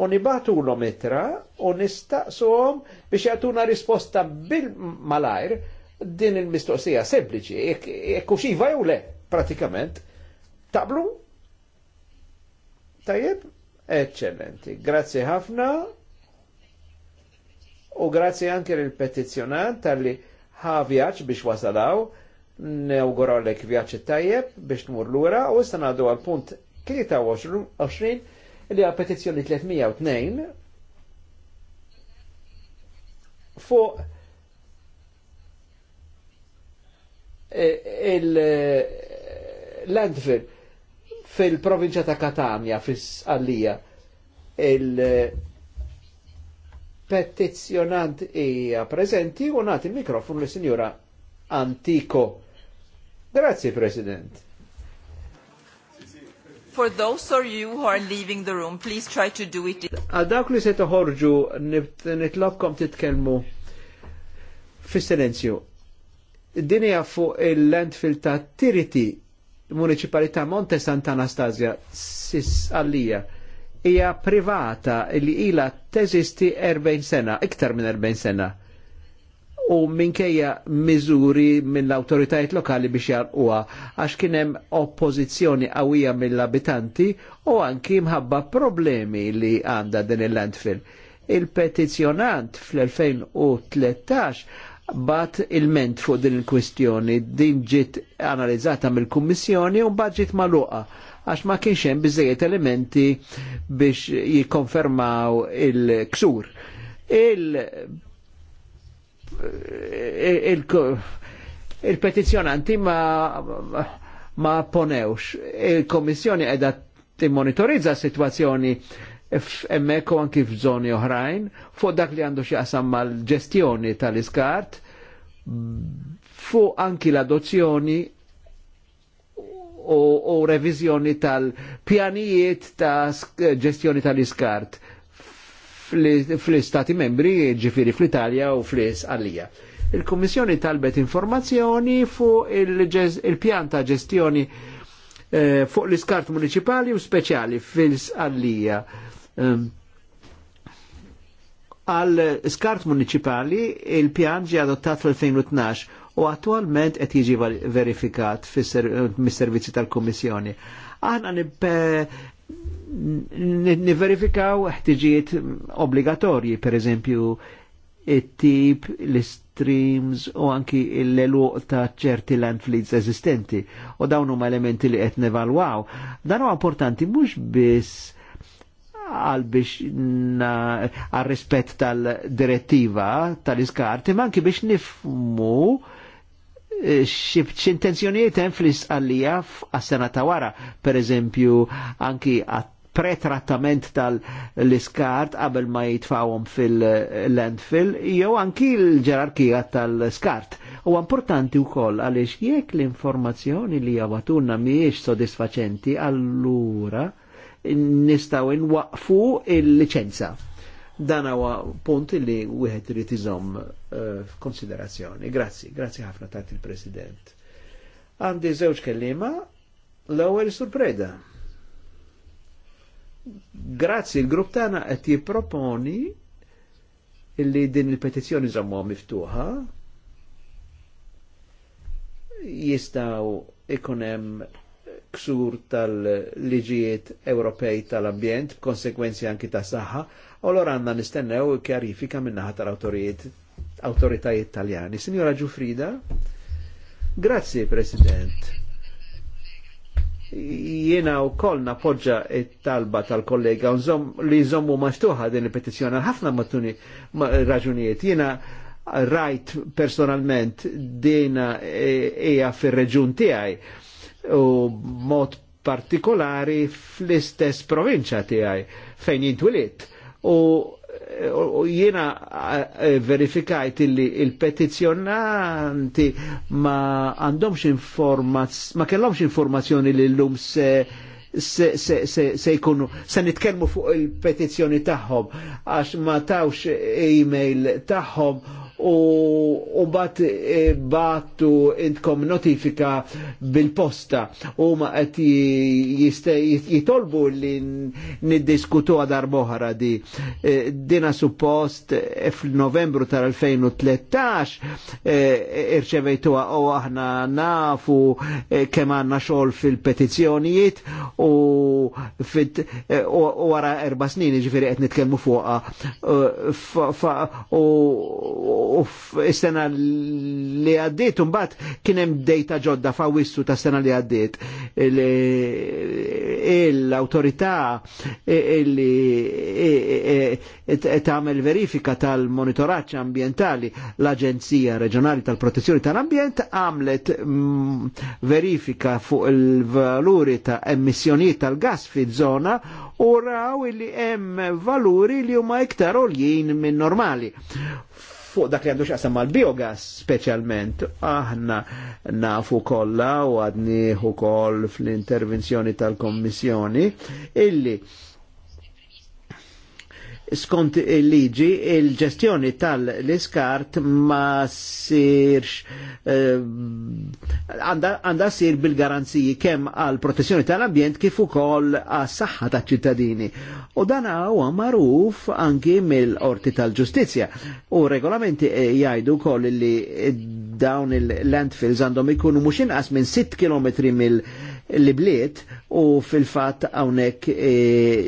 u nibatu l itra u nistaqsuhom biex jagħtuna risposta bil-malajr din il-mistoqsija sempliċi, ekku xiva jew le, pratikament. Tablu Tajjeb? Eccellenti. Grazzi ħafna u grazzi anke l petizzjonant tal-li vjaċ biex wasalaw newgura l-ek vjaċ tajjeb biex tmur l-ura u s-sanadu għal-punt 23 li għal petizjoni 302 fuq e, il-landfill e, fil provinċa ta' Katania fis-Għallija il e, petizjonant hija prezenti u nagħti il mikrofon lis-Sinjura Antico. Grazie, President for those of you who are leaving the room, please try to do it. Għal dawk li se toħorġu nitlobkom titkelmu fi silenzju Dinja hija fuq il-landfill ta' Tiriti, municipalita' Monte Santa Anastasia, għallija Hija privata li ila teżisti 40 sena, iktar minn 40 sena u minkejja miżuri mill-autoritajiet lokali biex jarquha għax kien hemm oppożizzjoni qawwija mill-abitanti u anki mħabba problemi li għandha din il-landfill. Il-petizjonant fl-2013 bat il-ment fuq din il-kwistjoni, din ġiet analizzata mill-Kummissjoni u bat ġiet maluqa għax ma kienx hemm biżejjed elementi biex jikkonfermaw il-ksur. il Eh, eh, il-petizjonanti ma ma ponewx. Il-Komissjoni edha timmonitorizza situazzjoni f'emmek u anki f'żoni oħrajn fuq dak li għandu xjaqsam mal-ġestjoni tal-iskart fuq anki l-adozzjoni u, u revizjoni tal-pjanijiet ta' ġestjoni tal-iskart fl-istati membri, ġifiri fl-Italja u fl-Isqalija. Il-Kommissjoni talbet informazzjoni fuq il-pjanta ġestjoni eh, fuq l-iskart municipali u speċjali fil-Isqalija. Ehm, għal um, skart municipali il-pjan ġi adottat fl-2012 u attualment qed jiġi verifikat mis-servizzi tal-Kummissjoni. Aħna niverifikaw ħtiġiet obbligatorji, per eżempju, it-tip, l-streams u anki l-eluq ta' ċerti land fleets eżistenti. U dawn huma elementi li qed nevalwaw. Dan huwa importanti mhux biss għal biex għal rispett tal-direttiva tal-iskarti, ma anki biex nifmu eh, x'intenzjonijiet hemm fl-isqallija għas-sena ta' wara, per eżempju, anki għat pretrattament tal-iskart qabel ma jitfawhom fil-landfill jew anki l-ġerarkija tal-iskart. U importanti wkoll għaliex jekk l-informazzjoni li jawatunna miex sodisfaċenti allura nistgħu nwaqfu il licenza Dan huwa punt li wieħed irid iżomm eh, f'konsiderazzjoni. Grazzi, grazzi ħafna tat il-President. Għandi żewġ kellima l-ewwel surpreda. Grazzi, il-grupp Tana qed jipproponi illi din il-petizzjoni żammuha miftuħa jistaw ikun hemm ksur tal-liġijiet Ewropej tal-ambjent, konsekwenzi anki ta' saħħa, u lora għandna nistennew kjarifika minnaħa tal awtorijiet awtoritajiet taljani. Signora Ġufrida, grazie President jiena u koll napoġġa it-talba tal-kollega li jżommu maġtuħa din il-petizjoni għal ħafna matuni raġunijiet. Jiena rajt personalment dina eja eh, fil reġun tijaj u mod partikolari fl-istess provinċa tijaj fejn jintwilit. U jiena eh, eh, verifikajt illi il-petizjonanti ma għandhomx informazzjoni, ma kellhomx informazzjoni li l-lum se se, se, se, se jkunu, se nitkelmu fuq il-petizjoni tagħhom għax ma tawx e-mail tagħhom u bat e, battu intkom notifika bil-posta u ma qed jitolbu li niddiskutu għadar boħra di e, dina suppost e, fil-novembru tal-2013 e, e, irċevejtuha u aħna nafu e, kemm għandna xogħol fil-petizzjonijiet u fit u wara erba' snin fuqa qed nitkellmu fuqha u u sena li għaddiet mbagħad kien hemm dejta ġodda wissu ta' sena li għaddiet l-autorità e, e, li e, tagħmel verifika tal-monitoraġġ ambientali l-Aġenzija Reġjonali tal-Protezzjoni tal-Ambjent għamlet mm, verifika fuq il-valuri ta' emissjoniet tal-gas fiż zona u raw li hemm valuri li huma iktar oljin minn normali fuq dak li għandu xaqsam mal-biogas specialment, aħna nafu kolla u għadniħu koll fl-intervenzjoni tal-Kommissjoni, illi skont il-liġi il-ġestjoni tal-iskart ma sirx eh, għanda uh, sir bil-garanziji kemm għal protezzjoni tal-ambjent kif ukoll għas saħħa ta' ċittadini U dan huwa magħruf anki mill-Qorti tal-Ġustizzja. U regolamenti eh, jgħidu wkoll li dawn il-landfills għandhom ikunu mhux inqas minn 6 km mill- li bliet u fil-fat għawnek e,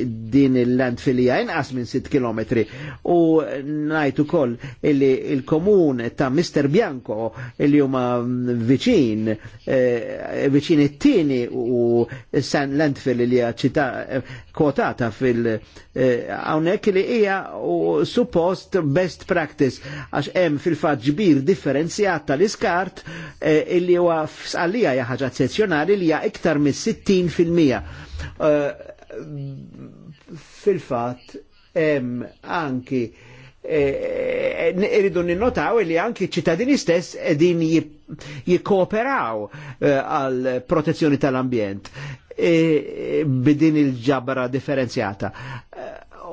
din il filija inqas minn 6 km u najtu koll illi il-komun ta' Mr. Bianco illi huma viċin e, viċin it-tieni u San land li ċita kotata fil e, għawnek e, li hija u suppost best practice għax hemm fil-fat ġbir differenzjat tal-iskart e, illi huwa f'sqallija hija ħaġa sezzjonali li hija iktar iktar minn 60%. Uh, Fil-fat, anki irridu e, e, ninnotaw li anki ċittadini stess edin jikkooperaw e, għal e, protezzjoni tal-ambjent e, e, bidin il-ġabra differenzjata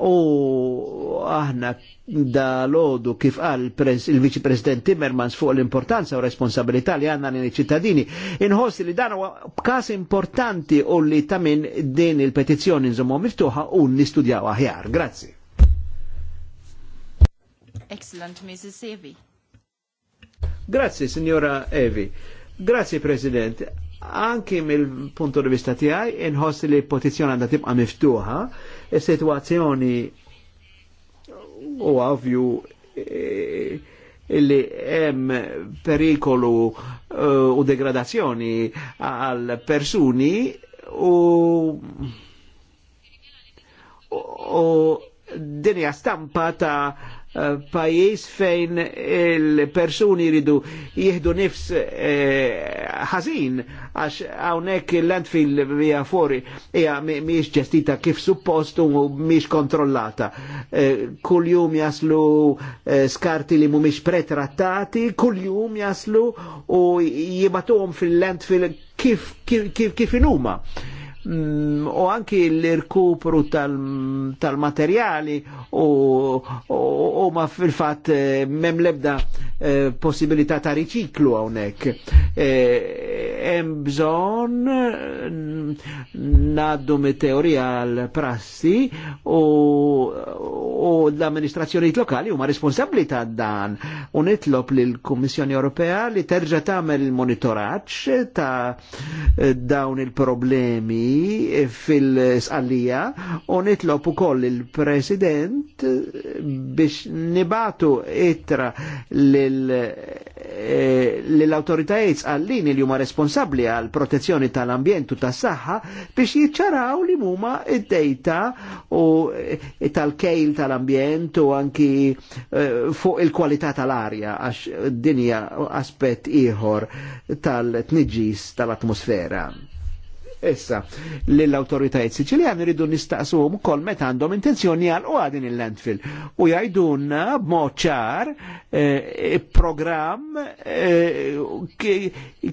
u aħna da lodu kif għal il-Viċi President Timmermans fuq l-importanza u responsabilità li għanna l ċittadini inħoss li dan huwa b'każ importanti u li tamin din il petizjoni nżommu miftuħa u nistudjaw aħjar. Grazzi. Excellent, Mrs. Evi. Grazzi, signora Evi. Grazzi, President. Anki mill-punto di vista tiegħi inħoss li l-petizzjoni għandha tibqa' miftuħa situazzjoni u għavju eh, illi hemm perikolu eh, u degradazzjoni għal persuni u u dinja stampa ta' Eh, pajis fejn il-persuni ridu jihdu nifs eh, ħazin għax hawnhekk il-landfill via fuori ija miex ġestita kif suppost u miex kontrollata. Eh, kuljum jaslu skarti li mumiex pretrattati, kuljum jaslu u jibatuhom fil-landfill kif kif kif inhuma u mm, anki l-irkupru tal-materjali u ma fil-fat eh, mem lebda eh, possibilità ta' riciklu għonek. Eh, hemm bżonn mm, naddu mit-teorija l prassi u l-amministrazzjonijiet lokali huma responsabbli ta' dan u nitlob lill-Kummissjoni Ewropea li terġa' tagħmel il-monitoraġġ ta' dawn il-problemi fil-sqallija u nitlob ukoll il-President biex nibatu itra eh, l-autoritajiet sqallin li huma responsabbli għal protezzjoni tal-ambjent u tas-saħħa biex jiċċaraw li huma id-dejta u eh, tal-kejl tal-ambjent u anki eh, fuq il-kwalità tal-arja għax dinja aspett ieħor tal tniġis tal-atmosfera issa l autoritajiet Siċiljan iridu nistaqsuhom kol met għandhom intenzjoni għal u għadin il-landfill. U jajdunna b'mod ċar eh, programm eh,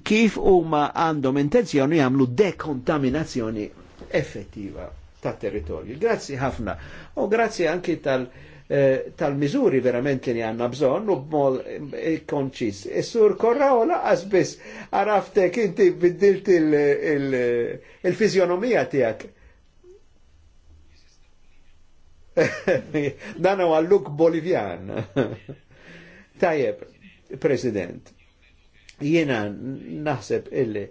kif huma għandhom intenzjoni jagħmlu dekontaminazzjoni effettiva tat territorju. Grazzi ħafna. U grazzi anki tal- Eh, tal mizuri verament li għanna bżon u b'mol eh, konċis. Is-sur e korra u laqas biss għaraftek inti biddilt il-fizjonomija tijak. *laughs* Dan u għalluk Bolivjan. *laughs* Tajjeb, President, jena naħseb illi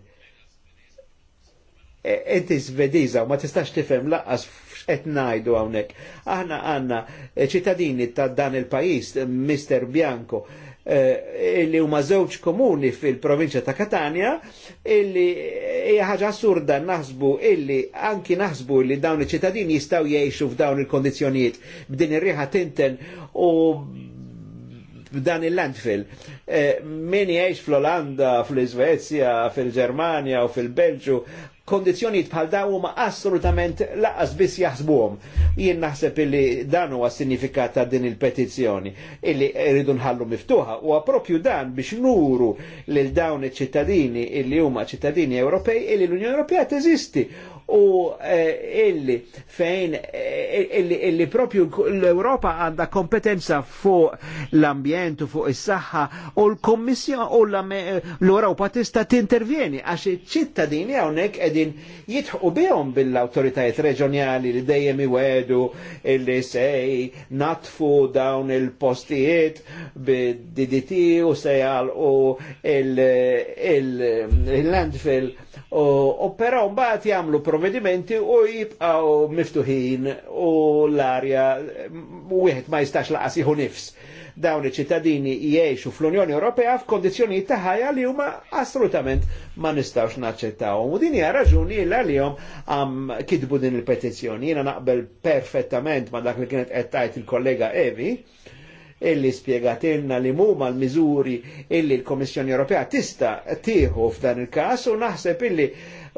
inti svediza u ma tistax tifhem laqqas qed ngħidu hawnhekk. Aħna għandna ċittadini ta' dan il-pajjiż, Mr. Bianco, eh, illi huma żewġ komuni fil-provinċja ta' Katania illi hija ħaġa assurda naħsbu illi anki naħsbu illi dawn iċ-ċittadini jistgħu jgħixu f'dawn il-kondizzjonijiet b'din ir-riħa tinten u b'dan il-landfill. Eh, min jgħix fl-Olanda, fl iżvezja fil ġermanja u fil-Belġu kondizjoniet bħal daw huma assolutament laqas biss jaħsbuhom. Jien naħseb illi dan huwa sinifikat ta' din il-petizzjoni illi rridu nħallu miftuħa u proprju dan biex nuru lil dawn iċ-ċittadini illi huma ċittadini Ewropej illi l-Unjoni Ewropea teżisti u eh, illi fejn eh, illi, illi propju l-Europa għanda kompetenza fuq l-ambjent u fuq is-saħħa u l-Kommissjon u l-Europa tista' tintervjeni għax iċ-ċittadini hawnhekk qegħdin jitħu bihom bil-awtoritajiet reġjonali li dejjem iwedu illi sej natfu dawn il-postijiet bid-DDT u sejal u il-landfill il, il, il landfill U però mbagħad jagħmlu provvedimenti u jibqgħu miftuħin u l-arja wieħed ma jistax laqas jieħu nifs. Dawn iċ-ċittadini jgħixu fl-Unjoni Ewropea f'kondizzjonijiet ta' ħajja li huma assolutament ma nistgħux naċċettawhom. U din hija raġuni l għalihom għam kidbu din il-petizzjoni. Jiena naqbel perfettament ma dak li kienet qed tajt il-kollega Evi illi spiegatilna li muma l mizuri illi l-Komissjoni Ewropea tista tieħu f'dan il-każ u naħseb illi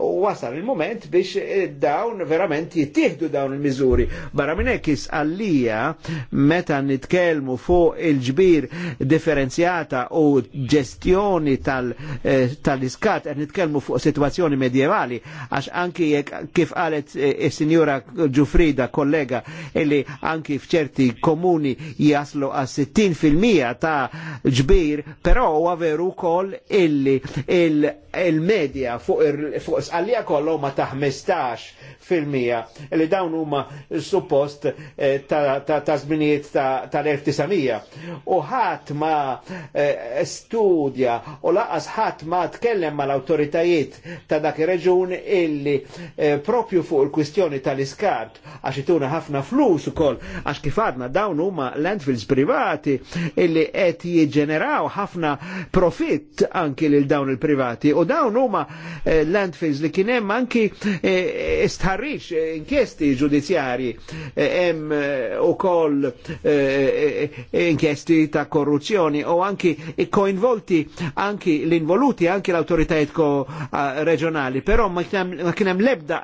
wasal il-moment biex eh, dawn verament jittieħdu dawn il mizuri Barra minn hekk meta nitkellmu fuq il-ġbir differenzjata u ġestjoni eh, tal-iskat tal nitkelmu nitkellmu fuq situazzjoni medievali, għax anki kif qalet eh, il sinjura e Ġufrida kollega illi anki f'ċerti komuni jaslu għas 60% ta' ġbir, però u veru wkoll illi il-medja il fuq il Erasmus għalija kollu ma ta' 15 fil-mija li dawn huma suppost eh, ta' żminijiet tal-1900. U ħadd ma eh, studja u laqas ħadd ma tkellem mal-awtoritajiet ta' dak ir-reġun illi eh, propju fuq il-kwistjoni tal-iskart għax ituna ħafna flus ukoll għax kif dawn huma landfills privati illi qed jiġġeneraw ħafna profitt anki lil dawn il-privati u dawn huma landfills Hawkins li kien hemm anki istħarrix eh, eh, eh, inkjesti ġudizzjarji hemm ukoll inkjesti ta' korruzzjoni u anki ikkoinvolti anki l-involuti anki l-awtoritajiet reġjonali, però ma kien hemm lebda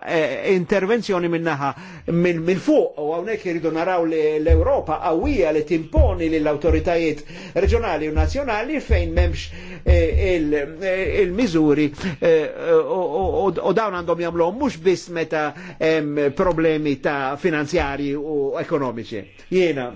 intervenzjoni minnaħa mill-fuq u hawnhekk iridu naraw li l-Ewropa qawwija li timponi lill awtoritajiet reġjonali u nazzjonali fejn m'hemmx il-miżuri u dawn għandhom jagħmlu mhux biss meta problemi ta' finanzjari u ekonomiċi. Jiena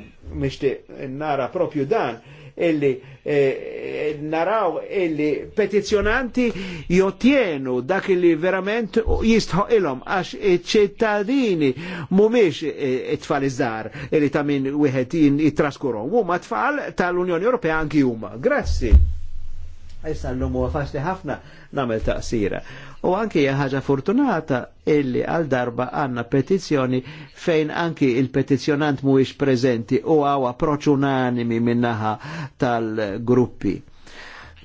mixtieq nara propju dan illi eh, naraw illi petizjonanti jottienu dak li verament jistħu ilom, għax iċ-ċittadini mhumiex eh, it-tfal iżgħar illi ta' min wieħed jittraskurhom. Huma tfal tal-Unjoni Ewropea anki huma. Grazzi. Issa l lumu għafasti ħafna namel taqsira U anki ħaġa fortunata illi għal darba għanna petizjoni fejn anki il-petizjonant mhuwiex prezenti u għawa proċunanimi minnaħa tal-gruppi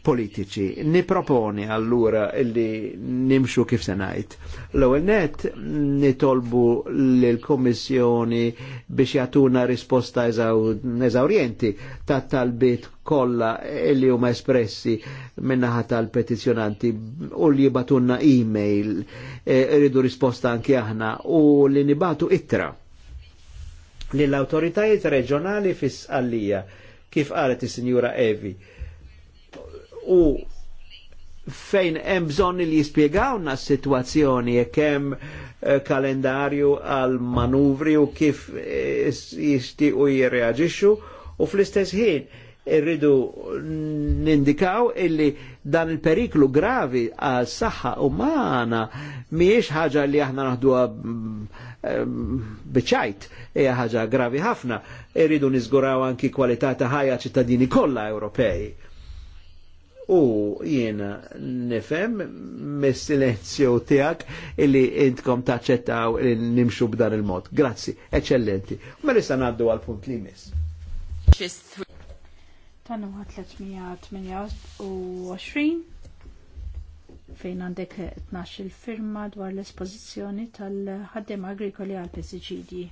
politiċi. Niproponi allura illi nimxu kif se ngħid. L-ewwel net nitolbu lill-Kommissjoni biex jatuna risposta eżawrjenti ta' talbiet kollha illi huma espressi minnaħa tal-petizjonanti u li jibatunna e-mail e, rridu risposta anki aħna u li nibatu ittra lill-autoritajiet reġjonali fis-Qallija kif qalet is-Sinjura Evi u fejn hemm bżonn li jispjegawna s-sitwazzjoni jekk eh, kalendarju għal manuvri u kif eh, u jirreaġixxu u fl-istess ħin irridu nindikaw illi dan il-periklu gravi għal saħħa umana miex ħaġa li aħna naħdu mm, mm, biċajt hija ħaġa gravi ħafna irridu niżguraw anki kwalità ta' ħajja ċittadini kollha Ewropej. U jiena nifem mis-silenzju tijak illi intkom taċċettaw li nimxu b'dan il-mod. Grazzi, eccellenti. Ma mela nista naddu għal punt li mis. Tanu 328 fejn għandek 12 il-firma dwar l-esposizjoni tal ħaddim agrikoli għal pestiċidji.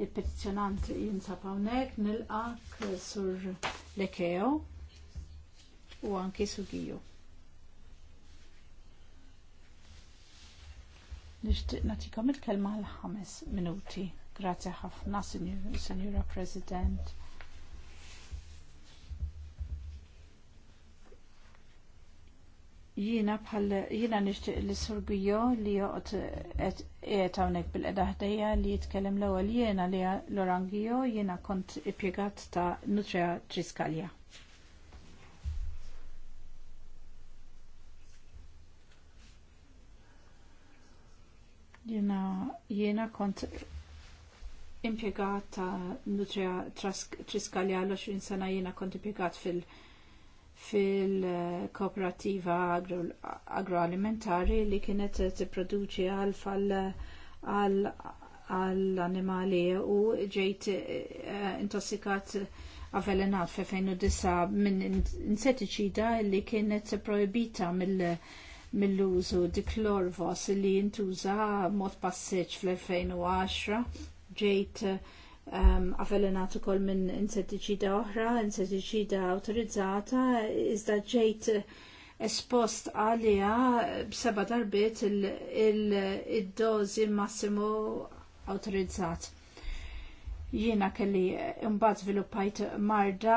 Il-petizjonant jinsab hawnhekk nilqak sur l-ekeo u anki sugiju. Nishtiq natikom il-kelma għal ħames minuti. Grazie ħafna, Signora President. Jina bħal, jina nishtiq li surgujo li joqt et għawnek bil-edaħdeja li jitkellem l-ewel jena li l-orangijo jena kont ipjegat ta' Nutria Triskalja Jena kont impiegat ta' Nutria Triskalja l-20 sena jiena kont impiegat fil- fil-kooperativa eh, agroalimentari li kienet tipproduċi għalf għall-animali u ġejt eh, intossikat avvelenat fe disa' minn insettiċida li kienet projbita mill- mill-użu di klorvos li jintuża mod passiċ fl-2010 ġejt um, avvelenat ukoll minn insettiċida oħra, insettiċida awtorizzata, iżda ġejt espost għalija b'seba' darbiet il-dozi il, il, massimo awtorizzat jiena kelli eh, imbagħad żviluppajt marda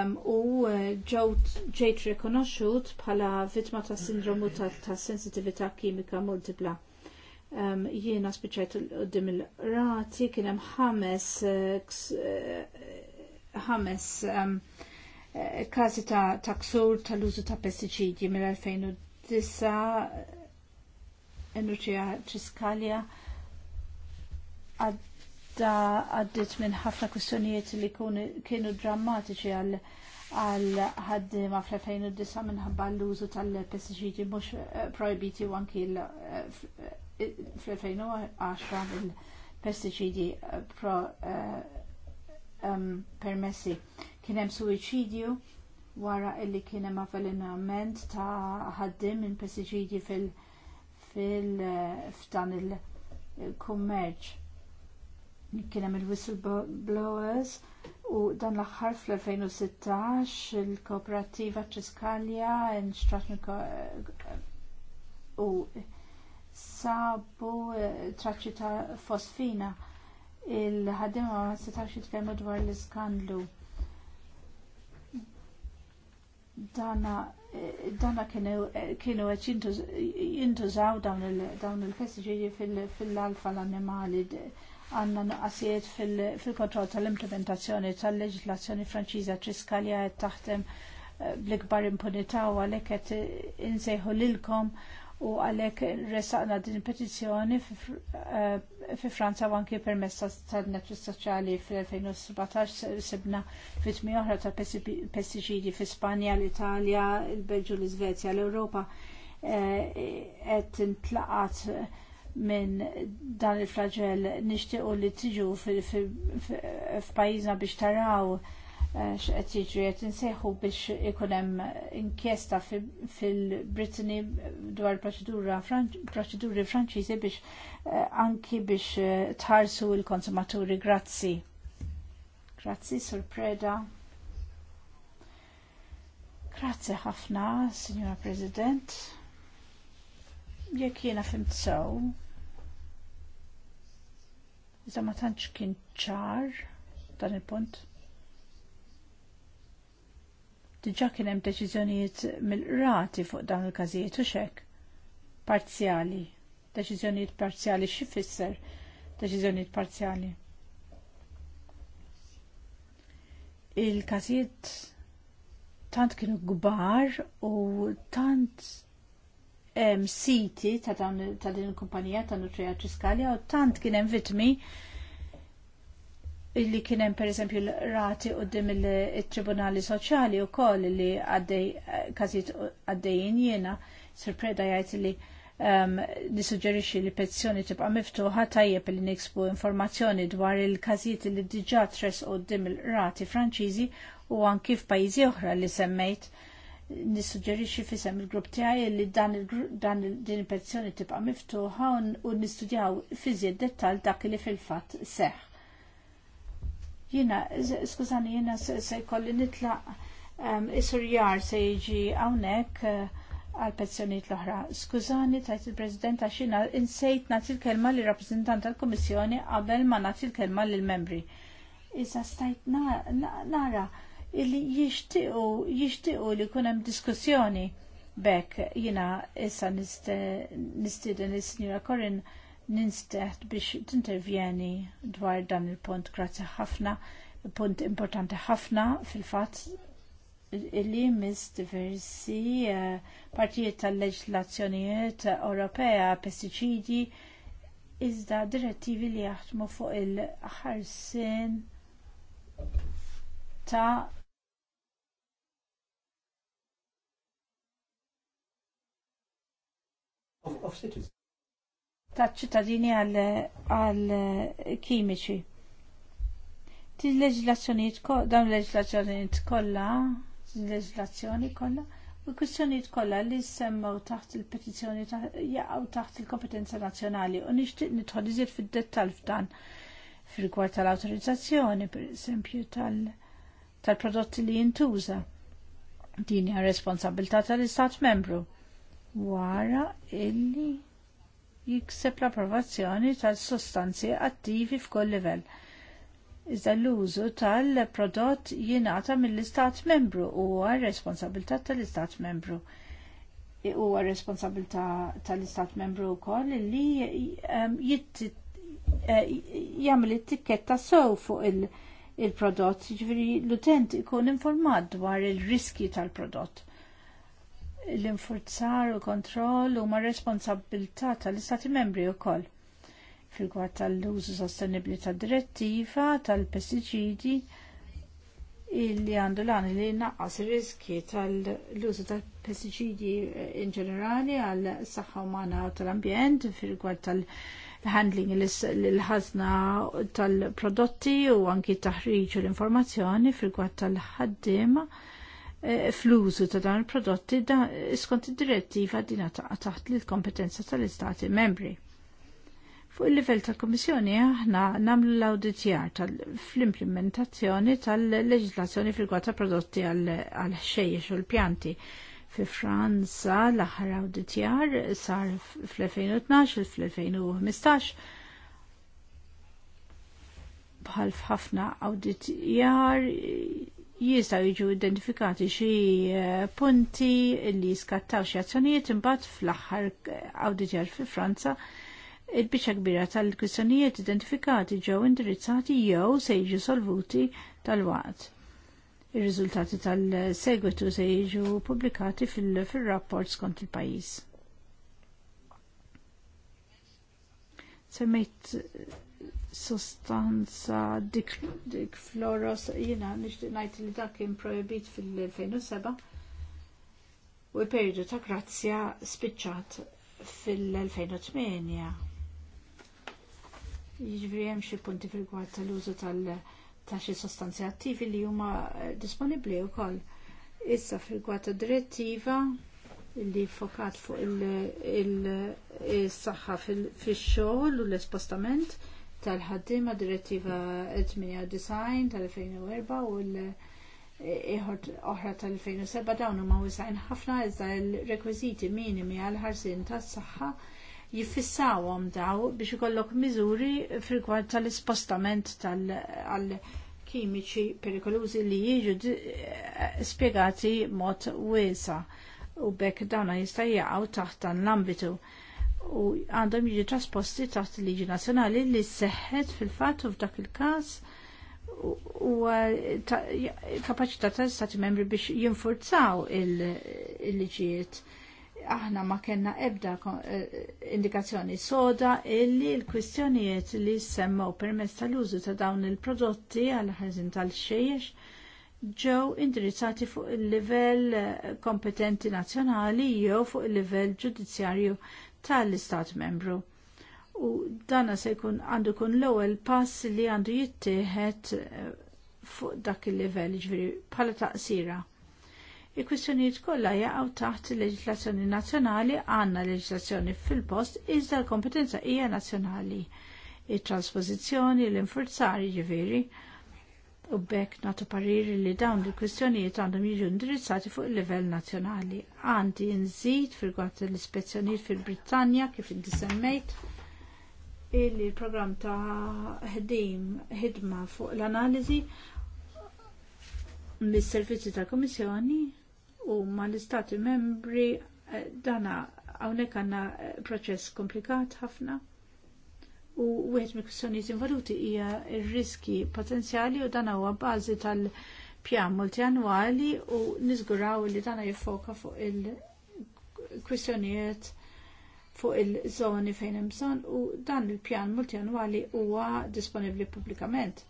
um, u eh, ġejt rikonoxxut bħala vittma ta' sindromu ta', sensitività kimika multipla. Um, jiena spiċċajt qudiem il-rati kien hemm ħames ħames um, każi ta', ta ksur tal-użu ta' pestiċidji mill-2009 Enuċija Triskalja għad da għaddit minn ħafna kwistjonijiet li kienu drammatiċi għal għal ħaddima fl-2009 minħabba l-użu tal-pestiċidi mhux eh, projbiti u anki eh, fl-2010 il-pestiċidi eh, permessi. Kien hemm wara illi kien hemm avvelenament ta' ħaddim minn pestiċidi fil- ftan il-kummerċ Kien hemm il-whistleblowers u dan l-aħħar fl-2016 il-kooperativa Ċiskalja u sabu eh, traċċi ta' fosfina il-ħadima ma setax jitkellmu dwar l-iskandlu. Dana, eh, eh, kienu qed jintużaw dawn il-pestiċidi fil-alfa l-annimali għanna nuqqasijiet fil-kontroll fil tal-implementazzjoni tal-leġislazzjoni franċiża triskalja qed taħdem eh, bl-ikbar impunita u għalhekk qed insejħu lilkom u għalhekk resaqna din petizzjoni eh, fi Franza u anki permessa tal-netri soċjali fil-2017 sibna fitmi oħra ta' pestiċidi fi Spanja, l-Italja, il-Belġu, l-Iżvezja, l-Ewropa eh, qed intlaqat minn dan il-flagell nixtiequ li tiġu f'pajjiżna biex taraw eh, x'qed jiġri qed insejħu biex ikun hemm inkjesta fil-Brittany dwar proċeduri Franċiżi biex eh, anki biex eh, tħarsu l-konsumaturi. Grazzi. Grazzi, Sur Preda. Grazzi ħafna, Signora President. Jekk jiena fimt sew, iżda ma tantx kien ċar dan il-punt. Diġà kien hemm deċiżjonijiet mill rati fuq dawn il-każijiet u xek parzjali, deċiżjonijiet parzjali xi fisser deċiżjonijiet parzjali. Il-każijiet tant kienu gbar u tant siti ta' dan ta' din il-kumpanija ta' Nutrija Triskalja u tant kien hemm vitmi illi kien hemm pereżempju rati qudiem il-Tribunali Soċjali wkoll li għaddej każijiet għaddejjin jiena surpreda jgħid li um, nisuġġerixxi li pezzjoni tibqa' miftuħa tajjeb li niksbu informazzjoni dwar il-każijiet li diġà tres qudiem il-rati Franċiżi u anki f'pajjiżi oħra li semmejt nissuġġerixxi fisem il-grupp tiegħi li dan din il pezzjoni tibqa' miftuħa u nistudjaw fiżjed dettal dak li fil-fatt seħ. Jiena, skużani, jiena se jkolli nitlaq isur jar se jiġi hawnhekk eh, għal pezzjoniet l-oħra. Skużani, tajt il-President għax jiena insejt nagħti l-kelma li rappreżentant tal-Kummissjoni qabel ma nagħti l-kelma lill-membri. Iżda stajt nara. Na, illi jishtiqu, jishtiqu li jkun hemm diskussjoni bekk jina issa nistieden is-Sinjura Korin ninsteħt biex tintervjeni dwar dan il-punt grazzi ħafna, punt importanti ħafna fil-fatt illi mis diversi eh, partijiet tal-leġislazzjonijiet Ewropea, pestiċidi, iżda direttivi li jaħdmu fuq il-ħarsin ta' of citizens. Ta' ċittadini għal kimiċi. Ti leġlazzjoniet, dawn leġlazzjoniet kolla, leġislazzjoni kolla, u kwistjoniet kolla li semmaw taħt il-petizjoni jaqaw taħt il-kompetenza nazjonali u nixtieq nidħol iżjed fid-dettal f'dan fil-gwar tal-autorizzazzjoni, per esempio, tal-prodotti li jintuża. Din hija responsabilità tal-Istat membru wara illi jikseb l-approvazzjoni tal-sostanzi attivi f'kull livell. Iżda l-użu tal-prodott jingħata mill-Istat membru huwa responsabilità tal-Istat membru. Huwa responsabilità tal-Istat membru wkoll li ehm, eh, jagħmel it-tikketta sew fuq il-prodott, jiġifieri l-utent ikun informat dwar il-riski tal-prodott l-infurzar u kontroll huma responsabilità tal-Istati membri wkoll fil-gwad tal-użu sostenibbli tad direttiva tal-pestiċidi illi għandu lan li naqqas ir riski tal-użu tal-pestiċidi in ġenerali għal saħħa umana u tal-ambjent fil-gwad tal-, handling l-ħazna tal-prodotti u anki taħriġ u l-informazzjoni fil-gwad tal ħaddim Eh, fl-użu ta' dan il-prodotti da eh, skont id-direttiva din taħt li l kompetenza tal-Istati membri. Fuq il-livell tal-Komissjoni aħna namlu l-auditjar fl-implementazzjoni tal-leġislazzjoni fil ta' prodotti għal-ħxejjex u l-pjanti. Fi Franza l-aħħar auditjar sar fl-2012 fl-2015 bħal f'ħafna auditjar jistaw jiġu identifikati xi eh, punti li skattaw xi azzjonijiet imbagħad fl-aħħar eh, awditjar fi Franza il-biċċa kbira tal-kwistjonijiet identifikati ġew indirizzati jew se jiġu solvuti tal-waqt. Ir-riżultati tal-segwitu se jiġu pubblikati fil-rapport skont il-pajjiż. Semmejt sostanza dik, dik floros jina nixtieq ngħid li dak kien projbit fil-2007 u l-periodu ta' grazzja spiċċat fil-2008. Jiġifieri hemm xi punti fil-gwad tal-użu tal- ta' xi sostanzi attivi li huma eh, disponibbli wkoll. Issa fil-gwad ta' direttiva li fokat fuq il-saħħa fix-xogħol u l-espostament tal-ħaddiema direttiva 89 tal-2004 u l-ieħor oħra tal-2007 dawn huma wisajn ħafna iżda l-rekwiżiti minimi għal ħarsien tas-saħħa jiffissawhom daw biex ikollok miżuri frigward tal-ispostament tal-kimiċi perikolużi li jiġu eh, spiegati mod wiesa u bekk dawna jista' jaqgħu taħt dan l-ambitu u għandhom jiġi trasposti taħt il-liġi nazzjonali li seħħet fil-fatt u f'dak il-każ u eh, kapaċità ta' stati membri biex jinfurzaw il-liġijiet. Aħna ma kellna ebda eh, indikazzjoni soda illi l-kwistjonijiet li semmaw permezz tal-użu ta' dawn il-prodotti għal ħazin tal-xejjex ġew indirizzati fuq il-livell eh, kompetenti nazzjonali jew fuq il-livell ġudizzjarju tal-Istat membru. U dana se jkun għandu kun l-ewwel pass li għandu jittieħed eh, fuq dak il-livell ġviri bħala taqsira. Il-kwistjonijiet kollha jaqgħu taħt il-leġislazzjoni nazzjonali għandna leġislazzjoni fil-post iżda l-kompetenza hija nazzjonali. it trasposizzjoni l-infurzari ġifieri u bekk natu pariri li dawn il kwistjonijiet għandhom jiġu indirizzati fuq il-livell nazzjonali. Għandi nżid fil l-ispezzjonijiet fil-Brittanja kif indisemmejt illi l-programm ta' ħdim ħidma fuq l-analizi mis-servizzi ta' komissjoni u ma' l-istati membri eh, dana għawnek għanna eh, proċess komplikat ħafna u wieħed mill-kwistjonijiet invaluti hija r-riski potenzjali u dan huwa bażi tal-pjan multjanwali u niżguraw li dan jiffoka fuq il-kwistjonijiet fuq il-żoni fejn hemm bżonn u dan il-pjan multjanwali huwa disponibbli pubblikament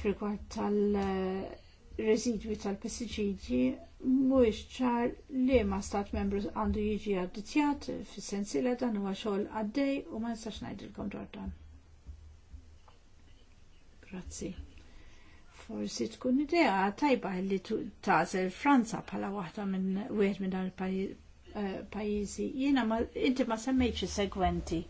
frigward tal-residwi tal-pestiċidji Mhux ċar li ma stat membru għandu jiġi addizjat fis-sensiela dan huwa xogħol għaddej u ma nistax ngħidilkom dwar dan. Grazzi. Forsi tkun idea tajba li tażel Franza bħala waħda minn wieħed minn dan il-pajjiżi. Eh, Jiena ma inti ma semmejtx segwenti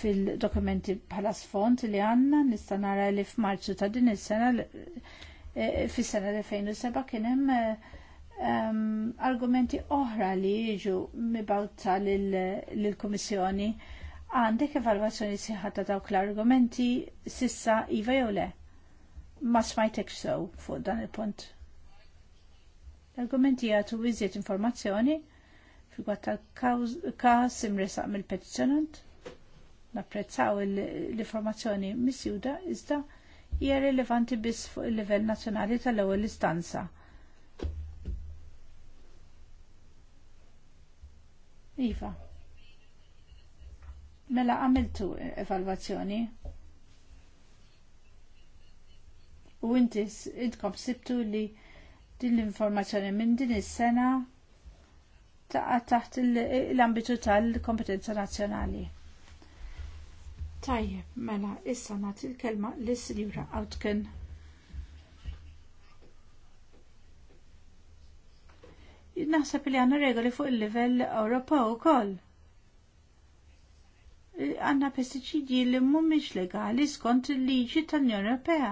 fil-dokumenti bħala sfond li għandna nista' nara li f'Marzu ta' din is-sena eh, fis-sena 2007 kien hemm eh, um, argumenti oħra li jiġu mibawta lill-Kummissjoni għandek evalwazzjoni siħħa ta' dawk l-argumenti sissa iva jew le. Ma smajtek so fuq dan il-punt. L-argumenti għatu wizjet informazzjoni fi gwatt tal-kas imresaq mill-petizjonant. Napprezzaw l-informazzjoni misjuda iżda hija rilevanti biss fuq il-livell nazzjonali tal-ewwel istanza Iva. Mela għamiltu evalwazzjoni. U inti idkom sibtu li din l-informazzjoni minn din is-sena taqa' taħt l-ambitu tal-kompetenza nazzjonali. Tajjeb, mela, issa nagħti l-kelma l sinjura Outken. naħseb li għanna regoli fuq il-level Ewropew koll. E, għanna pestiċidi li mhumiex legali skont il-liġi tal-Unjoni Ewropea.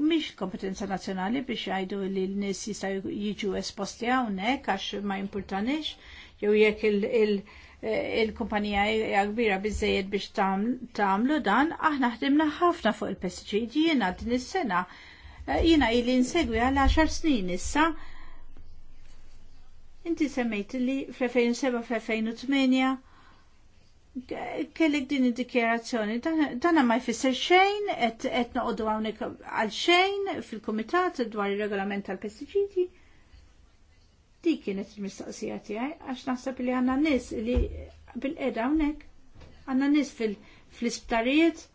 Mhix kompetenza nazzjonali biex jgħidu li l-nies jistgħu jiġu esposti hawnhekk għax ma jimpurtanix jew jekk il- kumpanija hija kbira biżejjed biex tagħmlu dan, aħna ħdimna ħafna fuq il pesticidi jiena din is-sena. E, jiena ili insegwi għal 10 snin issa Inti semmejt li fl-2007 fl-2008 kellek din id-dikjerazzjoni, dana ma jfisser xejn, et noqodu għawnek għal xejn fil-komitat dwar il-regolament tal-pesticidi. Di kienet il-mistaqsija tiegħi għax naħseb li għanna nis li bil edha hawnhekk. Għanna nis fil-isptarijiet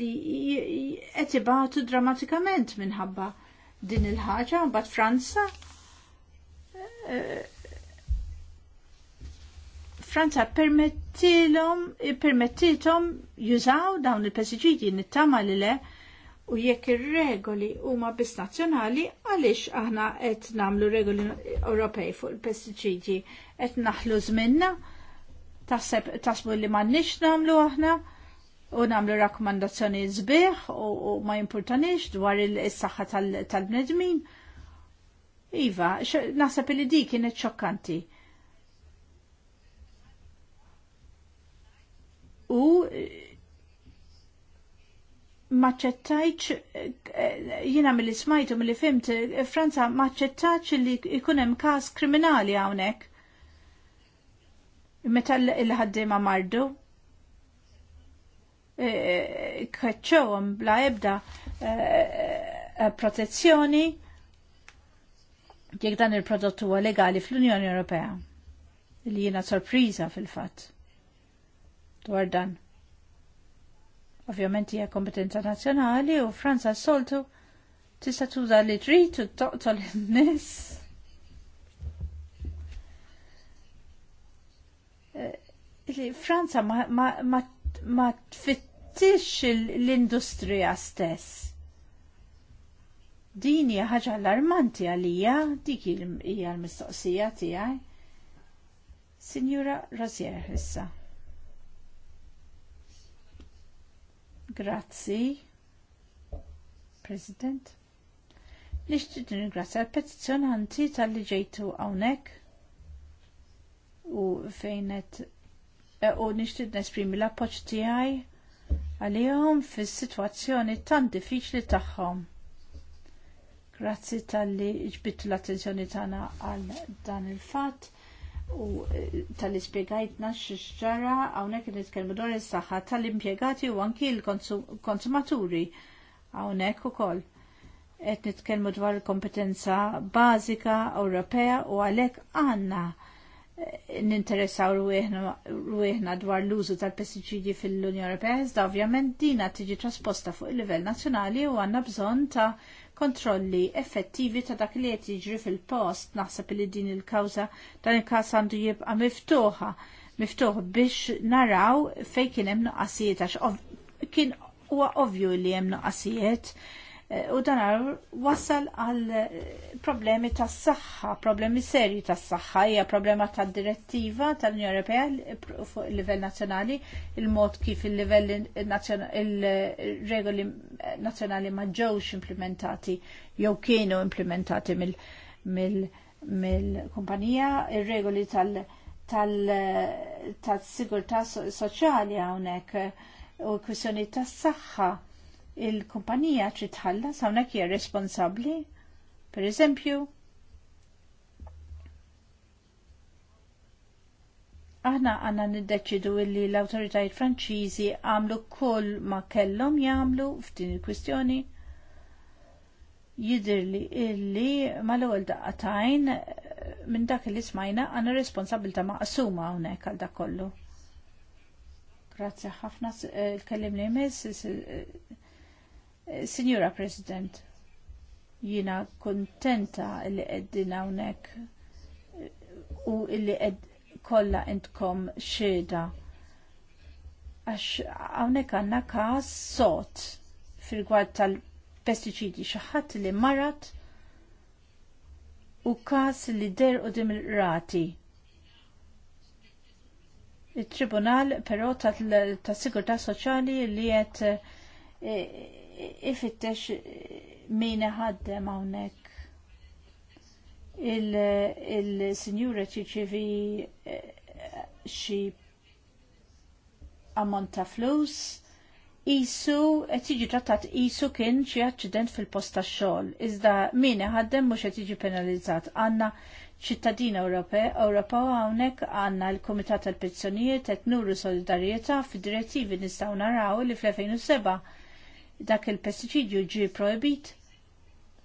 li qed ibatu drammatikament minħabba din il-ħaġa, mbagħad Franza Franza permettilhom jużaw dawn il-pestiċidi nittama li le u jekk ir-regoli huma biss nazzjonali għaliex aħna qed nagħmlu regoli Ewropej fuq il-pestiċidi qed naħlu żminna taħseb tasbu li m'għandniex nagħmlu aħna u nagħmlu rakkomandazzjoni sbieħ u, ma jimportanix dwar is-saħħa tal-bnedmin. Tal Iva, naħseb li di kienet ċokkanti. U eh, maċċettajċ, eh, eh, jina mill-li smajtu mill-li fimt, Franza maċċettajċ li ikunem kas kriminali għawnek. Meta l-ħaddima mardu, kħedċewom bla ebda protezzjoni, jekk dan il-prodott huwa legali fl-Unjoni Ewropea. Li jiena sorpriża fil-fatt. Dwar dan. Ovvjament hija kompetenza nazzjonali u Franza soltu tista' tuża li trid u toqtol in-nies. Eh, Franza ma, ma, ma, ma tfittix l-industrija stess Din hija ħaġa allarmanti għalija dik hija l-mistoqsija tiegħi. Signora Rosier issa. Grazzi, President. Nixtieq ningrazzja l-petizzjonanti tal-li ġejtu hawnhekk u qed e, u nixtieq nesprimi l-appoġġ tiegħi għalihom fis-sitwazzjoni tant diffiċli tagħhom Grazzi tal-li ġbittu l-attenzjoni tagħna għal dan il-fatt u eh, tal-li spiegajtna x'ġara hawnhekk nitkellmu dwar is-saħħa tal-impjegati u anki l-konsumaturi hawnhekk ukoll. Qed nitkellmu dwar il kompetenza bażika Ewropea u għalhekk għandna eh, ninteressaw ruħna dwar l-użu tal pesticidi fil-Unjoni Ewropea, iżda ovvjament dina tiġi trasposta fuq il-livell nazzjonali u għandna bżonn ta' kontrolli effettivi ta' dak li qed jiġri fil-post naħseb li din il-kawża dan il-każ għandu jibqa' miftuħa miftuħ biex naraw fejn kien hemm nuqqasijiet għax kien huwa ovvju li hemm noqqasijiet Eh, u dan wasal għal eh, problemi tas saħħa problemi serji tas saħħa hija problema tad direttiva tal-Unjoni Ewropea eh, fuq il-livell nazzjonali, il-mod kif il-livell il-regoli nazzjonali ma ġewx implementati jew kienu implementati mill-kumpanija, il-regoli tal-sigurtà soċjali hawnhekk u kwistjoni tas saħħa il-kumpanija trid tħallas hawnhekk hija responsabbli. Pereżempju, aħna għanna niddeċidu illi l-autoritajiet franċiżi għamlu kull ma kellhom jagħmlu f'din il-kwistjoni jidirli illi mal-ewwel daqqatajn eh, minn dak li smajna għandna responsabilta maqsuma hawnhekk għal dak kollu. Grazzi ħafna eh, il-kellim li jmiss eh, Signora President, jina kontenta li għeddina unek eh, u li qed kolla intkom xeda. Għax għawnek għanna każ sot fil-gwad tal pesticidi xaħat li marat u każ li der u dim rati. Il-Tribunal però tas sigurta soċali li għed eh, ifittex min ħaddem hawnhekk il-sinjura ċiċivi eh, xi ammont ta' flus isu qed tiġi trattat isu kien xi aċċident fil-post tax-xogħol. Iżda min ħaddem mhux qed jiġi penalizzat. Għandna ċittadina Ewropea Ewropew hawnhekk għandna l-Kumitat tal-Pizzjonijiet qed nuru solidarjetà fid-direttivi nistgħu naraw li fl-2007 dak il pesticidju ġi proibit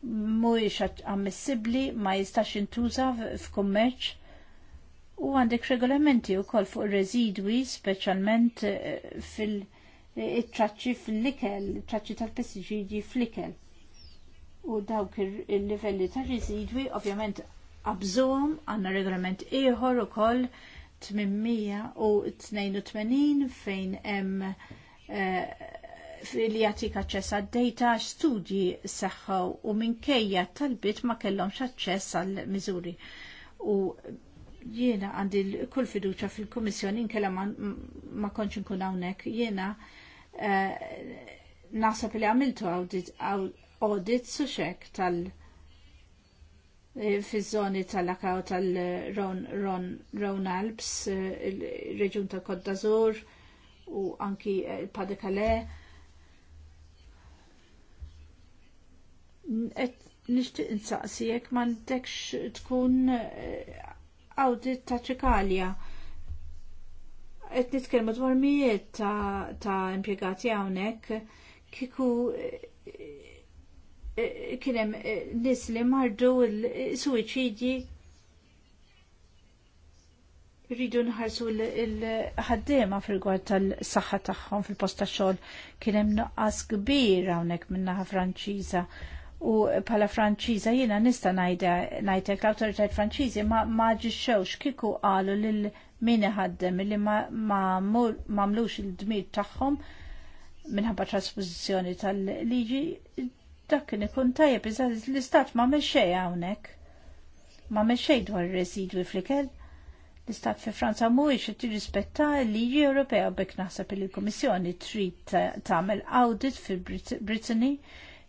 mhuwiex ammissibbli ma jistax intuża f'kummerċ u għandek regolamenti wkoll fuq residwi speċjalment eh, fil- eh, traċċi fl-ikel, traċċi tal-pestiċidi fl-ikel. U dawk il-livelli ta' residwi ovvjament abżom għandna regolament ieħor ukoll 882 fejn hemm eh, li jagħti aċċess għad-data studji seħħaw u minkejja talbit ma kellhomx aċċess għal miżuri. U jiena għandi kull fiduċa fil-Kummissjoni inkella ma konċ nkun hawnhekk jiena eh, naħseb li għamiltu audit su suċek tal eh, fi żoni tal-Lakaw tal-Ron Alps, eh, il-reġun tal-Kod d'Azur u anki il-Padekale nixtieq insaqsi jekk m'għandekx tkun eh, awdit ta' ċekalja. Qed nitkellmu dwar mijiet ta', ta impjegati hawnhekk kieku eh, eh, kien hemm li mardu l-suwiċidji rridu nħarsu l-ħaddema fil-gwar tal-saxħa tagħhom fil posta xol xogħol kien hemm nuqqas kbir hawnhekk min-naħa Franċiża u bħala Franċiża jiena nista' ngħidlek l-awtoritajiet Franċiżi ma ġixxewx kieku qalu lil min ħaddem li ma mamlux il-dmir tagħhom minħabba trasposizzjoni tal-liġi dak kien ikun tajjeb iżda l-istat ma mexxej hawnhekk. Ma mexxej dwar ir-residwi fl L-istat fi Franza mhuwiex qed tirrispetta l-liġi Ewropea bekk naħseb il kummissjoni trid tagħmel audit fil-Brittany -Brit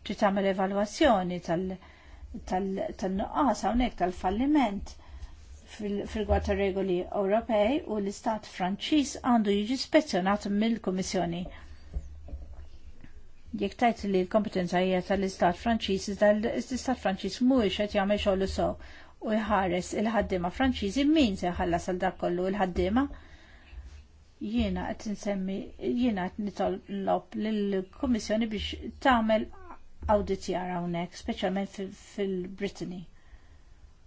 ti tagħmel evalwazzjoni tal-nuqqas hawnhekk tal-falliment fil-gwad regoli Ewropej u l-Istat Franċiż għandu jiġi spezzjonat mill-Kummissjoni. Jekk tajt li l-kompetenza hija tal-Istat Franċiż, iżda l-Istat Franċiż mhuwiex qed jagħmel xogħol sew u jħares il-ħaddiema Franċiżi min se jħallas għal dak kollu il-ħaddiema jiena qed insemmi jiena qed nitolob lill-Kummissjoni biex tagħmel awditi hawnhekk, speċjalment fil-Brittany.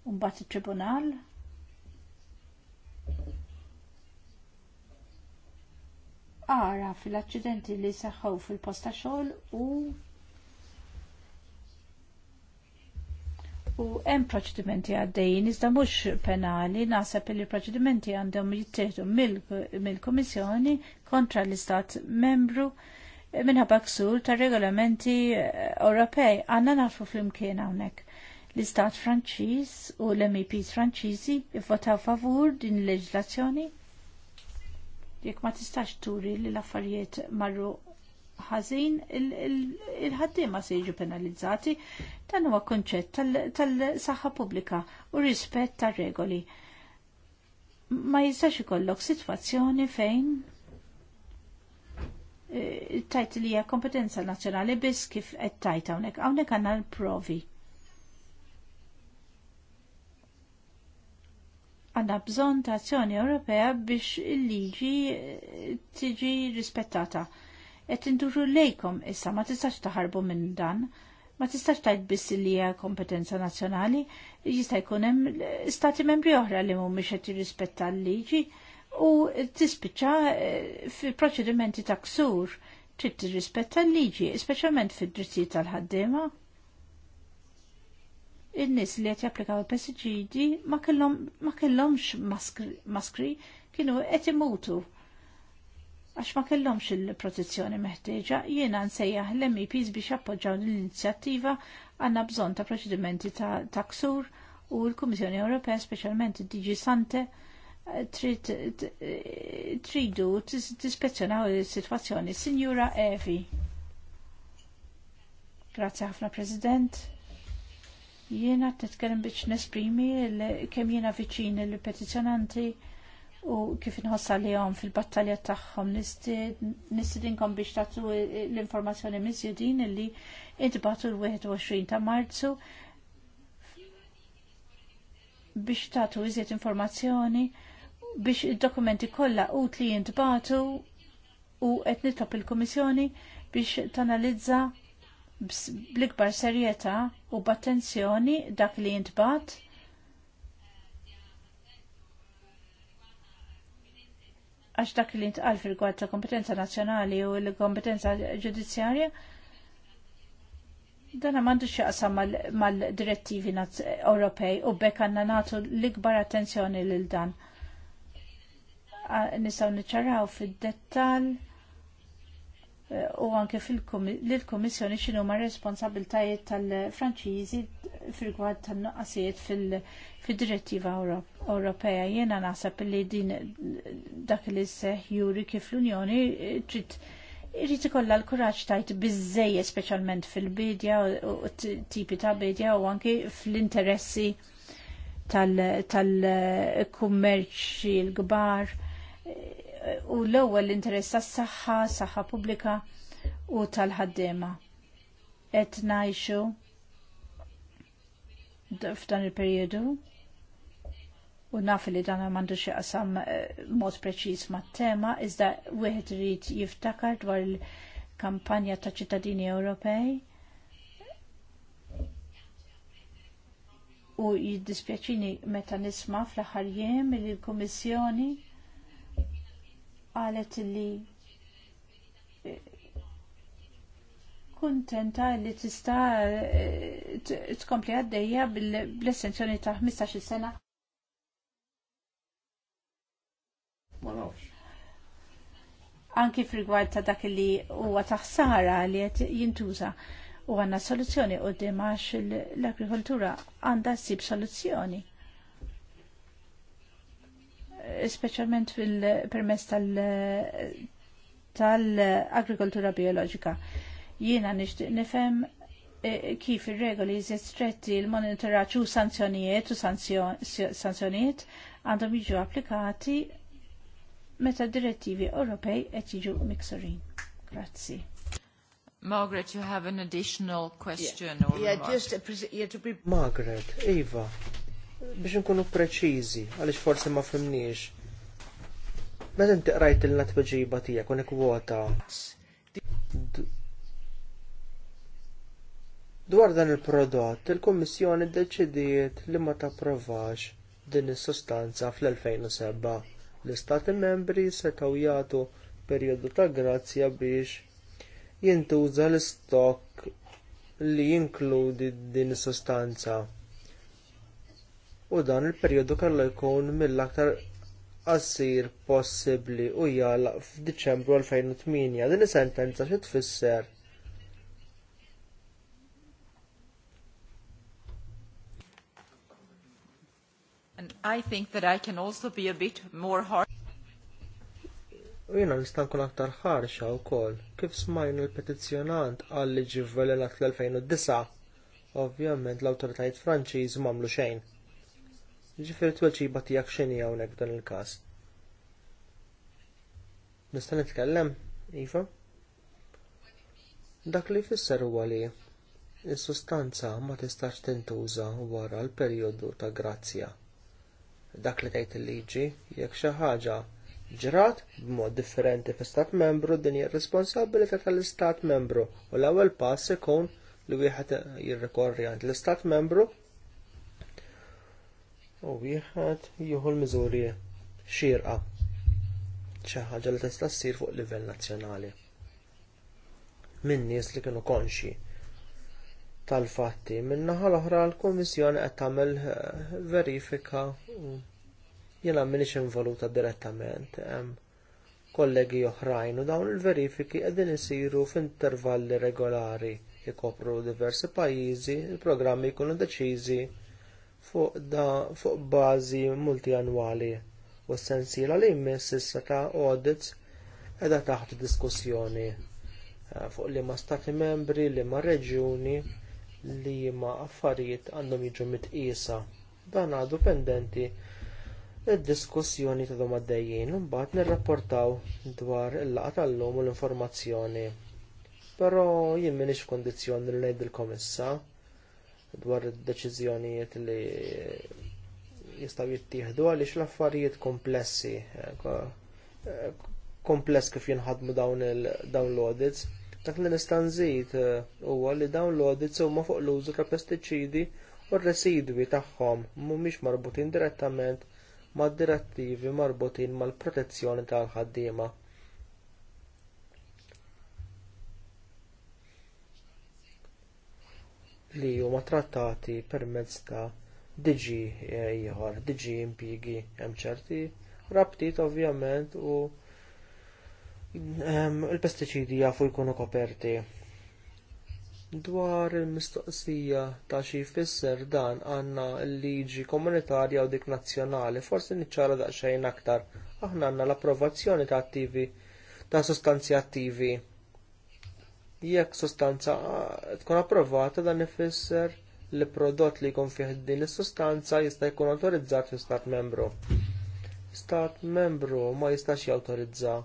U mbagħad it-Tribunal ara fil-accidenti li seħħu fil-posta xogħol u u hemm proċedimenti għaddejjin iżda mhux penali naħseb li proċedimenti għandhom jittieħdu mill-Kummissjoni kontra l-Istat membru minħabba ksur ta' regolamenti eh, Ewropej. Għanna nafu fl-imkien hawnhekk. L-Istat Franċiż u l-MEPs Franċiżi jivvotaw favur din il-leġislazzjoni? Jekk ma tistax turi li l-affarijiet marru ħażin il-ħaddiema se jiġu penalizzati dan huwa konċett tal-saħħa pubblika u rispett tar-regoli. Ma jistax ikollok sitwazzjoni fejn tajt li hija kompetenza nazzjonali biss kif qed tajt hawnhekk. Hawnhekk għandna l-provi. Għandna bżonn ta' azzjoni Ewropea biex il-liġi eh, tiġi rispettata. Et induru lejkom issa ma tistax taħarbu minn dan. Ma tistax tajt biss li hija kompetenza nazzjonali, jista' jkun hemm stati membri oħra li mhumiex qed jirrispetta l-liġi. l liġi u tispiċa eh, fil-proċedimenti ta' ksur trid tirrispetta l-liġi, speċjalment fid-drittijiet tal-ħaddiema. In-nies li qed japplikaw il-pestiċidi ma kellhomx maskri kienu qed imutu għax ma kellhomx il-protezzjoni meħtieġa, jiena nsejjaħ l-MEPs biex appoġġaw l-inizjattiva għandna bżonn ta' proċedimenti ta' ksur u l-Kummissjoni Ewropea, speċjalment id diġi Sante, tridu tispezzjonaw il-situazzjoni. Signora Evi. Grazie ħafna President. Jena t-tkellem biex nesprimi kemm jiena viċin il-petizjonanti u kif nħossa li għom fil-battalja tagħhom nistidinkom biex tagħtu l-informazzjoni miżjudin li intbatu l-21 ta' Marzu biex tagħtu iżjed informazzjoni biex id-dokumenti kollha utli jintbatu u qed nitlob il-Kummissjoni biex tanalizza bl-ikbar serjetà u b'attenzjoni dak li jintbat għax dak li jintqal fil-gwad ta' kompetenza nazzjonali u l-kompetenza ġudizzjarja dan għandu xaqsam mal-direttivi mal Ewropej u bekk għanna natu l-ikbar attenzjoni lil dan nistaw niċċaraw fid-dettal eh, u anke fil-Komissjoni xinu ma' responsabiltajiet tal-Franċiżi fil-gwad tal-nuqqasijiet fil-direttiva Ewropea. Jena naħseb li din dak li seħ juri kif l-Unjoni eh, trid irrid ikollha l-kuraġġ tajt biżejjed speċjalment fil-bidja u tipi ta' bidja u anke fl-interessi tal-kummerċi l-kbar. tal kummerċi l gbar tal kbar u l-ewwel l-interess tas-saħħa, saħħa pubblika u tal-ħaddiema. Qed ngħixu f'dan il-perjodu u naf li dan xi qasam eh, mod preċiż mat tema, iżda wieħed irid jiftakar dwar il-kampanja ta' ċittadini Ewropej. U jiddispjaċini meta nisma fl-aħħar jiem il-Kummissjoni qalet li kuntenta li tista tkompli għaddejja bl-essenzjoni ta' 15 sena. Ma nafx. Anki frigwad ta' dak li huwa taħsara li qed jintuża u għanna soluzzjoni u dimax l-agrikoltura għanda sib soluzzjoni specialment fil-permess tal-agrikoltura biologika. Jiena nixtieq nifhem eh, kif ir-regoli jżiet stretti l monitoraċu u sanzjonijiet u sanzjonijiet għandhom jiġu applikati meta direttivi Ewropej qed jiġu miksurin. Grazzi. Margaret, you have an additional question yeah. or yeah, remark. Just a yeah, to be... Margaret, Eva, biex nkunu preċiżi, għaliex forsi ma fimniex. Meta inti qrajt il ġejba tiegħek unek kwota. Dwar dan il-prodott, il-Kummissjoni ddeċidiet li ma tapprovax din is-sostanza fl-2007. L-Istati membri setgħu jagħtu perjodu ta' grazzja biex jintuża l-istokk li jinkludi din is-sostanza u dan il-perjodu kellu jkun mill-aktar qasir possibbli u jgħalaq f'Diċembru 2008. Din is-sentenza xi tfisser? And I think that I can also be a bit more hard. U jena nista' nkun aktar ħarxa wkoll kif smajna l-petizzjonant għal liġi vvelenat l-2009. Ovvjament l-awtoritajiet Franċiż m'għamlu xejn. Ġifiri tweġiba tiegħek x'inhi hawnhekk f'dan il-każ. Nista' nitkellem, Iva? Dak li jfisser huwa li il sustanza ma tistax tintuża wara l-perjodu ta' grazzja. Dak li tgħid il-liġi jekk xi ħaġa ġrat b'mod differenti fi istat membru din hija responsabilità tal-istat membru u l-ewwel pass ikun li wieħed jirrikorri għand l-istat membru u wieħed jieħu l-miżuri xierqa xi ħaġa li tista' ssir fuq livell nazzjonali. Min nies li kienu konxi tal-fatti min-naħa l-oħra l-Kummissjoni qed tagħmel eh, verifika u jiena m'iniex involuta direttament hemm kollegi oħrajn u dawn il-verifiki qegħdin isiru f'intervalli regolari jkopru diversi pajjiżi, il-programmi jkunu deċiżi fuq, da, fuq bazi multianwali u s-sensila li jmiss issa ta' audits edha taħt diskussjoni eh, fuq li ma' stati membri, li ma' reġjuni, li ma' affarijiet għandhom jiġu mitqisa. Dan għadu pendenti id-diskussjoni ta' dom għaddejjien, mbagħad nirrapportaw dwar il laqgħa tal-lum u l-informazzjoni. Però jien m'iniex f'kundizzjoni li ngħidilkom issa dwar id-deċiżjonijiet li jistgħu jittieħdu għaliex l-affarijiet komplessi eh, eh, kompless kif jinħadmu dawn il-downloadits. Dak li nista' nżid eh, huwa li dawn l-audits huma fuq l-użu ta' pestiċidi u r-residwi tagħhom mhumiex marbutin direttament mad direttivi marbutin mal-protezzjoni tal-ħaddiema. li huma trattati permezz ta' diġi ieħor, diġi impjiegi hemm ċerti rabtiet ovvjament u il-pestiċidi jafu jkunu koperti. Dwar il-mistoqsija ta' xi jfisser dan għandna l-liġi komunitarja u dik nazzjonali, forsi niċċara daqsxejn aktar. Aħna għandna l-approvazzjoni ta' attivi ta' sostanzi attivi Jekk sustanza eh, tkun approvata dan ifisser li prodott li jkun fih din is-sustanza jista' jkun awtorizzat fi stat membru. Stat membru ma jistax jawtorizza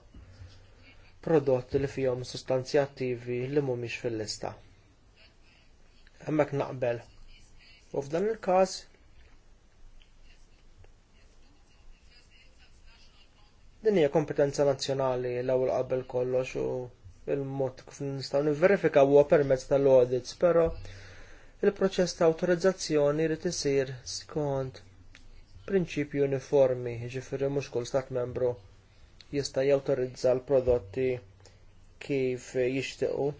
prodotti li fihom sustanzi attivi li mhumiex fil-lista. Hemmhekk naqbel. U f'dan il-każ din hija kompetenza nazzjonali l-ewwel qabel kollox u il-mod kif nistgħu nivverifika huwa permezz tal-audits, però il-proċess ta' awtorizzazzjoni jrid isir skont prinċipji uniformi, jiġifieri mhux kull stat membru jista' jawtorizza l-prodotti kif jixtiequ.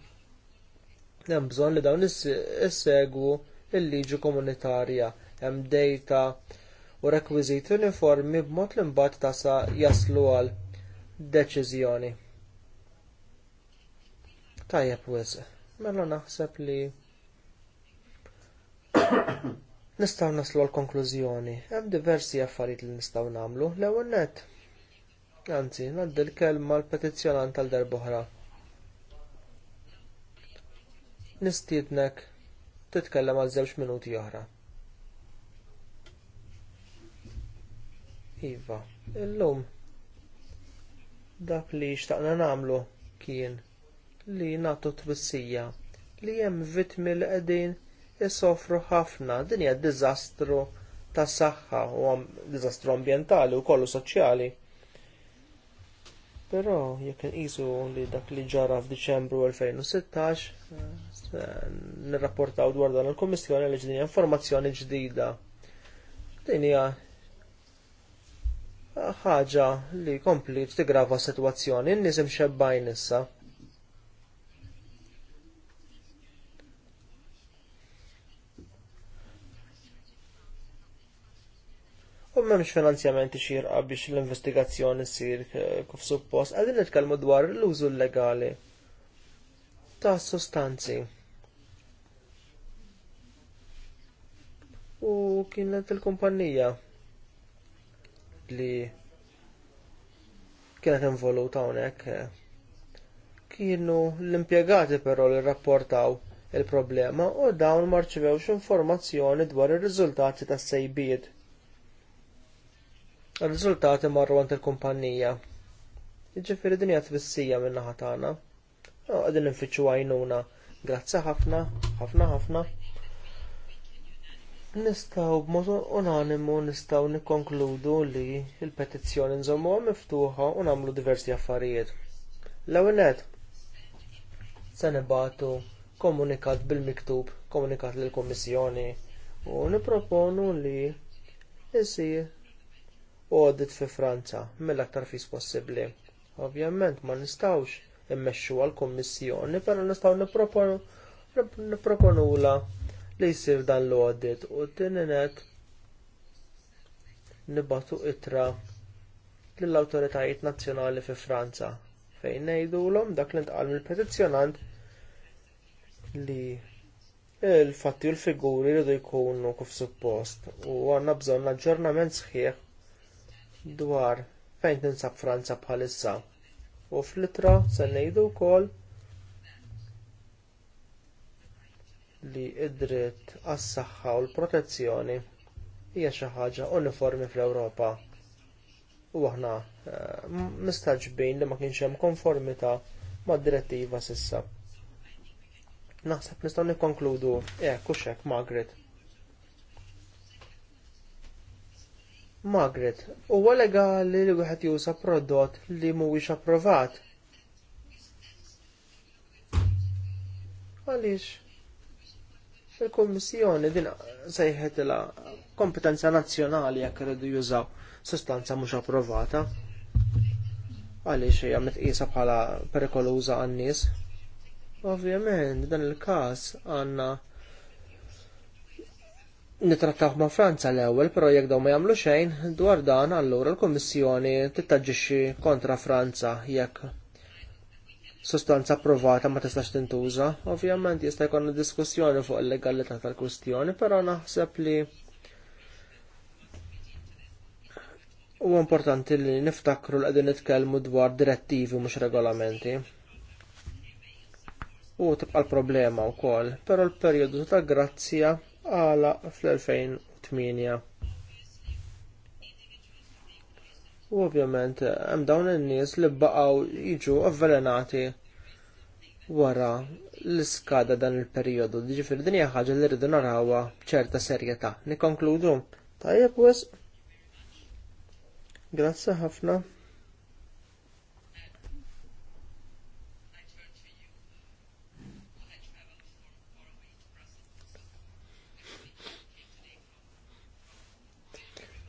Hemm bżonn li dawn issegwu il-liġi komunitarja, hemm dejta u rekwiżiti uniformi b'mod li mbagħad tasa jaslu għal deċiżjoni. Tajjeb wisq. Mela naħseb li *coughs* Nistgħu naslu l-konklużjoni. Hemm diversi affarijiet li nistgħu nagħmlu. L-ewwel nett. Anzi, ngħaddi l-kelma l-petizzjonant tal darboħra. Nistiednek titkellem għal żewġ minuti oħra. Iva, illum dak li xtaqna nagħmlu kien li nagħtu twissija li hemm vittmi li qegħdin isofru ħafna din hija diżastru tas saħħa u diżastru ambjentali u kollu soċjali. Però jekk inqisu li dak li ġara f'Diċembru 2016 eh, nirrapportaw dwar dan il-Kummissjoni li ġdinja informazzjoni ġdida. Din hija ħaġa li kompli tigrava sitwazzjoni n-nisim xebbajn issa. u memx finanzjamenti xirqa biex l-investigazzjoni sir eh, kif suppost, għadin nitkellmu dwar l-użu legali ta' sostanzi. U kienet il-kumpanija li kienet involuta hawnhekk eh. kienu l-impjegati però li rapportaw il-problema u dawn marċivewx informazzjoni dwar ir-riżultati tas-sejbiet r-riżultati marru għand il-kumpanija. Jiġifieri din hija twissija min naħa tagħna. Qegħdin infittxu għajnuna. Grazzi ħafna, ħafna ħafna. Nistgħu b'mod unanimu nistgħu nikkonkludu li l-petizzjoni nżommuha miftuħa u nagħmlu diversi affarijiet. L-ewwel se nibatu komunikat bil-miktub, komunikat lill kummissjoni u nipproponu li isir u għodit fi Franza mill-aktar fis possibbli. Ovvjament ma nistawx immexxu għal kummissjoni però nistgħu nipproponula li jsir dan l-għodit u tininet nibatu itra lill awtoritajiet nazzjonali fi Franza fejn ngħidulhom dak li ntqal mill-petizzjonant li l fatti u l-figuri jridu jkunu kif suppost u għandna bżonn aġġornament sħiħ dwar fejn tinsab Franza bħalissa. U fl-itra se ngħidu wkoll li id-dritt għas-saħħa u l-protezzjoni hija xi ħaġa uniformi fl-Ewropa. U aħna eh, mistaġbin li ma kienx hemm konformità mad-direttiva sissa. Naħseb nistgħu nikkonkludu eh, hekk u hekk Margaret. Magret, huwa legali li wieħed juża prodott li mhuwiex approvat? Għaliex? Il-Kummissjoni din sejħet la kompetenza nazzjonali jekk iridu jużaw sostanza mhux approvata. Għaliex hija metqisa bħala perikoluża għan-nies. Ovvjament, dan il-każ għandna nitrattaw ma' Franza l-ewwel, però jekk daw ma jagħmlu xejn dwar dan allura l-Kummissjoni tittaġġixxi kontra Franza jekk sostanza approvata ma tistax tintuża. Ovvjament jista' jkollna diskussjoni fuq il-legalità tal-kwistjoni, però naħseb li huwa importanti li niftakru li qegħdin nitkellmu dwar direttivi mhux regolamenti u tibqa l-problema wkoll, però l perjodu ta' grazzja għala fl-2008. U ovvjament, hemm dawn in-nies li baqgħu jiġu avvelenati wara l-iskada dan il-perjodu. Ġifieri din hija ħaġa li rridu narawha b'ċerta serjetà. Nikkonkludu. Tajjeb wisq. Grazzi ħafna.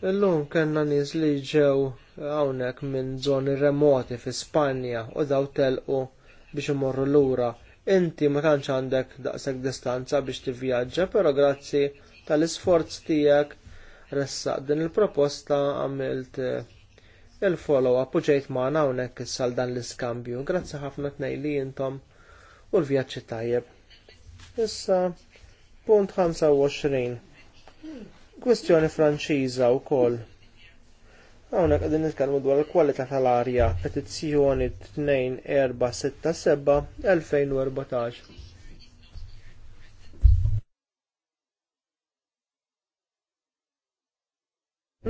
Illum kellna nies li ġew hawnhekk minn żoni remoti fi Spanja u daw telqu biex imorru lura. Inti ma tantx għandek daqshekk distanza biex tivvjaġġa, però grazzi tal-isforz tiegħek ressaq din il-proposta għamilt eh, il-follow-up u ġejt magħna hawnhekk issa dan l-iskambju. Grazzi ħafna tnejli intom u l-vjaġġi tajjeb. Issa punt 25. Kwestjoni Franċiża wkoll. Hawnhekk qegħdin nitkellmu dwar il-kwalità tal-arja, petizzjoni 2467-2014.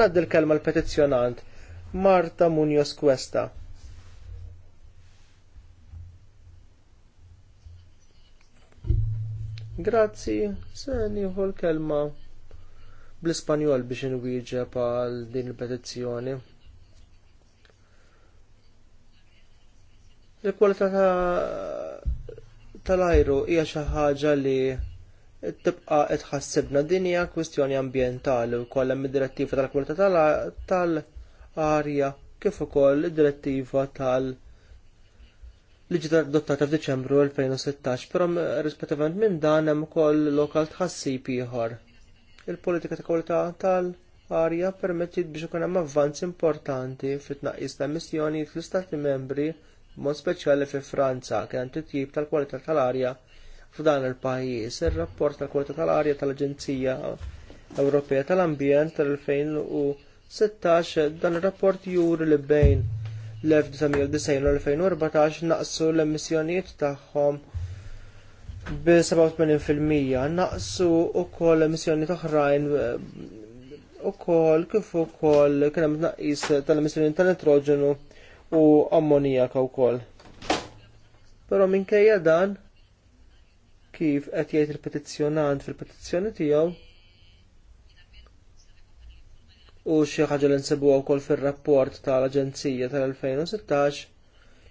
Naddi l-kelma l-petizzjonant Marta Munoz Cuesta. Grazzi, se nieħu l-kelma bl-Ispanjol biex inwieġeb għal din il-petizzjoni. Il-kwalità tal-ajru hija xi ħaġa li tibqa' tħassibna din hija kwistjoni ambjentali wkoll hemm id-direttiva tal-kwalità tal-arja kif ukoll id-direttiva tal li ġiet adottata f'Diċembru 2016, però rispettivament minn dan hemm ukoll lokal tħassib ieħor il-politika ta' kwalità tal-arja permettit biex ikun hemm avvanz importanti fit-tnaqqis ta' emissjonijiet fl-Istati membri b'mod speċjali fi Franza kien hemm titjib tal-kwalità tal-arja f'dan il-pajjiż. Ir-rapport tal-kwalità tal-arja tal-Aġenzija Ewropea tal-Ambjent tal-2016 dan ir-rapport juri li bejn l-1990 u l-2014 naqsu l-emissjonijiet tagħhom b-87% naqsu u kol emissjoni toħrajn u eh, kol kif u kol kena mtnaqis tal-emissjoni tal-nitrogenu u ammonijaka u kol. Pero minkejja dan kif qed jgħid il-petizzjonant fil-petizzjoni tiegħu u xi ħaġa li nsibuha wkoll fir-rapport tal-Aġenzija tal-2016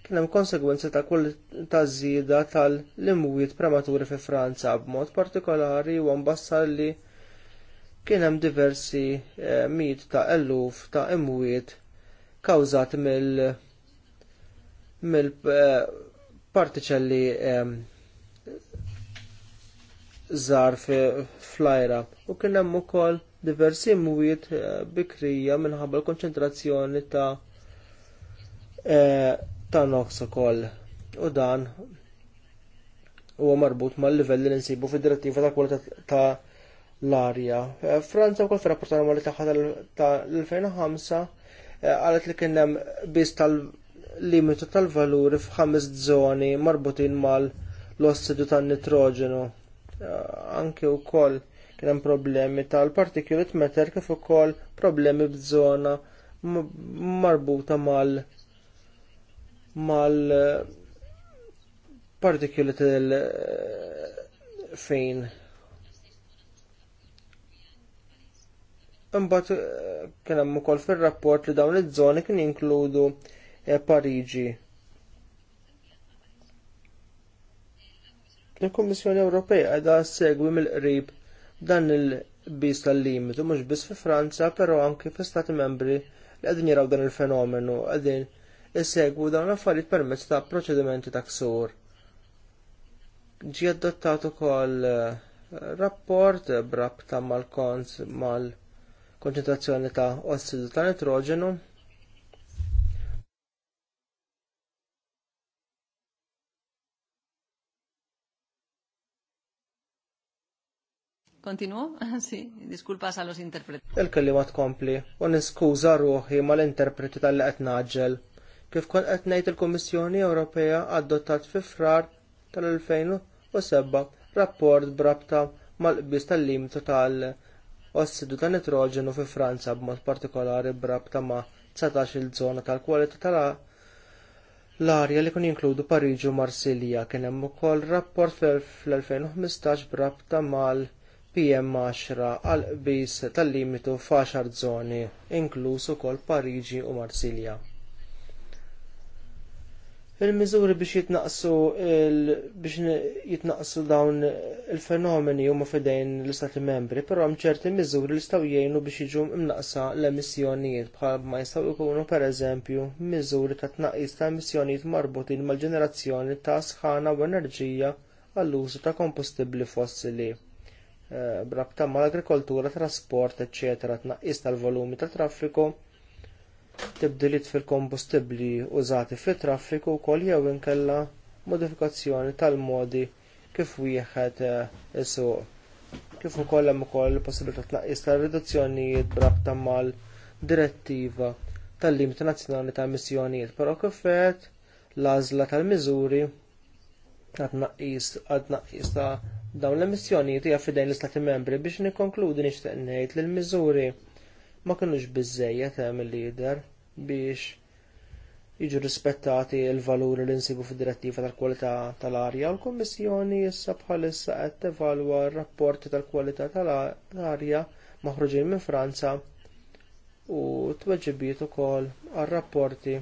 kien hemm konsegwenzi ta' kull taż-żieda tal-imwiet prematuri fi Franza b'mod partikolari u mbassar li kien hemm diversi eh, mit ta' eluf ta' imwiet kawżat mill mill eh, partiċelli eh, żar flajra u kien hemm ukoll diversi imwiet eh, bikrija minħabba l-konċentrazzjoni ta' eh, tan-noqs ukoll u dan huwa marbut mal-livell li nsibu fid-direttiva ta' kwalità ta' l-arja. Eh, Franza wkoll fir-rapport annwali tagħha tal-2005 eh, qalet li kien hemm biss tal-limitu tal-valuri f'ħames żoni marbutin mal-ossidu tan-nitroġenu. Eh, anke wkoll kien hemm problemi tal-particulate matter kif ukoll problemi b'żona marbuta mal mal particulate fejn Imbagħad eh, kien hemm ukoll fir-rapport li dawn iż-żoni kien jinkludu eh, Pariġi. Il-Kummissjoni Ewropea qiegħda segwi mill-qrib dan il biss tal-limitu mhux biss fi Franza, però anke fi Stati Membri li qegħdin jaraw dan il-fenomenu qegħdin isegwu dawn l-affarijiet permezz ta' proċedimenti ta' ksur. Ġie adottat ukoll eh, rapport ta' mal-kons mal-konċentrazzjoni ta' ossidu ta' nitrogenu Kontinu? *laughs* Sì, diskulpa sa los interpreti. il mat kompli, u niskuża ruħi mal-interpreti tal-li qed naġġel. Kif kon qed ngħid il-Kummissjoni Ewropea adottat fi frar tal-2007 rapport brabta mal-qbis tal-limitu tal-ossidu ta' nitroġenu fi Franza b'mod partikolari brabta ma' 19 il-żona tal-kwalità tal-arja li kun jinkludu u Marsilja kien hemm ukoll rapport fl-2015 brabta mal- PM10 għal qbis tal-limitu f'għaxar żoni, inkluż ukoll Pariġi u Marsilja. Il-miżuri biex jitnaqsu biex jitnaqsu dawn il-fenomeni huma fidejn l-Istati membri, però hemm ċerti miżuri li jistgħu jgħinu biex jiġu mnaqsa l-emissjonijiet bħal ma jistgħu jkunu pereżempju miżuri ta' tnaqqis ta' emissjonijiet marbutin mal-ġenerazzjoni ta' sħana u enerġija għall-użu ta' kompostibbli fossili eh, brabta mal agrikoltura trasport, ecc. tnaqqis tal-volumi tat traffiku tibdiliet fil-kombustibbli użati fit-traffiku wkoll jew inkella modifikazzjoni tal-modi kif wieħed eh, isuq. Kif ukoll hemm ukoll possibilità tnaqqis ta' riduzzjonijiet b'rabta mal-direttiva tal-limit nazzjonali ta' emissjonijiet, però kif qed l-għażla tal-miżuri għad-naqqis għad-naqqis ta' dawn l-emissjonijiet hija fidejn l-Istati Membri biex nikkonkludi nixtieq ngħid li l-miżuri ma kinux biżżejjed hemm il-lider biex jiġu rispettati l-valuri li nsibu fid-direttiva tal-kwalità tal-arja u l-Kummissjoni issa bħalissa qed tevalwa r-rapporti tal-kwalità tal-arja maħruġin minn Franza u tweġġibiet ukoll għar-rapporti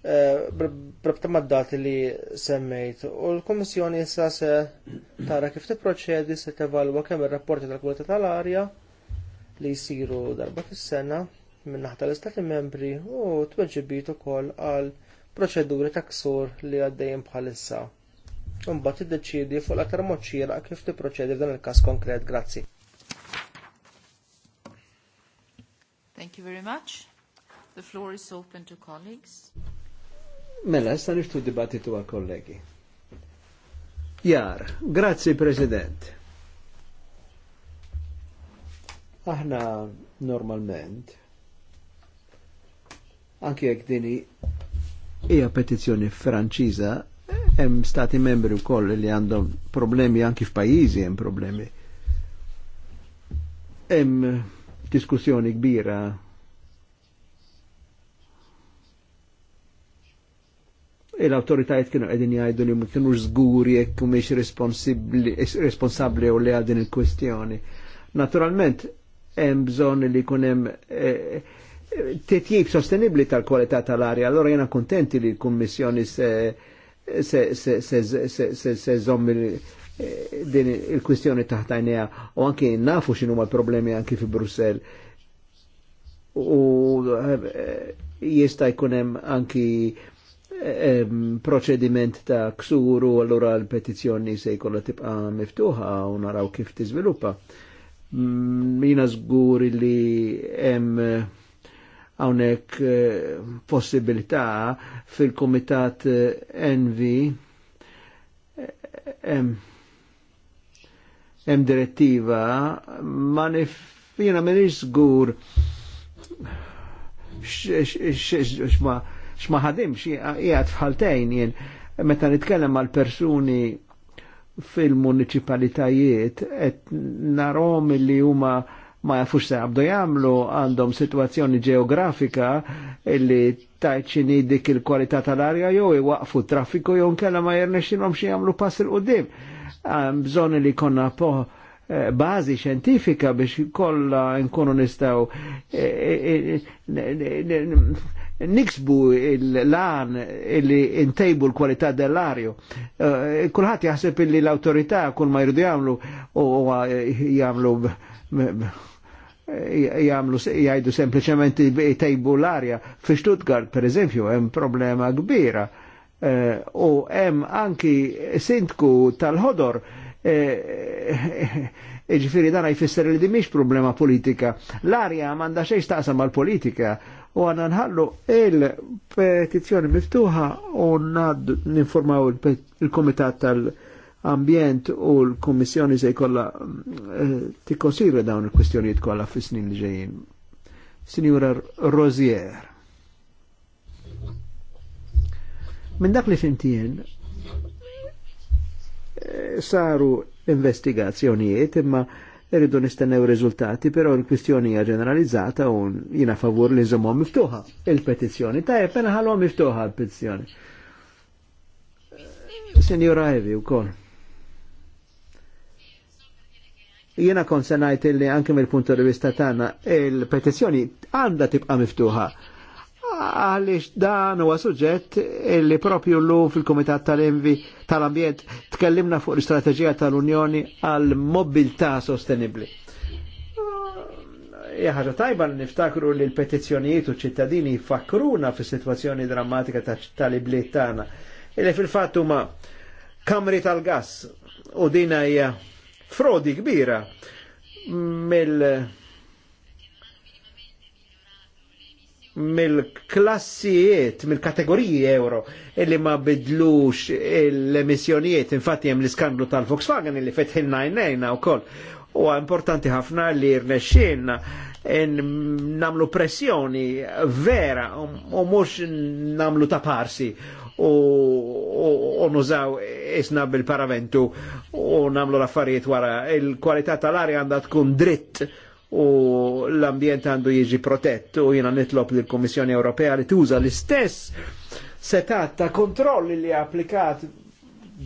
Eh, brabta maddati li semmejt u l-Komissjoni issa se tara kif tipproċedi se tevalwa kemm ir-rapporti tal-kwalità tal-arja li jsiru darba fis-sena minn naħta l-Istati membri u tweġibiet ukoll għal proċeduri ta' ksur li għaddejjin bħalissa. Imbagħad tiddeċiedi fuq l-aktar mod kif tipproċedi f'dan il-każ konkret. Grazzi. Thank you very much. The floor is open to colleagues. Mela, sta niftu dibattitu għal kollegi. Jar, grazzi President. Aħna normalment, anki jek dini ija petizjoni franċiza, hemm stati membri wkoll li għandhom problemi anki f'pajjiżi hemm problemi. Hemm diskussjoni kbira l autoritajiet kienu għedin jajdu li mkienu zguri jekk mhix responsabbli u li għadin il-kwestjoni. Naturalment, hemm bżonn li kunem hemm eh, eh titjib sostenibli tal-kwalità tal-arja, allora jena kontenti li l-Kummissjoni se se zommi eh, din il-kwistjoni taħtajnija u anki nafu xinu ma problemi anki fi Brussel u eh, jista jkunem anki proċediment ta' ksuru, allura l-petizzjoni se jkollha tibqa miftuħa u naraw kif tiżviluppa. Mina żgur li hemm eh, hawnhekk eh, possibilità fil-Kumitat eh, NV hemm direttiva ma nif jiena m'għandix żgur x'ma' x'ma ħadimx qiegħed fħaltejn jien meta nitkellem għal persuni fil-municipalitajiet qed narhom li huma ma jafux se għabdu jamlu għandhom situazzjoni ġeografika illi tajċini dik il kualità tal-arja jew iwaqfu traffiku jew nkella ma jernexxinhom xi jagħmlu pass il qudiem Bżonn li konna po eh, bażi xjentifika biex kolla nkunu nistgħu eh, eh, niksbu l-lan illi intejbu l-kwalità dell-arju. Eh, Kulħat jaħseb illi l-autorità kull ma jridu jamlu u eh, jamlu eh, jamlu jajdu sempliciment tejbu l-arja. Fi Stuttgart, per eżempju, hemm problema kbira u hemm anki sindku tal-ħodor *laughs* Iġifiri dana jfisser li dimiex problema politika. L-arja manda xejn staqsam mal politika u għana nħallu il-petizjoni miftuħa u nad ninformaw il-Komitat tal-Ambjent u l-Komissjoni se jkolla eh, konsidra dawn il-kwestjonijiet kollha fis-snin li ġejjin. Signora Rosier. Minn dak li fimtien eh, saru investigazzjonijiet imma irridu nistennew riżultati, però l-kwistjoni hija ġeneralizzata u jiena favur li żommhom miftuħa il-petizzjoni. Tajjeb pena mela ħalhom miftuħa l-petizzjoni. Senjora Evi wkoll. Jiena kon se li anke mill-punt di vista tagħna il-petizzjoni għandha tibqa' miftuħa għaliex dan huwa suġġett li propju lu fil-Kumitat tal-Envi tal-Ambjent tkellimna fuq l-istrateġija tal-Unjoni għal mobilità sostenibbli. Jaħġa tajba li niftakru li l-petizzjonijiet u ċittadini jifakruna fis situazzjoni drammatika tal-ibliet tagħna. Illi fil-fatt huma kamri tal-gass u dina hija frodi kbira mill- mill-klassijiet, mill-kategoriji euro illi ma bidlux l-emissjonijiet, infatti hemm l-iskandlu tal-Volkswagen illi fetħilna jnejna u koll. U importanti ħafna li rnexxin namlu pressjoni vera u mux namlu taparsi u nużaw isna bil-paraventu u namlu l-affarijiet wara. Il-kwalità tal-arja għandha tkun dritt u l-ambjent għandu jiġi protett u jina nitlob li l-Komissjoni Ewropea li tuża l-istess setat ta' kontrolli li applikat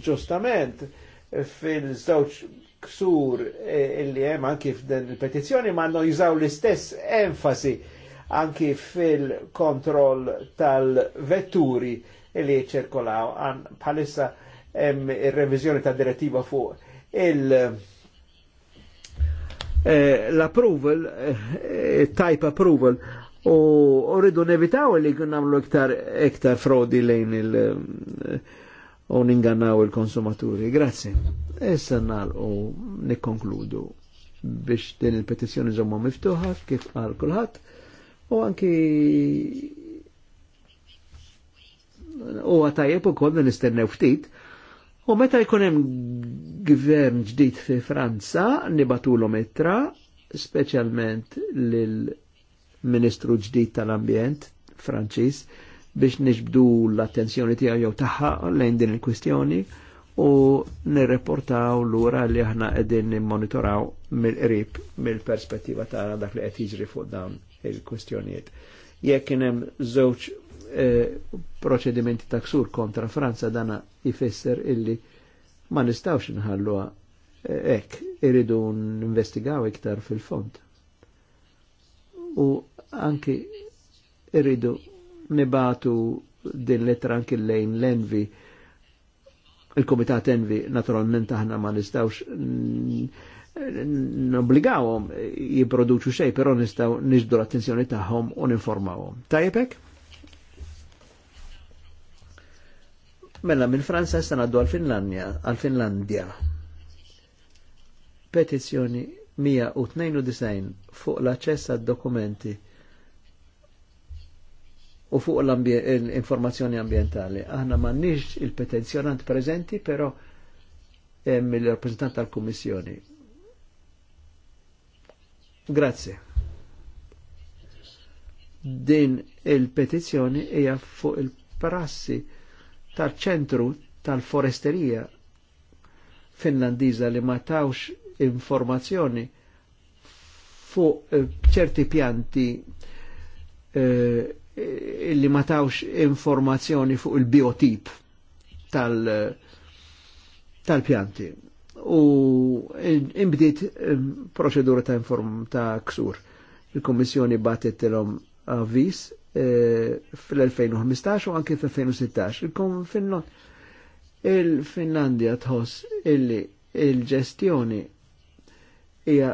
ġustament fil-żewġ ksur e, illi hemm anki f'den il-petizzjoni ma jużaw l-istess enfasi anki fil-kontroll tal-vetturi li ċirkolaw għan bħalissa ir-reviżjoni tad direttiva fuq il- Eh, l-approval, eh, type approval, u rridu nevitaw li namlu iktar, iktar frodi lejn il- eh, u ningannaw il-konsumaturi. Grazie. Issa nal u nikonkludu biex din il-petizjoni zomma miftuħa kif għal kulħadd u anki u għatajjeb u koll nistennew ftit U meta jkun hemm gvern ġdid fi Franza, nibatulhom ittra, speċjalment lill-Ministru ġdid tal-Ambjent Franċiż biex nixbdu l-attenzjoni tiegħu jew tagħha lejn din il-kwistjoni u nirreportaw lura li aħna qegħdin nimmonitoraw mill-qrib mill-perspettiva tagħna dak li qed jiġri fuq dawn il-kwistjonijiet. Jekk kien hemm żewġ proċedimenti ta' ksur kontra Franza dana jifesser illi ma nistawx nħallu ek, iridu n investigaw iktar fil-fond. U anki iridu nibatu din lettra anki lejn l-envi, il-komitat envi, naturalment aħna ma nistawx n-obbligawom jiproduċu xej, pero nistaw nġdu l-attenzjoni taħħom u ninformawom. Tajepek? Mela minn Franza issa ngħaddu għall-Finlandja, għal finlandja Petizjoni 192 fuq l-aċċess għad-dokumenti u fuq l-informazzjoni ambientali. Aħna m'għandniex il-petenzjonant prezenti però hemm il rappresentant tal-Kummissjoni. Grazie. Din il-petizzjoni hija fuq il-prassi tal-ċentru tal-foresterija finlandiza li ma tawx informazzjoni fuq eh, ċerti pjanti eh, ma tawx informazzjoni fuq il-biotip tal-pjanti. Tal U imbdiet eh, proċedura ta' inform ta' ksur. Il-Kommissjoni batet l-om avvis Eh, fil-2015 u anke fil-2016. Il-konfinlon il-Finlandja tħoss illi il-ġestjoni hija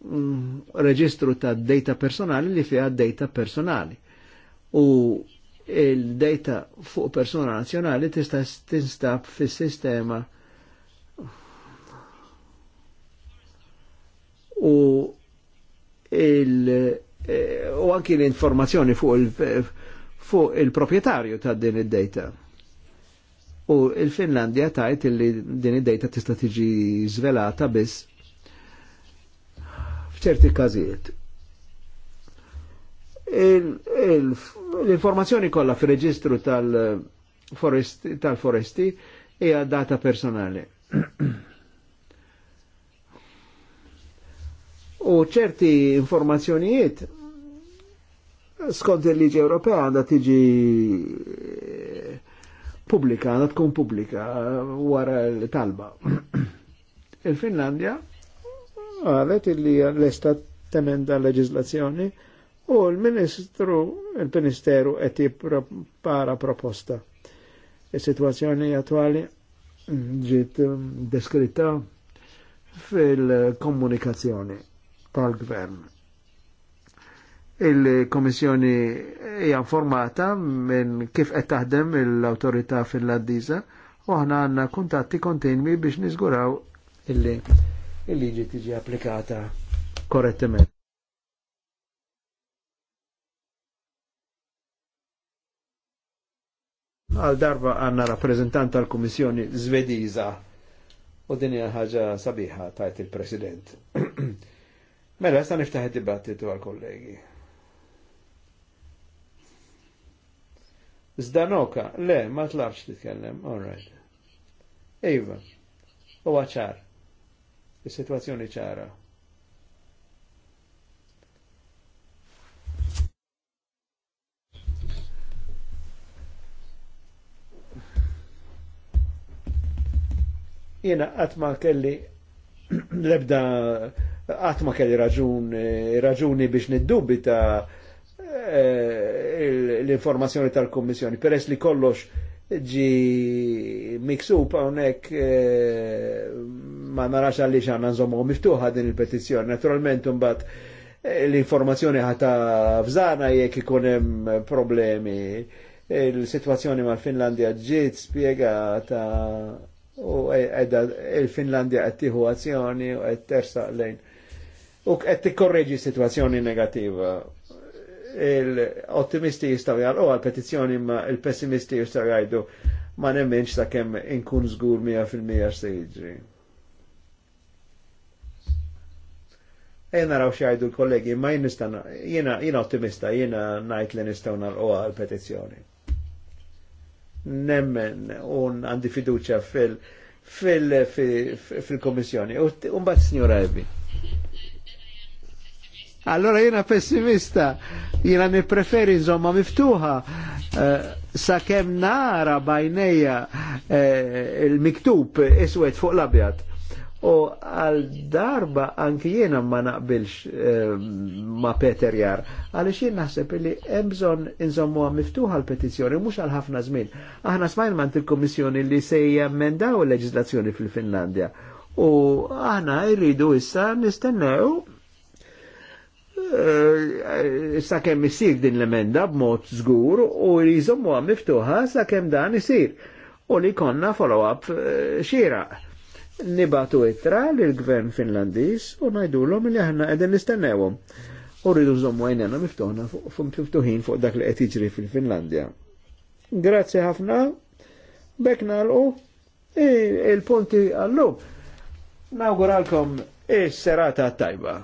mm, reġistru ta' data personali li fiha data personali. U il-data fuq persona nazjonali tista' tinstab fis-sistema u il- Eh, u anki l-informazzjoni fuq il-proprietarju ta' din id-data. U il-Finlandja tajt li din id-data tista' tiġi zvelata biss f'ċerti każijiet. L-informazzjoni kollha fir-reġistru tal-foresti hija data personali. *clears throat* U ċerti informazzjonijiet skont il-liġi Ewropea għanda tiġi eh, publika, għanda tkun publika eh, wara l-talba. *clears throat* Il-Finlandja għalet illi l-estat temenda l-leġizlazzjoni u l-Ministru, il-Ministeru qed para proposta. is situazzjoni attuali ġit ġiet mm, deskritta fil-komunikazzjoni tal-gvern il-Komissjoni hija informata minn kif qed taħdem l-awtorità fil-Addiża u aħna għandna kuntatti kontinwi biex niżguraw illi il-liġi tiġi applikata korrettament. Għal darba għanna rappresentant tal-Komissjoni Zvediza u din ħaġa sabiħa tajt il-President. *clears throat* mela, sta niftaħ dibattitu għal-kollegi. Zdanoka, le, ma tlabx titkellem, all right. Iva, u ċar, il-situazzjoni ċara. jena għatma kelli *clears throat* lebda għatma kelli raġun, eh, raġuni biex niddubita Eh, l-informazzjoni tal-Kommissjoni. Peress li kollox ġi miksub hawnhekk eh, ma narax għalli għandna nżommu miftuħa din il-petizzjoni. Naturalment unbat eh, l-informazzjoni ħata fżana jekk ikun hemm problemi. Il-sitwazzjoni mal-Finlandja ġiet spjegata u edha il-Finlandja qed tieħu azzjoni u qed lejn. U qed situazzjoni negativa il-ottimisti jistaw oh, għal-petizjoni ma il-pessimisti jistaw jgħidu ma nemmenx ta' kem inkun zgur 100% se jiġri. Ejna naraw xajdu l-kollegi, ma jina, jina ottimista, jina najt li nistaw narqu għal-petizjoni. Nemmen un għandi fiduċa fil- fil-komissjoni. Fil, fil, fil, fil, fil, fil, fil, fil, Allora jena pessimista, jena nipreferi insomma miftuħa eh, sa kem nara bajneja eh, il-miktub iswed e fuq l-abjad. U għal darba anki jena ma naqbilx eh, ma Peter Jar, għalix jien naħseb li emżon insommu miftuħa l-petizjoni, mux għal ħafna żmien. Aħna smajn mant il-Komissjoni li se jemmendaw il-leġizlazzjoni fil-Finlandja. U aħna irridu issa nistennew Eh, sa' kem isir din l-emenda b'mod żgur u li jżommuha miftuħa sa' kem dan isir u li konna follow-up eh, xira. Nibatu ittra l-gvern finlandis u l-om li aħna qegħdin nistennewhom. U rridu żommu għajnena miftuħna miftuħin fuq dak li qed jiġri fil-Finlandja. Grazzi ħafna, l-u, eh, il-punti għallu. Nawguralkom is-serata tajba.